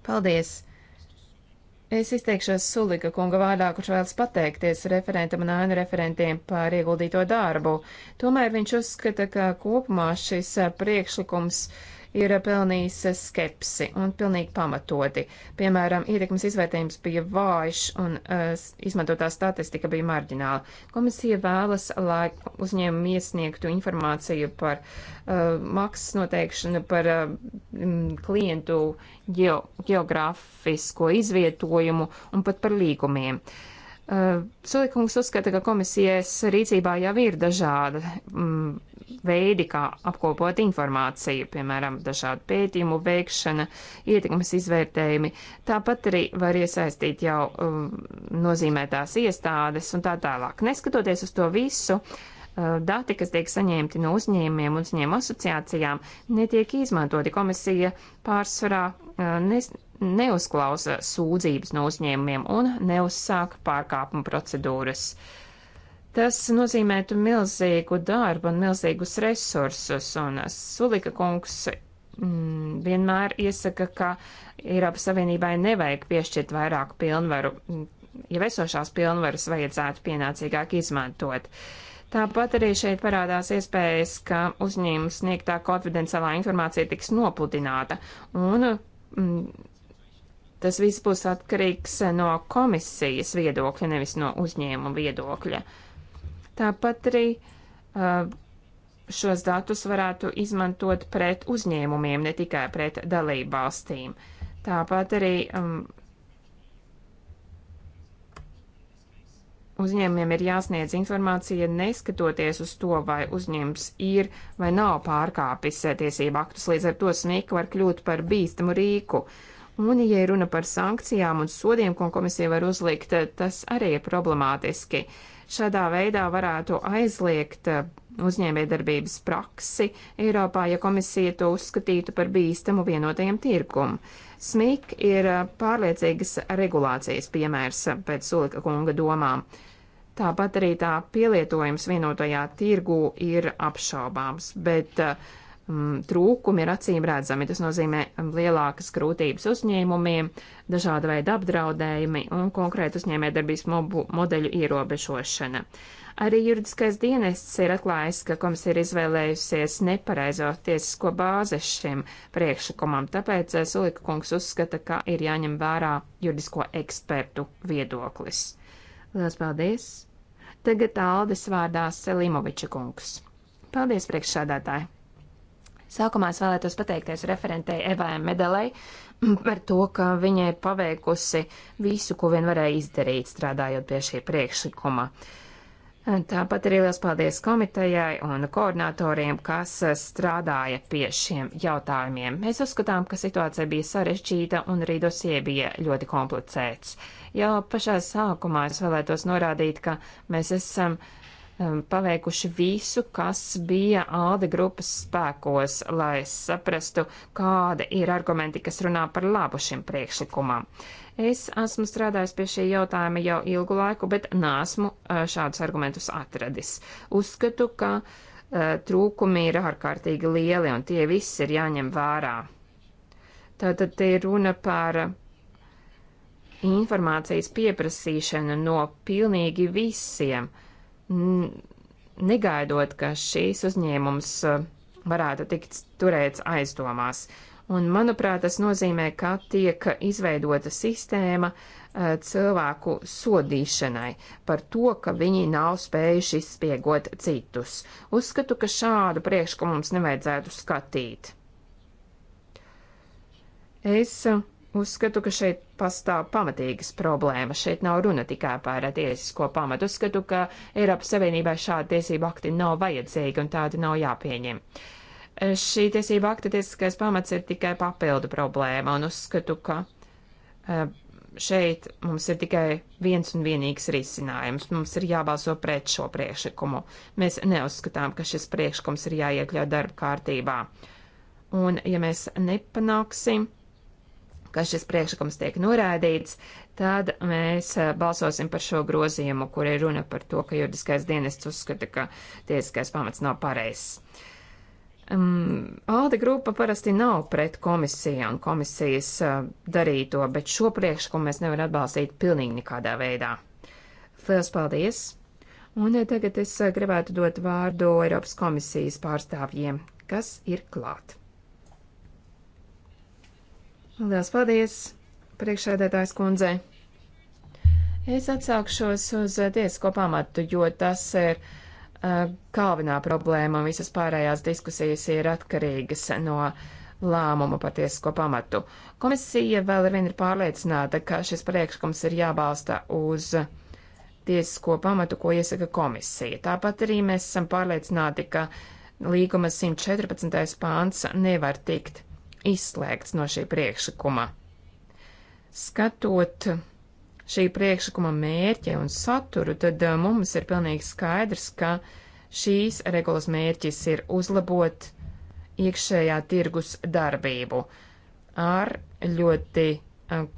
Paldies! Es izteikšos Sulika kunga vārdā, kurš vēlas pateikties referentam un ānu referentiem par ieguldīto darbu. Tomēr viņš uzskata, ka kopumā šis eh, priekšlikums uh, ir pelnījis skepsi un pilnīgi pamatoti. Piemēram, ietekmes izvērtējums bija vājš un uh, izmantotā statistika bija marģināla. Komisija vēlas, lai uzņēmumi iesniegtu informāciju par uh, maksas noteikšanu, par uh, klientu ge geogrāfisko izvietojumu un pat par līgumiem. Uh, Eh, Sulikungs uzskata, ka komisijas rīcībā jau ir dažādi mm, veidi, kā apkopot informāciju, piemēram, dažādu pētījumu veikšana, ietekmes izvērtējumi. Tāpat arī var iesaistīt jau mm, nozīmētās iestādes un tā tālāk. Neskatoties uz to visu, eh, dati, kas tiek saņemti no uzņēmiem un uzņēmu asociācijām, netiek izmantoti. Komisija pārsvarā eh, nes, neuzklausa sūdzības no uzņēmumiem un neuzsāk pārkāpuma procedūras. Tas nozīmētu milzīgu darbu un milzīgus resursus, un Sulika kungs mm, vienmēr iesaka, ka Eiropas Savienībai nevajag piešķirt vairāk pilnvaru, ja esošās pilnvaras vajadzētu pienācīgāk izmantot. Tāpat arī šeit parādās iespējas, ka uzņēmums sniegtā konfidenciālā informācija tiks nopludināta, un mm, Tas viss būs atkarīgs no komisijas viedokļa, nevis no uzņēmuma viedokļa. Tāpat arī uh, šos datus varētu izmantot pret uzņēmumiem, ne tikai pret dalību valstīm. Tāpat arī um, uzņēmumiem ir jāsniedz informācija neskatoties uz to, vai uzņēmums ir vai nav pārkāpis uh, tiesību aktus, līdz ar to smika var kļūt par bīstamu rīku. Uh, Un, ja runa par sankcijām un sodiem, ko komisija var uzlikt, eh, tas arī ir problemātiski. Šādā veidā varētu aizliegt eh, uzņēmējdarbības praksi Eiropā, ja komisija to uzskatītu par bīstamu vienotajam tirkumu. SMIK ir eh, pārliecīgas regulācijas piemērs pēc Sulika kunga domām. Tāpat arī tā pielietojums vienotajā tirgu ir apšaubāms, bet uh, Mm, trūkumi ir acīm redzami. Tas nozīmē mm, lielākas grūtības uzņēmumiem, dažāda veida apdraudējumi un konkrēti uzņēmējdarbības modeļu ierobežošana. Arī juridiskais dienests ir atklājis, ka komisija ir izvēlējusies nepareizo tiesisko bāzi šim priekšlikumam, tāpēc eh, Sulika kungs uzskata, ka ir jāņem vērā juridisko ekspertu viedoklis. Lielas paldies! Tagad Aldis vārdā Selimoviča kungs. Paldies, priekšsādātāji! Sākumā es vēlētos pateikties referentei Evai Medelei (clears throat) par to, ka viņa ir paveikusi visu, ko vien varēja izdarīt, strādājot pie šī priekšlikuma. Tāpat arī liels paldies komitejai un koordinatoriem, kas strādāja pie šiem jautājumiem. Mēs uzskatām, ka situācija bija sarežģīta un arī dosie bija ļoti komplicēts. Jau pašā sākumā es vēlētos norādīt, ka mēs esam uh, Um, paveikuši visu, kas bija ALDE grupas spēkos, lai saprastu, kāda ir argumenti, kas runā par labu šim priekšlikumam. Es esmu strādājis pie šī jautājuma jau ilgu laiku, bet nesmu uh, šādus argumentus atradis. Uzskatu, ka uh, trūkumi ir ārkārtīgi lieli un tie visi ir jāņem vērā. Tātad te ir runa par informācijas pieprasīšanu no pilnīgi visiem uh, negaidot, ka šīs uzņēmums eh, varētu tikt turēts aizdomās. Un, manuprāt, tas nozīmē, ka tiek izveidota sistēma eh, cilvēku sodīšanai par to, ka viņi nav spējuši izspiegot citus. Uzskatu, ka šādu priekšlikumu mums nevajadzētu skatīt. Es eh, uzskatu, ka šeit pastāv pamatīgas problēmas. Šeit nav runa tikai par tiesisko pamatu. Uzskatu, ka Eiropas Savienībai šādi tiesību akti nav vajadzīgi un tādi nav jāpieņem. Šī tiesība akta tiesiskais pamats ir tikai papildu problēma un uzskatu, ka e, šeit mums ir tikai viens un vienīgs risinājums. Mums ir jābalso pret šo priekšlikumu. Mēs neuzskatām, ka šis priekšlikums ir jāiekļaut darba kārtībā. Un, ja mēs nepanāksim ka šis priekšlikums tiek norādīts, tad mēs eh, balsosim par šo grozījumu, kur ir runa par to, ka juridiskais dienests uzskata, ka tiesiskais pamats nav pareizs. Um, Alde grupa parasti nav pret komisiju un komisijas uh, darīto, bet šo priekšlikumu mēs nevaram atbalstīt pilnīgi nekādā veidā. Lielas paldies! Un eh, tagad es gribētu dot vārdu Eiropas komisijas pārstāvjiem, kas ir klāt. Lielas paldies, priekšsēdētājs kundzei. Es atsākšos uz tiesisko pamatu, jo tas ir uh, galvenā problēma un visas pārējās diskusijas ir atkarīgas no lēmumu par tiesisko pamatu. Komisija vēl ar vienu ir pārliecināta, ka šis priekšlikums ir jābalsta uz tiesisko pamatu, ko iesaka komisija. Tāpat arī mēs esam pārliecināti, ka līguma 114. pāns nevar tikt izslēgts no šī priekšlikuma. Skatot šī priekšlikuma mērķi un saturu, tad uh, mums ir pilnīgi skaidrs, ka šīs regulas mērķis ir uzlabot iekšējā tirgus darbību ar ļoti uh,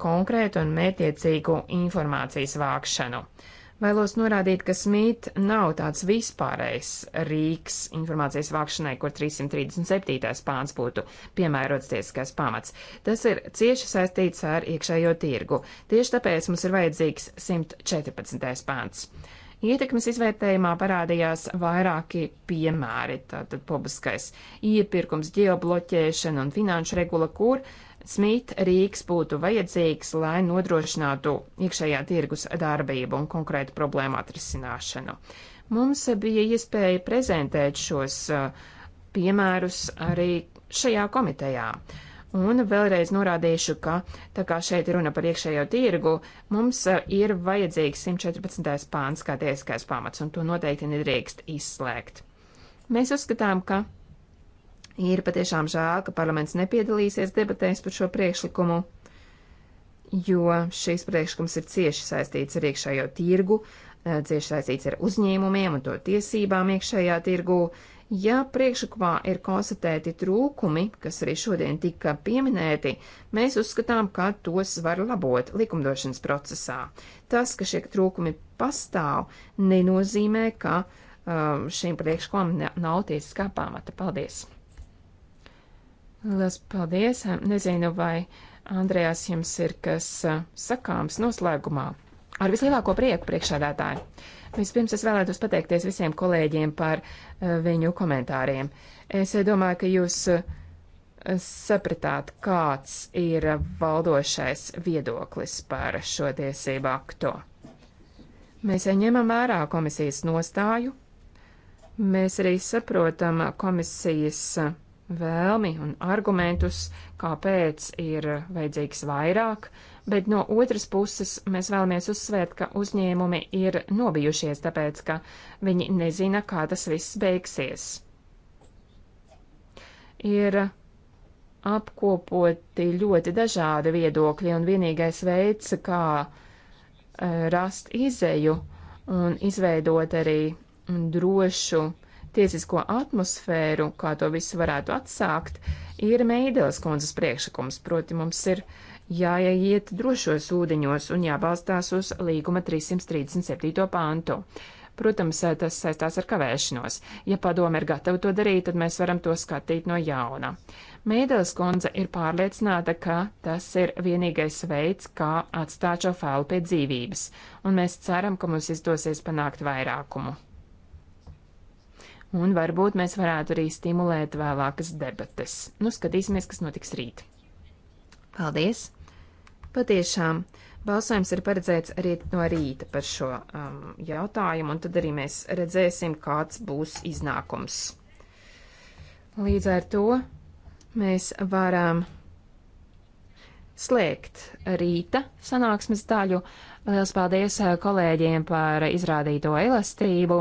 konkrētu un mētiecīgu informācijas vākšanu. Uh, Vēlos norādīt, ka SMIT nav tāds vispārējs rīks informācijas vākšanai, kur 337. pāns būtu piemērots tiesiskais pamats. Tas ir cieši saistīts ar iekšējo tirgu. Tieši tāpēc mums ir vajadzīgs 114. pāns. Ietekmes izvērtējumā parādījās vairāki piemēri, tātad publiskais iepirkums, ģeobloķēšana un finanšu regula, kur uh, Smīt Rīgas būtu vajadzīgs, lai nodrošinātu iekšējā tirgus darbību un konkrētu problēmu atrisināšanu. Mums bija iespēja prezentēt šos uh, piemērus arī šajā komitejā. Un vēlreiz norādīšu, ka tā kā šeit runa par iekšējo tirgu, mums uh, ir vajadzīgs 114. pāns kā tiesiskais pamats, un to noteikti nedrīkst izslēgt. Mēs uzskatām, ka Ir patiešām žēl, ka parlaments nepiedalīsies debatēs par šo priekšlikumu, jo šīs priekšlikums ir cieši saistīts ar iekšējo tirgu, eh, cieši saistīts ar uzņēmumiem un to tiesībām iekšējā tirgu. Ja priekšlikumā ir konstatēti trūkumi, kas arī šodien tika pieminēti, mēs uzskatām, ka tos var labot likumdošanas procesā. Tas, ka šie trūkumi pastāv, nenozīmē, ka um, eh, šīm priekšlikumam nav tiesiskā pamata. Paldies! Lielas paldies! Nezinu, vai Andrejās jums ir kas sakāms noslēgumā. Ar vislielāko prieku priekšādātāji. Vispirms es vēlētos pateikties visiem kolēģiem par viņu komentāriem. Es domāju, ka jūs sapratāt, kāds ir valdošais viedoklis par šo tiesību aktu. Mēs ņemam vērā komisijas nostāju. Mēs arī saprotam komisijas vēlmi un argumentus, kāpēc ir vajadzīgs vairāk, bet no otras puses mēs vēlamies uzsvērt, ka uzņēmumi ir nobijušies, tāpēc ka viņi nezina, kā tas viss beigsies. Ir apkopoti ļoti dažādi viedokļi, un vienīgais veids, kā eh, rast izēju un izveidot arī drošu tiesisko atmosfēru, kā to visu varētu atsākt, ir Meidelas kundzes priekšlikums. Proti mums ir jāiet drošos ūdeņos un jābalstās uz līguma 337. pāntu. Protams, tas saistās ar kavēšanos. Ja padome ir gatava to darīt, tad mēs varam to skatīt no jauna. Mēdeles kundze ir pārliecināta, ka tas ir vienīgais veids, kā atstāt šo failu pie dzīvības, un mēs ceram, ka mums izdosies panākt vairākumu un varbūt mēs varētu arī stimulēt vēlākas debates. Nu, skatīsimies, kas notiks rīt. Paldies! Patiešām, balsojums ir paredzēts arī no rīta par šo um, jautājumu, un tad arī mēs redzēsim, kāds būs iznākums. Līdz ar to mēs varam slēgt rīta sanāksmes daļu. Liels paldies eh, kolēģiem par izrādīto elastību.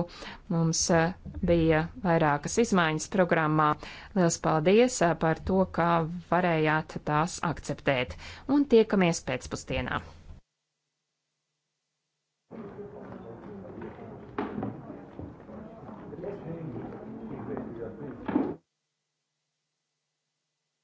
Mums eh, bija vairākas izmaiņas programmā. Liels paldies eh, par to, ka varējāt tās akceptēt. Un tiekamies pēcpusdienā.